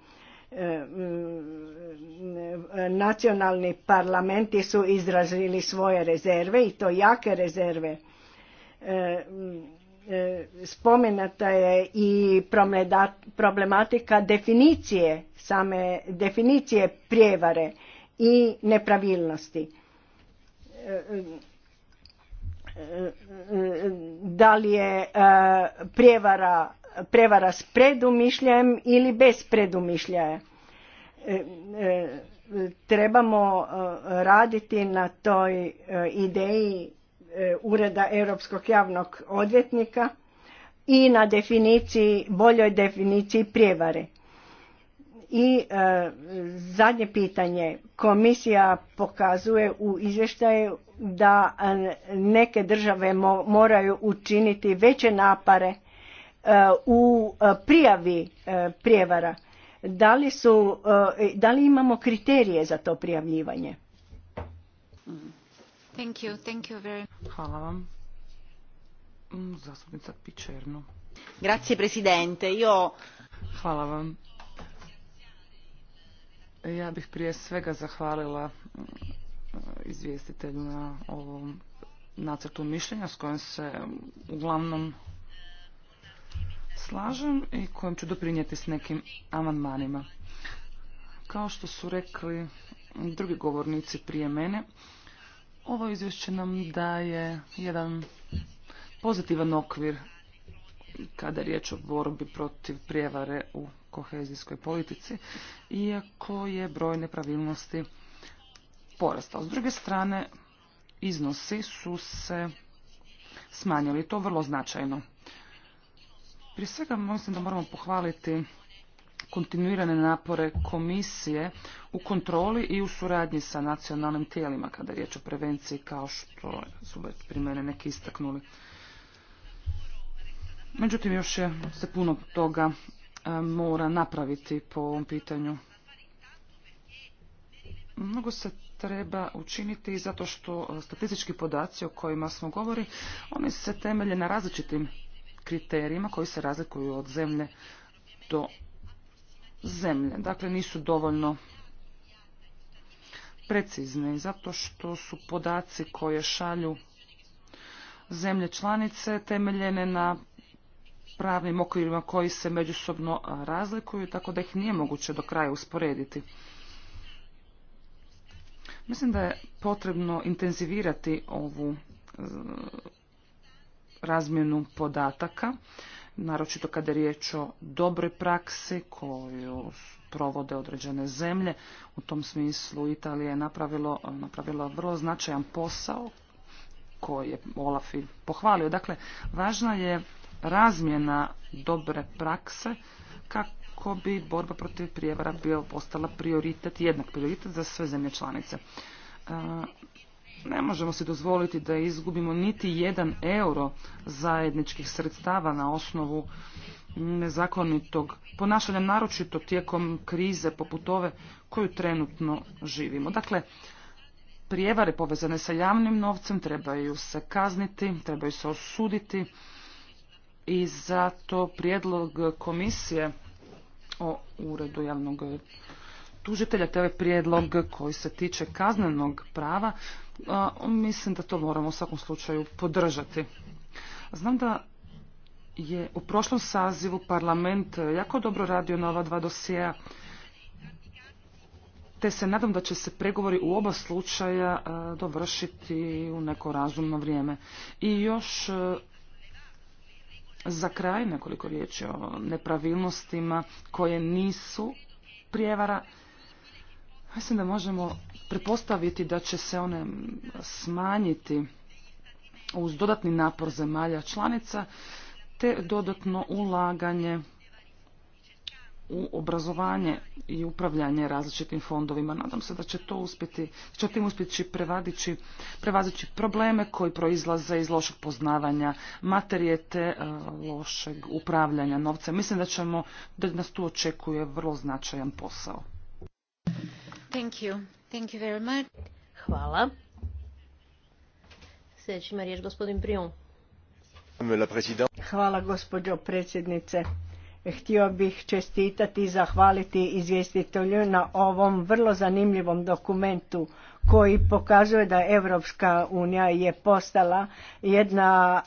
Eh, mm, eh, nacionalni parlamenti su izrazili svoje rezerve i to jake rezerve. Eh, mm, spomenuta je i problematika definicije, same definicije prijevare i nepravilnosti. Da li je prijevara prevara s predumišljajem ili bez predumišljaja. E, e, trebamo e, raditi na toj ideji Ureda Europskog javnog odvjetnika i na definiciji, boljoj definiciji prijevare. I zadnje pitanje. Komisija pokazuje u izvještaju da neke države moraju učiniti veće napare E, u e, prijavi e, prijevara? Da li, su, da li imamo kriterije za to prijavljivanje? Mm. Thank you, thank you very Hvala vam. Mm, zastupnica Pičerno. Grazie Presidente, io... Hvala vam. Ja bih prije svega zahvalila mm, izvjestitelju na ovom nacrtu mišljenja s kojim se uglavnom slažem i kojem ću doprinijeti s nekim amandmanima. Kao što su rekli drugi govornici prije mene, ovo izvješće nam daje jedan pozitivan okvir kada je riječ o borbi protiv prijevare u kohezijskoj politici, iako je broj nepravilnosti porastao. S druge strane, iznosi su se smanjili, to vrlo značajno. Prije svega mislim da moramo pohvaliti kontinuirane napore komisije u kontroli i u suradnji sa nacionalnim tijelima kada je riječ o prevenciji kao što su već neki istaknuli. Međutim, još je se puno toga e, mora napraviti po ovom pitanju. Mnogo se treba učiniti zato što e, statistički podaci o kojima smo govori, oni se temelje na različitim kriterijima koji se razlikuju od zemlje do zemlje. Dakle, nisu dovoljno precizne zato što su podaci koje šalju zemlje članice temeljene na pravnim okvirima koji se međusobno razlikuju, tako da ih nije moguće do kraja usporediti. Mislim da je potrebno intenzivirati ovu razmjenu podataka, naročito kada je riječ o dobroj praksi koju provode određene zemlje. U tom smislu Italija je napravilo, napravila vrlo značajan posao koji je Olaf i pohvalio. Dakle, važna je razmjena dobre prakse kako bi borba protiv prijevara bio postala prioritet, jednak prioritet za sve zemlje članice. Ne možemo si dozvoliti da izgubimo niti jedan euro zajedničkih sredstava na osnovu nezakonitog ponašanja, naročito tijekom krize poput ove koju trenutno živimo. Dakle, prijevare povezane sa javnim novcem trebaju se kazniti, trebaju se osuditi i zato prijedlog komisije o uredu javnog tužitelja, to je ovaj prijedlog koji se tiče kaznenog prava, mislim da to moramo u svakom slučaju podržati. Znam da je u prošlom sazivu parlament jako dobro radio na ova dva dosjeja, te se nadam da će se pregovori u oba slučaja e, dovršiti u neko razumno vrijeme. I još e, za kraj nekoliko riječi o nepravilnostima koje nisu prijevara. Mislim da možemo prepostaviti da će se one smanjiti uz dodatni napor zemalja članica te dodatno ulaganje u obrazovanje i upravljanje različitim fondovima. Nadam se da će to uspjeti, će tim uspjeti prevazići probleme koji proizlaze iz lošeg poznavanja materije te e, lošeg upravljanja novca. Mislim da ćemo, da nas tu očekuje vrlo značajan posao. Thank you. Thank you very much. Hvala. Sljedeći ima riječ gospodin Hvala gospođo predsjednice. Htio bih čestitati i zahvaliti izvjestitelju na ovom vrlo zanimljivom dokumentu koji pokazuje da Europska unija je postala jedna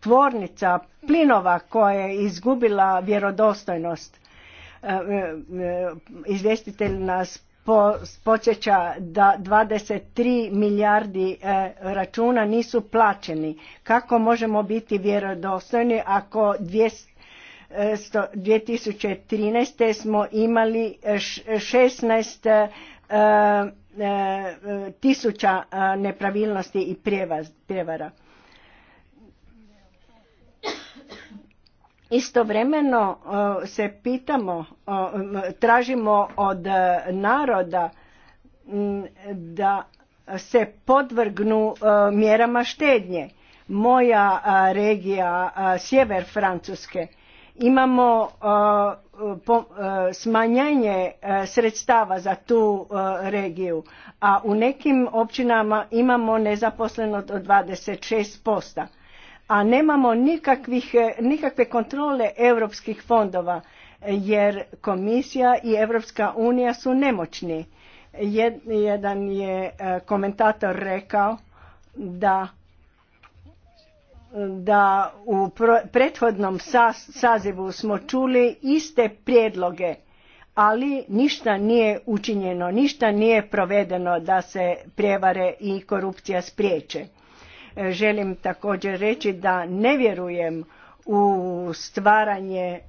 tvornica plinova koja je izgubila vjerodostojnost E, e, izvjestitelj nas podsjeća da 23 milijardi e, računa nisu plaćeni. Kako možemo biti vjerodostojni ako 2013. smo imali 16 tisuća nepravilnosti i prijevara. Istovremeno e, se pitamo, e, tražimo od e, naroda da se podvrgnu mjerama štednje. Moja regija, sjever Francuske, imamo smanjanje sredstava za tu regiju, a u nekim općinama imamo nezaposlenost od 26% a nemamo nikakvih, eh, nikakve kontrole europskih fondova jer komisija i Europska unija su nemoćni. Jedan je eh, komentator rekao da da u prethodnom sazivu smo čuli iste prijedloge, ali ništa nije učinjeno, ništa nije provedeno da se prijevare i korupcija spriječe. Želim također reći da ne vjerujem u stvaranje e,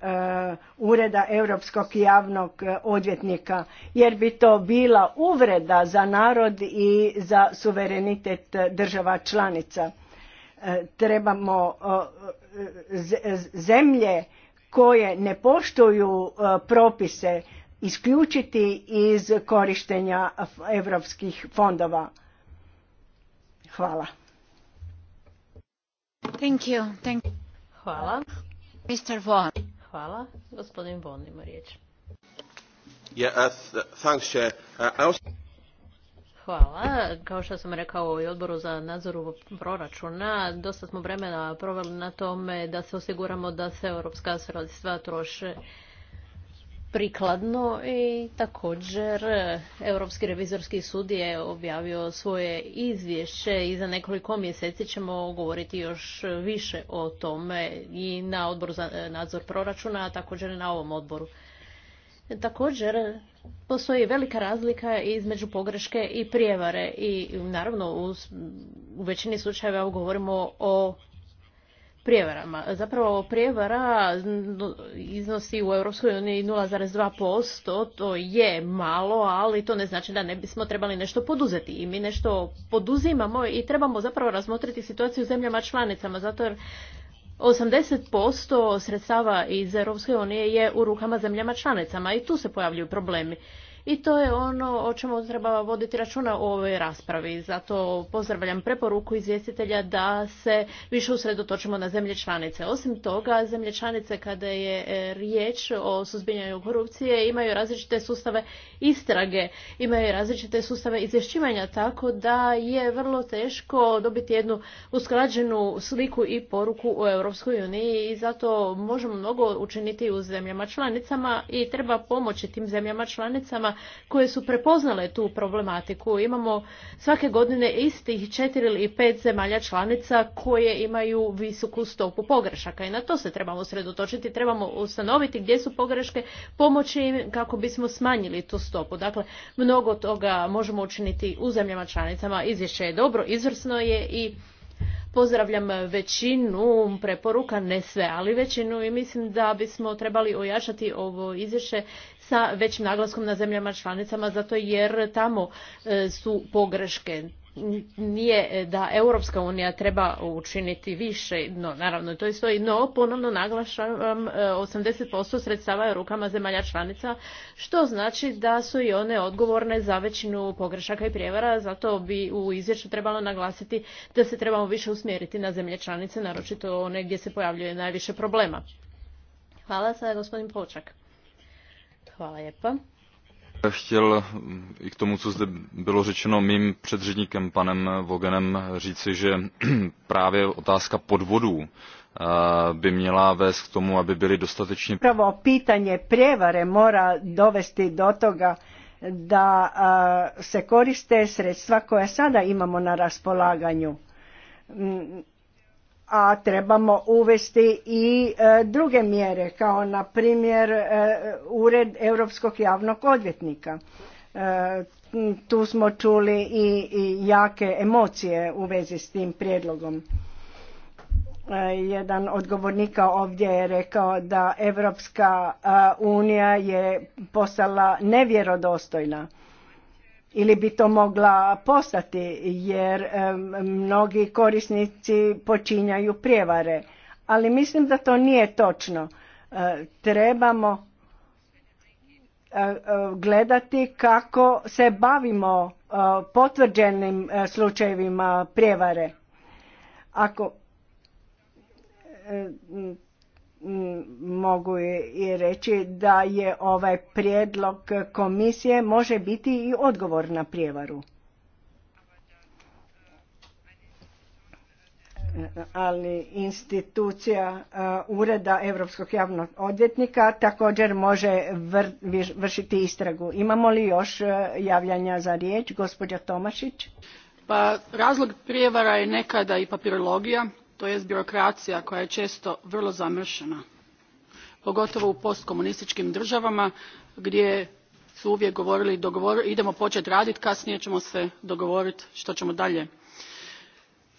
ureda europskog javnog e, odvjetnika jer bi to bila uvreda za narod i za suverenitet država članica e, trebamo zemlje koje ne poštuju propise isključiti iz korištenja europskih fondova hvala Hvala. Kao što sam rekao i odboru za nadzor proračuna, dosta smo vremena proveli na tome da se osiguramo da se europska sredstva troše prikladno i također e, Europski revizorski sud je objavio svoje izvješće i za nekoliko mjeseci ćemo govoriti još više o tome i na odboru za nadzor proračuna, a također i na ovom odboru. Također, postoji velika razlika između pogreške i prijevare i naravno u većini slučajeva govorimo o prijevarama. Zapravo prijevara iznosi u EU 0,2%, to je malo, ali to ne znači da ne bismo trebali nešto poduzeti. I mi nešto poduzimamo i trebamo zapravo razmotriti situaciju u zemljama članicama, zato jer 80% sredstava iz EU je u rukama zemljama članicama i tu se pojavljuju problemi i to je ono o čemu treba voditi računa u ovoj raspravi. Zato pozdravljam preporuku izvjestitelja da se više usredotočimo na zemlje članice. Osim toga, zemlje članice kada je e, riječ o suzbijanju korupcije imaju različite sustave istrage, imaju različite sustave izvješćivanja, tako da je vrlo teško dobiti jednu usklađenu sliku i poruku u Europskoj uniji i zato možemo mnogo učiniti u zemljama članicama i treba pomoći tim zemljama članicama koje su prepoznale tu problematiku. Imamo svake godine istih četiri ili pet zemalja članica koje imaju visoku stopu pogrešaka i na to se trebamo sredotočiti. Trebamo ustanoviti gdje su pogreške, pomoći im kako bismo smanjili tu stopu. Dakle, mnogo toga možemo učiniti u zemljama članicama. Izvješće je dobro, izvrsno je i pozdravljam većinu preporuka, ne sve, ali većinu i mislim da bismo trebali ojačati ovo izvješće sa većim naglaskom na zemljama članicama zato jer tamo e, su pogreške nije da Europska unija treba učiniti više, no naravno to isto i no ponovno naglašavam 80% e, sredstava je rukama zemalja članica, što znači da su i one odgovorne za većinu pogrešaka i prijevara, zato bi u izvješću trebalo naglasiti da se trebamo više usmjeriti na zemlje članice, naročito one gdje se pojavljuje najviše problema. Hvala sada gospodin Počak. Hvala lijepa. Chtěl mm, i k tomu, co zde bylo řečeno mým předředníkem, panem Vogenem, říci, že právě otázka podvodů eh, by měla vést k tomu, aby byly dostatečně... Pravo pitanje prijevare mora dovesti do toga da eh, se koriste sredstva koja sada imamo na raspolaganju mm, a trebamo uvesti i e, druge mjere kao na primjer e, ured europskog javnog odvjetnika e, tu smo čuli i, jake emocije u vezi s tim prijedlogom jedan odgovornika ovdje je rekao da Europska unija je postala nevjerodostojna ili bi to mogla postati jer mnogi korisnici počinjaju prijevare. Ali mislim da to nije točno. E, trebamo e, e, gledati kako se bavimo potvrđenim slučajevima prijevare. Ako mogu i reći da je ovaj prijedlog komisije može biti i odgovor na prijevaru. ali institucija Ureda Europskog javnog odvjetnika također može vršiti istragu. Imamo li još javljanja za riječ, gospođa Tomašić? Pa razlog prijevara je nekada i papirologija, to birokracija koja je često vrlo zamršena pogotovo u postkomunističkim državama gdje su uvijek govorili idemo početi raditi kasnije ćemo se dogovoriti što ćemo dalje.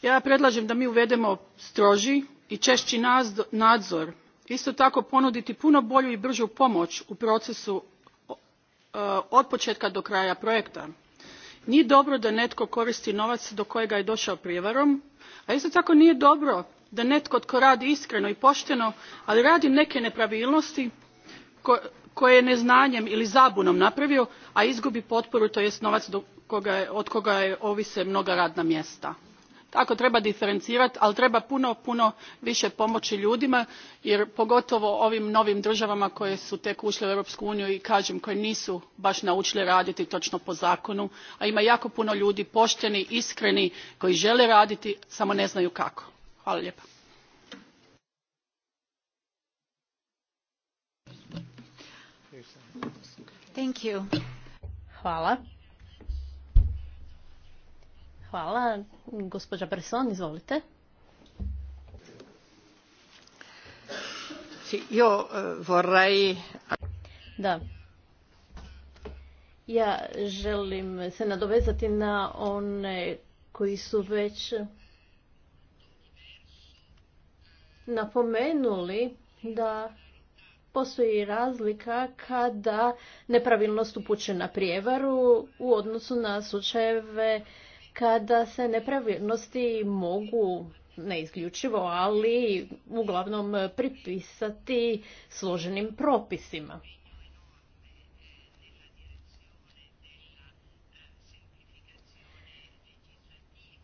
ja predlažem da mi uvedemo stroži i češći nadzor isto tako ponuditi puno bolju i bržu pomoć u procesu e, od početka do kraja projekta. nije dobro da netko koristi novac do kojega je došao prijevarom a isto tako nije dobro da netko tko radi iskreno i pošteno ali radi neke nepravilnosti koje je neznanjem ili zabunom napravio a izgubi potporu to jest novac od koga ovise mnoga radna mjesta tako treba diferencirati ali treba puno puno više pomoći ljudima jer pogotovo ovim novim državama koje su tek ušle u europsku uniju i kažem koje nisu baš naučile raditi točno po zakonu a ima jako puno ljudi poštenih iskrenih koji žele raditi samo ne znaju kako. Hvala. Gospođa Bresson, izvolite. Eh, da. Ja želim se nadovezati na one koji su već napomenuli da postoji razlika kada nepravilnost na prijevaru u odnosu na slučajeve kada se nepravilnosti mogu ne isključivo, ali uglavnom pripisati složenim propisima.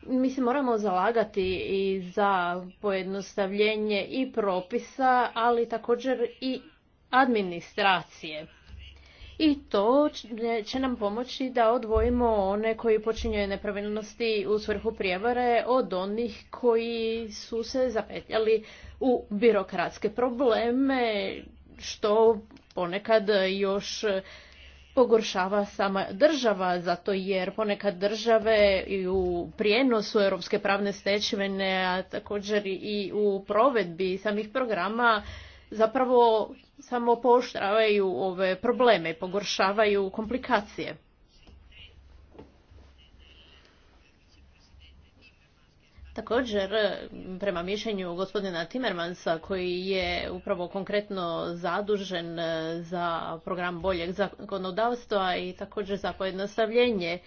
Mi se moramo zalagati i za pojednostavljenje i propisa, ali također i administracije i to će nam pomoći da odvojimo one koji počinjuju nepravilnosti u svrhu prijevare od onih koji su se zapetljali u birokratske probleme što ponekad još pogoršava sama država zato jer ponekad države i u prijenosu europske pravne stečevine a također i u provedbi samih programa zapravo samo pooštravaju ove probleme, pogoršavaju komplikacije. Također, prema mišljenju gospodina Timmermansa, koji je upravo konkretno zadužen za program boljeg zakonodavstva i također za pojednostavljenje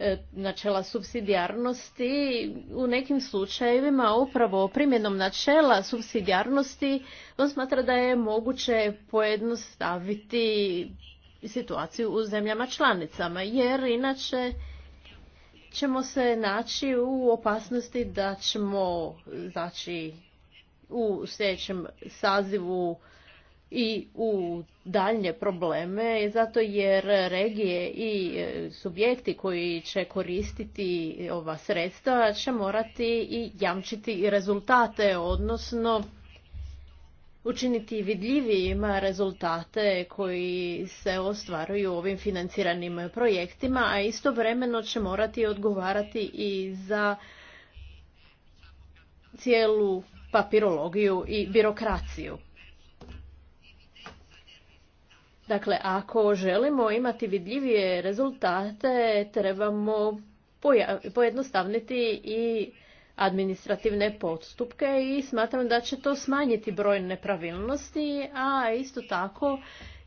E, načela subsidijarnosti, u nekim slučajevima upravo primjenom načela subsidijarnosti on smatra da je moguće pojednostaviti situaciju u zemljama članicama, jer inače ćemo se naći u opasnosti da ćemo znači u sljedećem sazivu i u daljnje probleme zato jer regije i e, subjekti koji će koristiti ova sredstva će morati i jamčiti rezultate, odnosno učiniti vidljivijima rezultate koji se ostvaruju ovim financiranim projektima, a istovremeno će morati odgovarati i za cijelu papirologiju i birokraciju. Dakle, ako želimo imati vidljivije rezultate, trebamo pojednostavniti i administrativne postupke i smatram da će to smanjiti broj nepravilnosti, a isto tako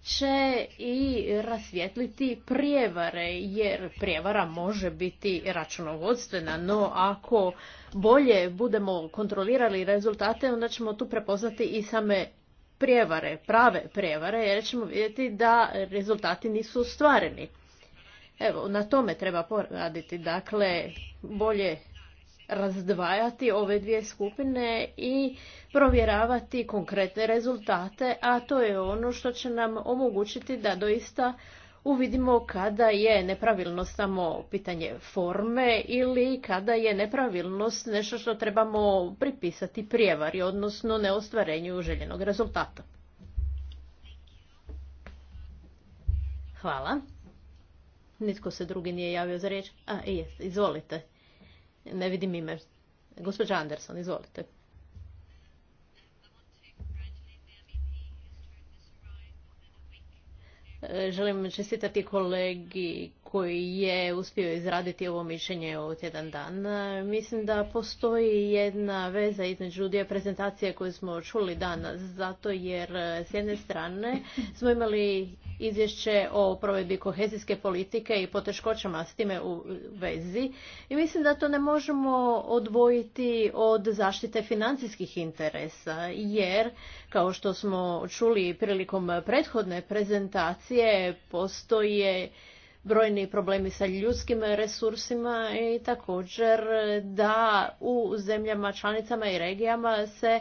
će i rasvjetliti prijevare, jer prijevara može biti računovodstvena, no ako bolje budemo kontrolirali rezultate, onda ćemo tu prepoznati i same prijevare, prave prijevare, jer ćemo vidjeti da rezultati nisu ostvareni. Evo, na tome treba poraditi. Dakle, bolje razdvajati ove dvije skupine i provjeravati konkretne rezultate, a to je ono što će nam omogućiti da doista uvidimo kada je nepravilnost samo pitanje forme ili kada je nepravilnost nešto što trebamo pripisati prijevari, odnosno neostvarenju željenog rezultata. Hvala. Nitko se drugi nije javio za riječ. A, jest, izvolite. Ne vidim ime. Gospođa Anderson, izvolite. E, želim čestitati kolegi koji je uspio izraditi ovo mišljenje u tjedan dan. Mislim da postoji jedna veza između dvije prezentacije koje smo čuli danas, zato jer s jedne strane smo imali izvješće o provedbi kohezijske politike i poteškoćama s time u vezi. I mislim da to ne možemo odvojiti od zaštite financijskih interesa, jer kao što smo čuli prilikom prethodne prezentacije, postoje brojni problemi sa ljudskim resursima i također da u zemljama članicama i regijama se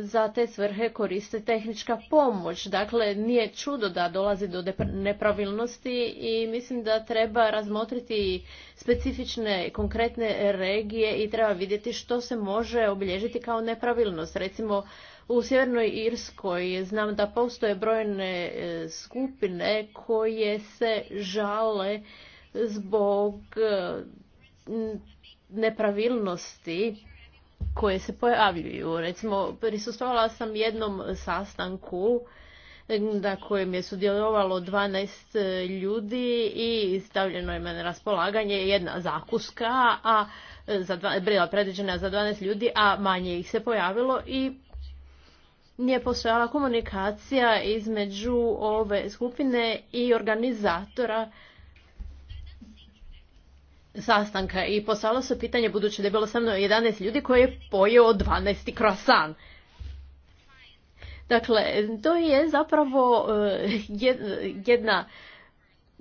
za te svrhe koriste tehnička pomoć. Dakle, nije čudo da dolazi do nepravilnosti i mislim da treba razmotriti specifične konkretne regije i treba vidjeti što se može obilježiti kao nepravilnost. Recimo, u Sjevernoj Irskoj znam da postoje brojne e, skupine koje se žale zbog e, nepravilnosti koje se pojavljuju. Recimo, prisustovala sam jednom sastanku na kojem je sudjelovalo 12 e, ljudi i stavljeno je na raspolaganje jedna zakuska, a e, za dva, bila predviđena za 12 ljudi, a manje ih se pojavilo i nije postojala komunikacija između ove skupine i organizatora sastanka i poslalo se pitanje, budući da je bilo samo 11 ljudi koji je pojeo 12. krasan. Dakle, to je zapravo eh, jedna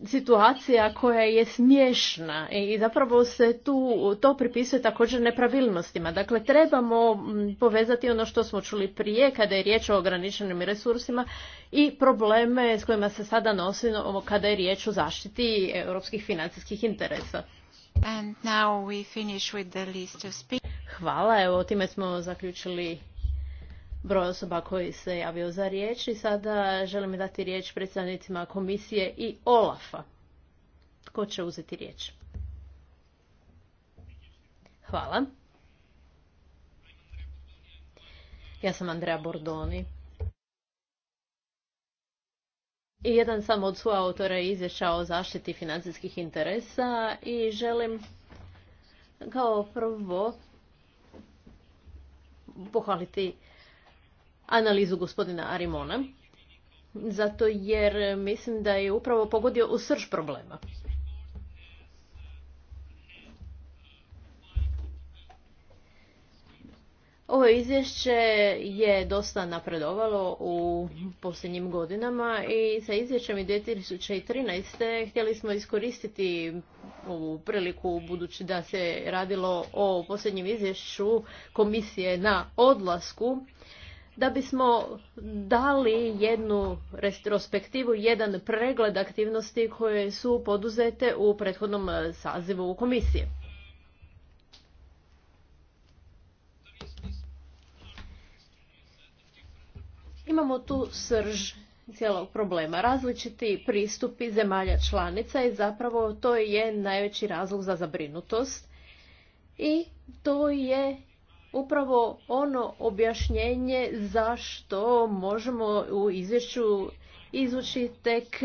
situacija koja je smiješna i zapravo se tu to pripisuje također nepravilnostima. Dakle, trebamo mm, povezati ono što smo čuli prije kada je riječ o ograničenim resursima i probleme s kojima se sada nosimo kada je riječ o zaštiti europskih financijskih interesa. Hvala, evo time smo zaključili broj osoba koji se javio za riječ i sada želim dati riječ predstavnicima komisije i Olafa. Tko će uzeti riječ? Hvala. Ja sam Andrea Bordoni i jedan sam od je izvješća o zaštiti financijskih interesa i želim kao prvo pohvaliti analizu gospodina Arimona, zato jer mislim da je upravo pogodio u srž problema. Ovo izvješće je dosta napredovalo u posljednjim godinama i sa izvješćem i 2013. htjeli smo iskoristiti ovu priliku budući da se radilo o posljednjem izvješću komisije na odlasku da bismo dali jednu retrospektivu, jedan pregled aktivnosti koje su poduzete u prethodnom sazivu komisije. Imamo tu srž cijelog problema. Različiti pristupi zemalja članica i zapravo to je najveći razlog za zabrinutost. I to je upravo ono objašnjenje zašto možemo u izvješću izvući tek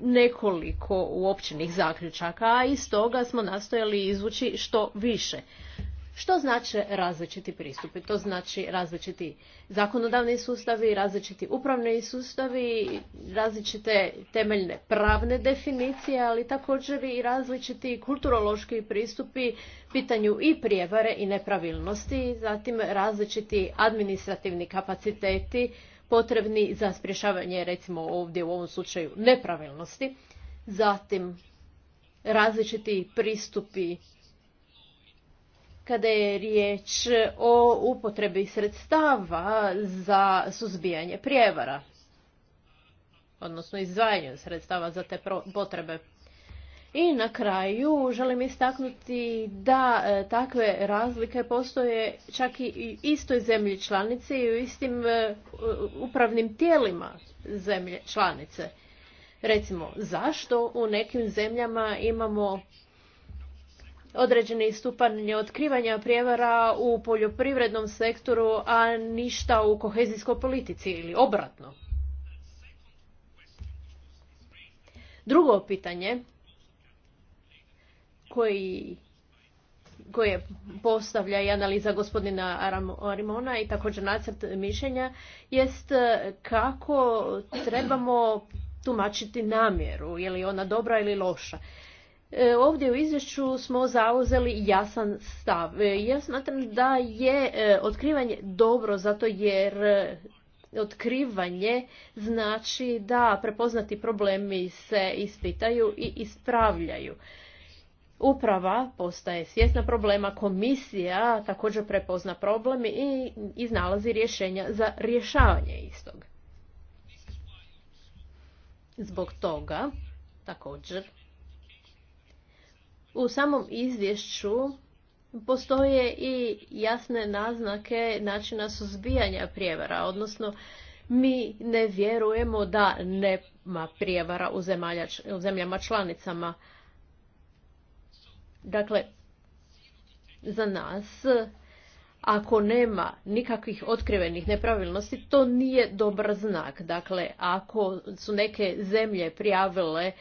nekoliko uopćenih zaključaka, a iz toga smo nastojali izvući što više. Što znače različiti pristupi? To znači različiti zakonodavni sustavi, različiti upravni sustavi, različite temeljne pravne definicije, ali također i različiti kulturološki pristupi pitanju i prijevare i nepravilnosti, zatim različiti administrativni kapaciteti potrebni za sprješavanje, recimo ovdje u ovom slučaju, nepravilnosti, zatim različiti pristupi kada je riječ o upotrebi sredstava za suzbijanje prijevara, odnosno izdvajanju sredstava za te potrebe. I na kraju želim istaknuti da e, takve razlike postoje čak i u istoj zemlji članice i u istim e, upravnim tijelima zemlje članice. Recimo, zašto u nekim zemljama imamo određeni stupanj otkrivanja prijevara u poljoprivrednom sektoru, a ništa u kohezijskoj politici ili obratno. Drugo pitanje koji koje postavlja i analiza gospodina Arimona i također nacrt mišljenja jest e, kako trebamo tumačiti namjeru, je li ona dobra ili loša. E, ovdje u izvješću smo zauzeli jasan stav. E, ja smatram da je e, otkrivanje dobro zato jer otkrivanje znači da prepoznati problemi se ispitaju i ispravljaju. Uprava postaje svjesna problema, komisija također prepozna problemi i iznalazi rješenja za rješavanje istog. Zbog toga također u samom izvješću postoje i jasne naznake načina suzbijanja prijevara, odnosno mi ne vjerujemo da nema prijevara u, zemalja, u zemljama članicama. Dakle, za nas, ako nema nikakvih otkrivenih nepravilnosti, to nije dobar znak. Dakle, ako su neke zemlje prijavile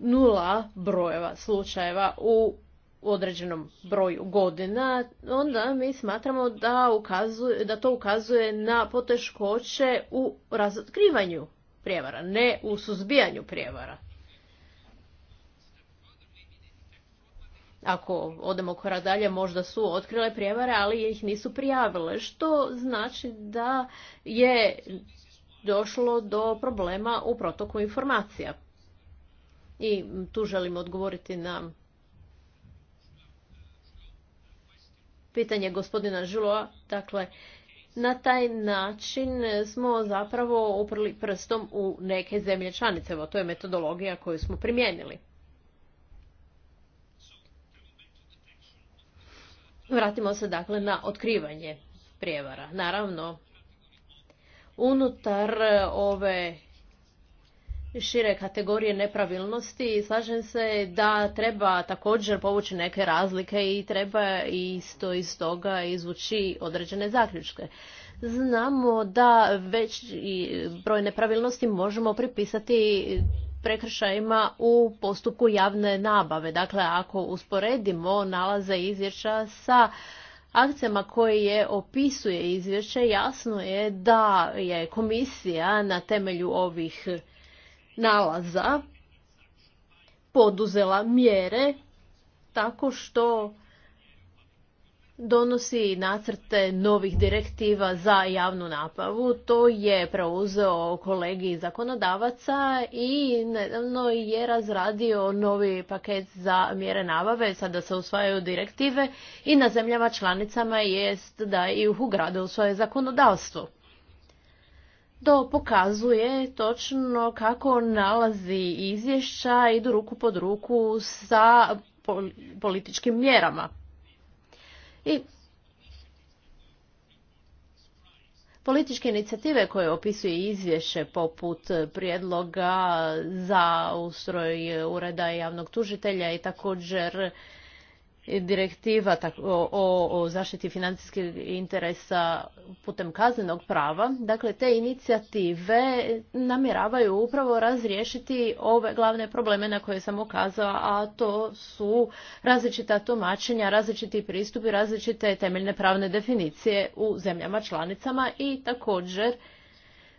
nula brojeva slučajeva u određenom broju godina, onda mi smatramo da, ukazuje, da to ukazuje na poteškoće u razotkrivanju prijevara, ne u suzbijanju prijevara. Ako odemo korak dalje, možda su otkrile prijevare, ali ih nisu prijavile, što znači da je došlo do problema u protoku informacija. I tu želim odgovoriti na pitanje gospodina Žuloa. Dakle, na taj način smo zapravo uprli prstom u neke zemlje članice. Evo, to je metodologija koju smo primijenili. Vratimo se dakle na otkrivanje prijevara. Naravno, unutar ove šire kategorije nepravilnosti i slažem se da treba također povući neke razlike i treba isto iz toga izvući određene zaključke. Znamo da već i broj nepravilnosti možemo pripisati prekršajima u postupku javne nabave. Dakle, ako usporedimo nalaze izvješća sa akcijama koje je opisuje izvješće, jasno je da je komisija na temelju ovih nalaza poduzela mjere tako što donosi nacrte novih direktiva za javnu napavu. To je preuzeo kolegi zakonodavaca i nedavno je razradio novi paket za mjere nabave. Sada se usvajaju direktive i na zemljama članicama jest da i ugrade u svoje zakonodavstvo. To pokazuje točno kako nalazi izvješća idu ruku pod ruku sa političkim mjerama. I Političke inicijative koje opisuje izvješće poput prijedloga za ustroj ureda javnog tužitelja i također direktiva o zaštiti financijskih interesa putem kaznenog prava. Dakle, te inicijative namjeravaju upravo razriješiti ove glavne probleme na koje sam ukazala, a to su različita tumačenja, različiti pristupi, različite temeljne pravne definicije u zemljama članicama i također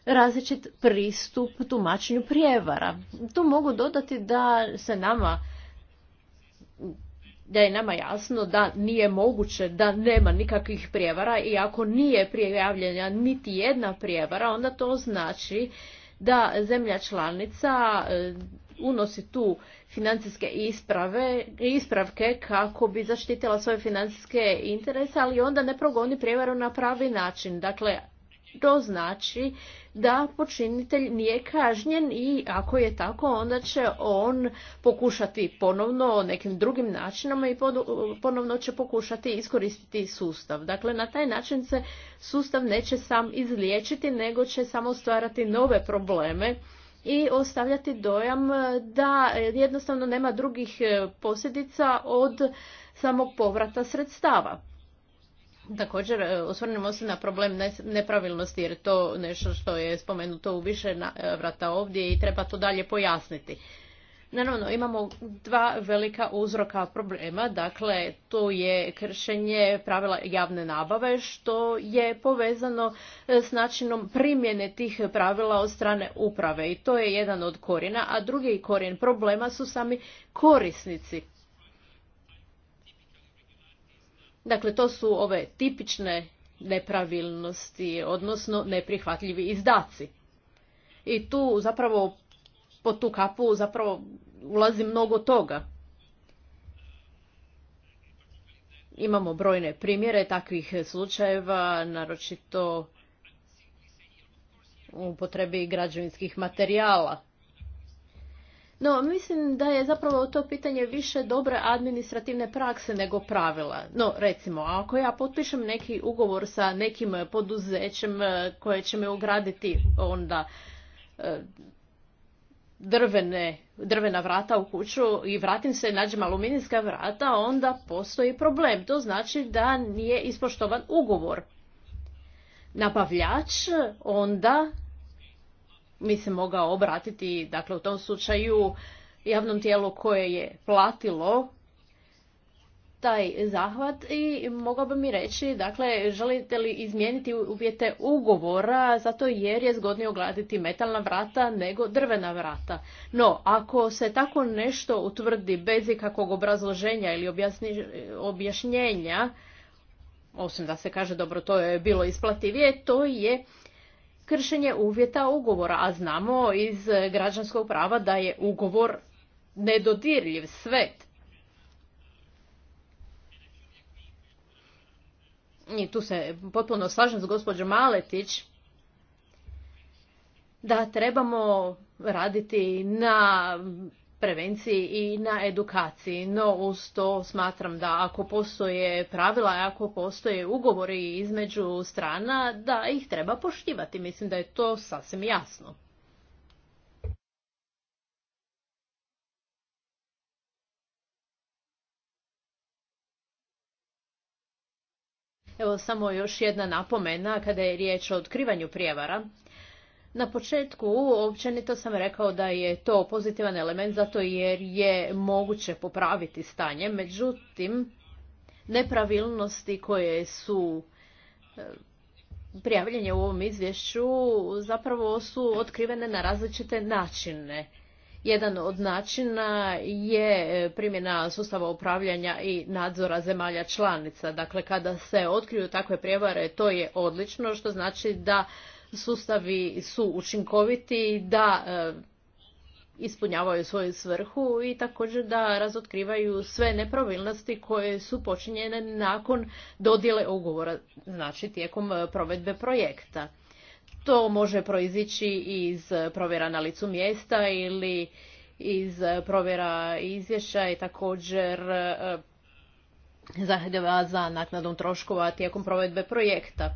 različit pristup tumačenju prijevara. Tu mogu dodati da se nama da je nama jasno da nije moguće da nema nikakvih prijevara i ako nije prijavljena niti jedna prijevara, onda to znači da zemlja članica e, unosi tu financijske isprave, ispravke kako bi zaštitila svoje financijske interese, ali onda ne progoni prijevaru na pravi način. Dakle, to znači da počinitelj nije kažnjen i ako je tako onda će on pokušati ponovno nekim drugim načinama i ponovno će pokušati iskoristiti sustav. Dakle, na taj način se sustav neće sam izliječiti nego će samo stvarati nove probleme i ostavljati dojam da jednostavno nema drugih posljedica od samog povrata sredstava. Također e, osvrnemo se na problem nepravilnosti jer to nešto što je spomenuto u više e, vrata ovdje i treba to dalje pojasniti. Naravno, imamo dva velika uzroka problema, dakle to je kršenje pravila javne nabave što je povezano e, s načinom primjene tih pravila od strane uprave i to je jedan od korijena, a drugi korijen problema su sami korisnici Dakle, to su ove tipične nepravilnosti, odnosno neprihvatljivi izdaci. I tu zapravo, po tu kapu zapravo ulazi mnogo toga. Imamo brojne primjere takvih slučajeva, naročito u potrebi građevinskih materijala. No, mislim da je zapravo to pitanje više dobre administrativne prakse nego pravila. No, recimo, ako ja potpišem neki ugovor sa nekim poduzećem e, koje će me ugraditi onda e, drvene, drvena vrata u kuću i vratim se i nađem aluminijska vrata, onda postoji problem. To znači da nije ispoštovan ugovor. Nabavljač onda mi se mogao obratiti, dakle u tom slučaju javnom tijelu koje je platilo taj zahvat i mogao bi mi reći, dakle, želite li izmijeniti uvjete ugovora zato jer je zgodnije ogladiti metalna vrata nego drvena vrata. No, ako se tako nešto utvrdi bez ikakvog obrazloženja ili objašnjenja, osim da se kaže dobro to je bilo isplativije, to je kršenje uvjeta ugovora, a znamo iz građanskog prava da je ugovor nedodirljiv svet. I tu se potpuno slažem s gospođom Maletić da trebamo raditi na prevenciji i na edukaciji. No, uz to smatram da ako postoje pravila, ako postoje ugovori između strana, da ih treba poštivati. Mislim da je to sasvim jasno. Evo samo još jedna napomena kada je riječ o otkrivanju prijevara. Na početku općenito sam rekao da je to pozitivan element zato jer je moguće popraviti stanje, međutim nepravilnosti koje su e, prijavljenje u ovom izvješću zapravo su otkrivene na različite načine. Jedan od načina je primjena sustava upravljanja i nadzora zemalja članica. Dakle, kada se otkriju takve prijevare, to je odlično, što znači da sustavi su učinkoviti, da e, ispunjavaju svoju svrhu i također da razotkrivaju sve nepravilnosti koje su počinjene nakon dodjele ugovora, znači tijekom e, provedbe projekta. To može proizići iz provjera na licu mjesta ili iz e, provjera izvješća i također zahtjeva za naknadom troškova tijekom provedbe projekta.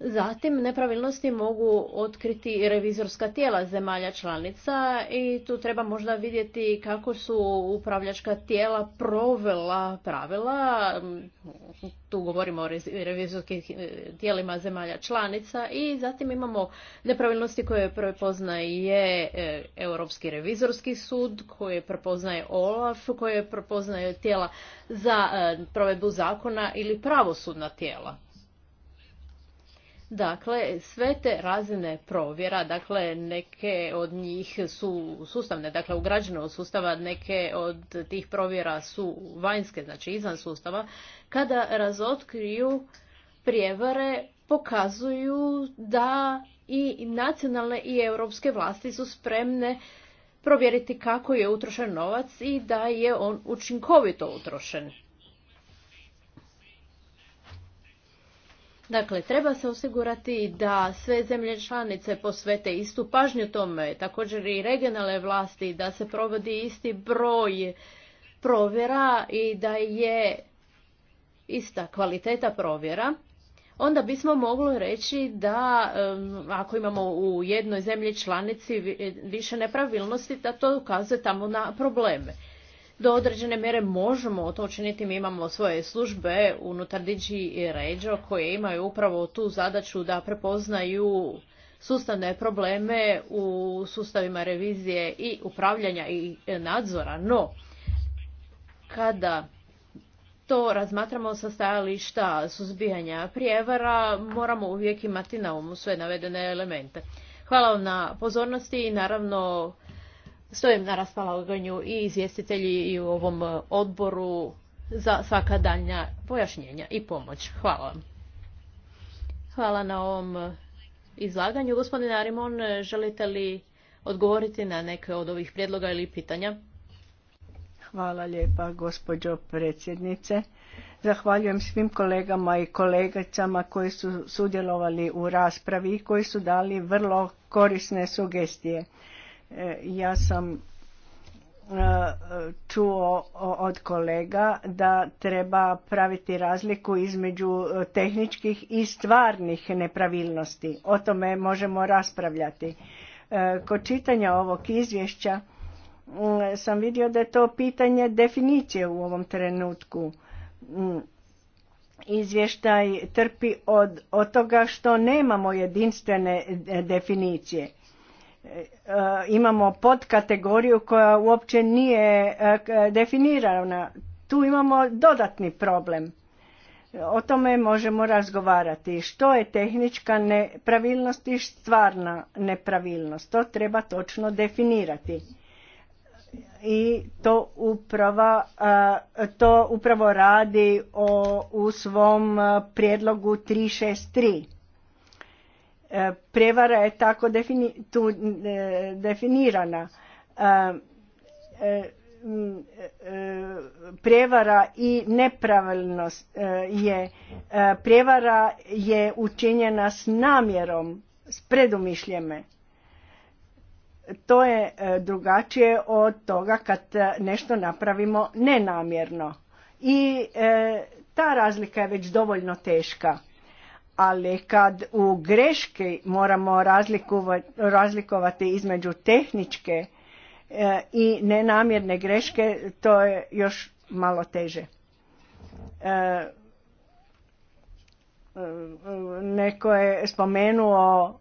Zatim, nepravilnosti mogu otkriti revizorska tijela zemalja članica i tu treba možda vidjeti kako su upravljačka tijela provela pravila. Tu govorimo o revizorskim eh, tijelima zemalja članica i zatim imamo nepravilnosti koje prepoznaje eh, Europski revizorski sud, koje prepoznaje OLAF, koje prepoznaje tijela za eh, provedbu zakona ili pravosudna tijela. Dakle, sve te razine provjera, dakle neke od njih su sustavne, dakle ugrađene od sustava, neke od tih provjera su vanjske, znači izvan sustava, kada razotkriju prijevare pokazuju da i nacionalne i europske vlasti su spremne provjeriti kako je utrošen novac i da je on učinkovito utrošen. Dakle, treba se osigurati da sve zemlje članice posvete istu pažnju tome, također i regionalne vlasti, da se provodi isti broj provjera i da je ista kvaliteta provjera, onda bismo mogli reći da ako imamo u jednoj zemlji članici više nepravilnosti, da to ukazuje tamo na probleme do određene mjere možemo to učiniti, Mi imamo svoje službe unutar Digi Regio koje imaju upravo tu zadaću da prepoznaju sustavne probleme u sustavima revizije i upravljanja i nadzora. No, kada to razmatramo sa stajališta suzbijanja prijevara, moramo uvijek imati na umu sve navedene elemente. Hvala vam na pozornosti i naravno stojim na raspolaganju i izvjestitelji i u ovom e, odboru za svaka daljnja pojašnjenja i pomoć. Hvala vam. Hvala na ovom e, izlaganju. Gospodin Arimon, e, želite li odgovoriti na neke od ovih prijedloga ili pitanja? Hvala lijepa, gospođo predsjednice. Zahvaljujem svim kolegama i kolegacama koji su sudjelovali u raspravi i koji su dali vrlo korisne sugestije. E, ja sam e, čuo od kolega da treba praviti razliku između e, tehničkih i stvarnih nepravilnosti. O tome možemo raspravljati. Kod čitanja ovog izvješća sam vidio da je to pitanje definicije u ovom trenutku. Izvještaj trpi od, od toga što nemamo jedinstvene definicije E, e, imamo podkategoriju koja uopće nije e, definirana. Tu imamo dodatni problem. O tome možemo razgovarati. Što je tehnička nepravilnost i stvarna nepravilnost? To treba točno definirati. I to upravo, to upravo radi o, u svom prijedlogu 363 E, prevara je tako defini, tu, e, definirana. E, prevara i nepravilnost je prevara je učinjena s namjerom, s predumišljeme. To je drugačije od toga kad nešto napravimo nenamjerno. I ta razlika je već dovoljno teška ali kad u greške moramo razlikovati između tehničke e, i nenamjerne greške, to je još malo teže. E, e, neko je spomenuo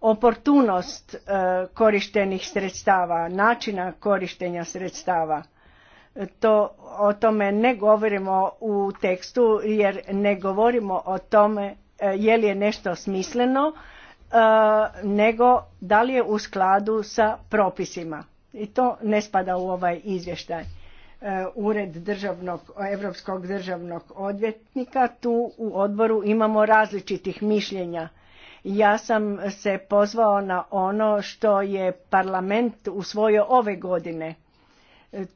oportunost korištenih sredstava, načina korištenja sredstava. To, o tome ne govorimo u tekstu jer ne govorimo o tome e, je li je nešto smisleno, e, nego da li je u skladu sa propisima. I to ne spada u ovaj izvještaj. E, Ured državnog, Evropskog državnog odvjetnika, tu u odboru imamo različitih mišljenja. Ja sam se pozvao na ono što je parlament usvojio ove godine.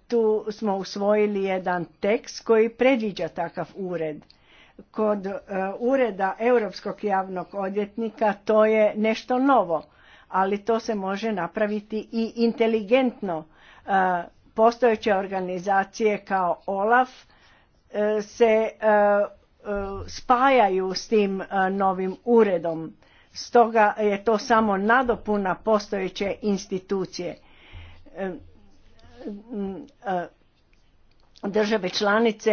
Tu smo usvojili jedan tekst koji predviđa takav ured. Kod e, ureda Europskog javnog odvjetnika to je nešto novo, ali to se može napraviti i inteligentno. E, postojeće organizacije kao OLAF e, se spajaju s tim novim uredom. Stoga je to samo nadopuna postojeće institucije. E, države članice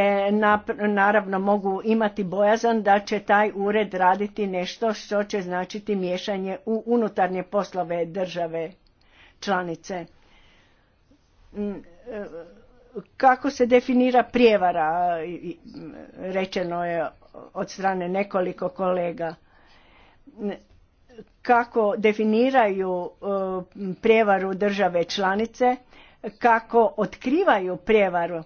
naravno mogu imati bojazan da će taj ured raditi nešto što će značiti miješanje u unutarnje poslove države članice. E, kako se definira prijevara, rečeno je od strane nekoliko kolega, kako definiraju e, prijevaru države članice, kako otkrivaju prijevaru.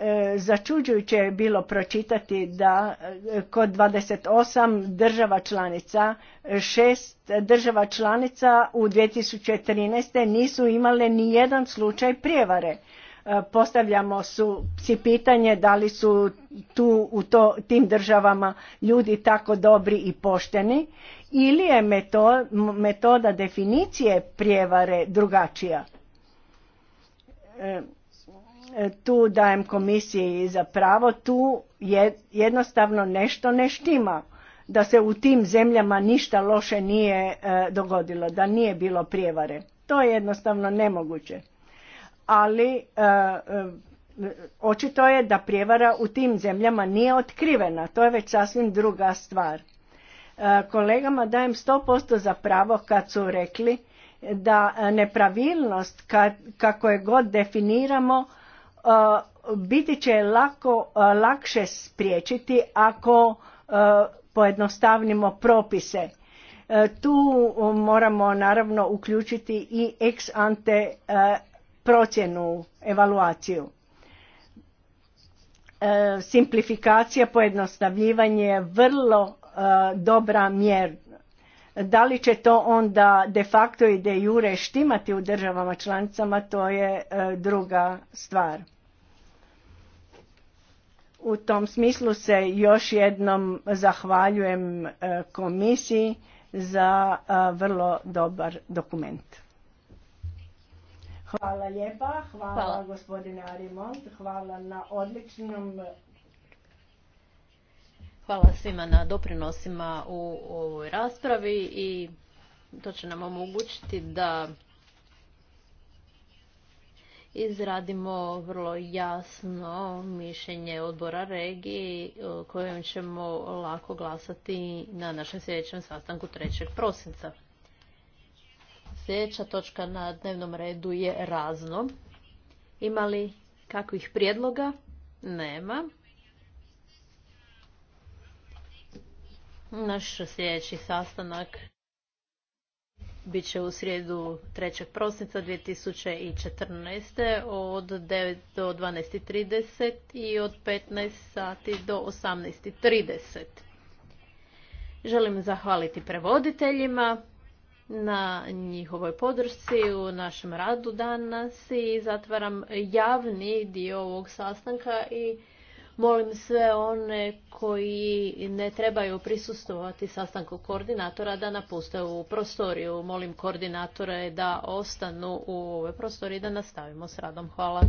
E, začuđujuće je bilo pročitati da e, kod 28 država članica, šest država članica u 2013. nisu imale ni jedan slučaj prijevare. E, postavljamo su si pitanje da li su tu u to, tim državama ljudi tako dobri i pošteni ili je metoda definicije prijevare drugačija? E, tu dajem komisiji za pravo, tu jednostavno nešto ne štima. Da se u tim zemljama ništa loše nije e, dogodilo, da nije bilo prijevare. To je jednostavno nemoguće. Ali e, očito je da prijevara u tim zemljama nije otkrivena. To je već sasvim druga stvar. E, kolegama dajem 100% za pravo kad su rekli da nepravilnost kako je god definiramo e, biti će lako, e, lakše spriječiti ako pojednostavnimo propise. Tu moramo naravno uključiti i ex ante procjenu, evaluaciju. Simplifikacija, pojednostavljivanje je vrlo E, dobra mjer. Da li će to onda de facto i de jure štimati u državama članicama, to je e, druga stvar. U tom smislu se još jednom zahvaljujem e, komisiji za vrlo dobar dokument. Hvala lijepa, hvala, hvala. gospodine Arimont, hvala na odličnom Hvala svima na doprinosima u ovoj raspravi i to će nam omogućiti da izradimo vrlo jasno mišljenje odbora regiji kojem ćemo lako glasati na našem sljedećem sastanku 3. prosinca. Sljedeća točka na dnevnom redu je razno. Ima li kakvih prijedloga? Nema. Naš sljedeći sastanak bit će u srijedu 3. prosinca 2014. od 9 do 12.30 i od 15 sati do 18.30. Želim zahvaliti prevoditeljima na njihovoj podršci u našem radu danas i zatvaram javni dio ovog sastanka i Molim sve one koji ne trebaju prisustovati sastanku koordinatora da napuste u prostoriju. Molim koordinatore da ostanu u ovoj prostoriji da nastavimo s radom. Hvala.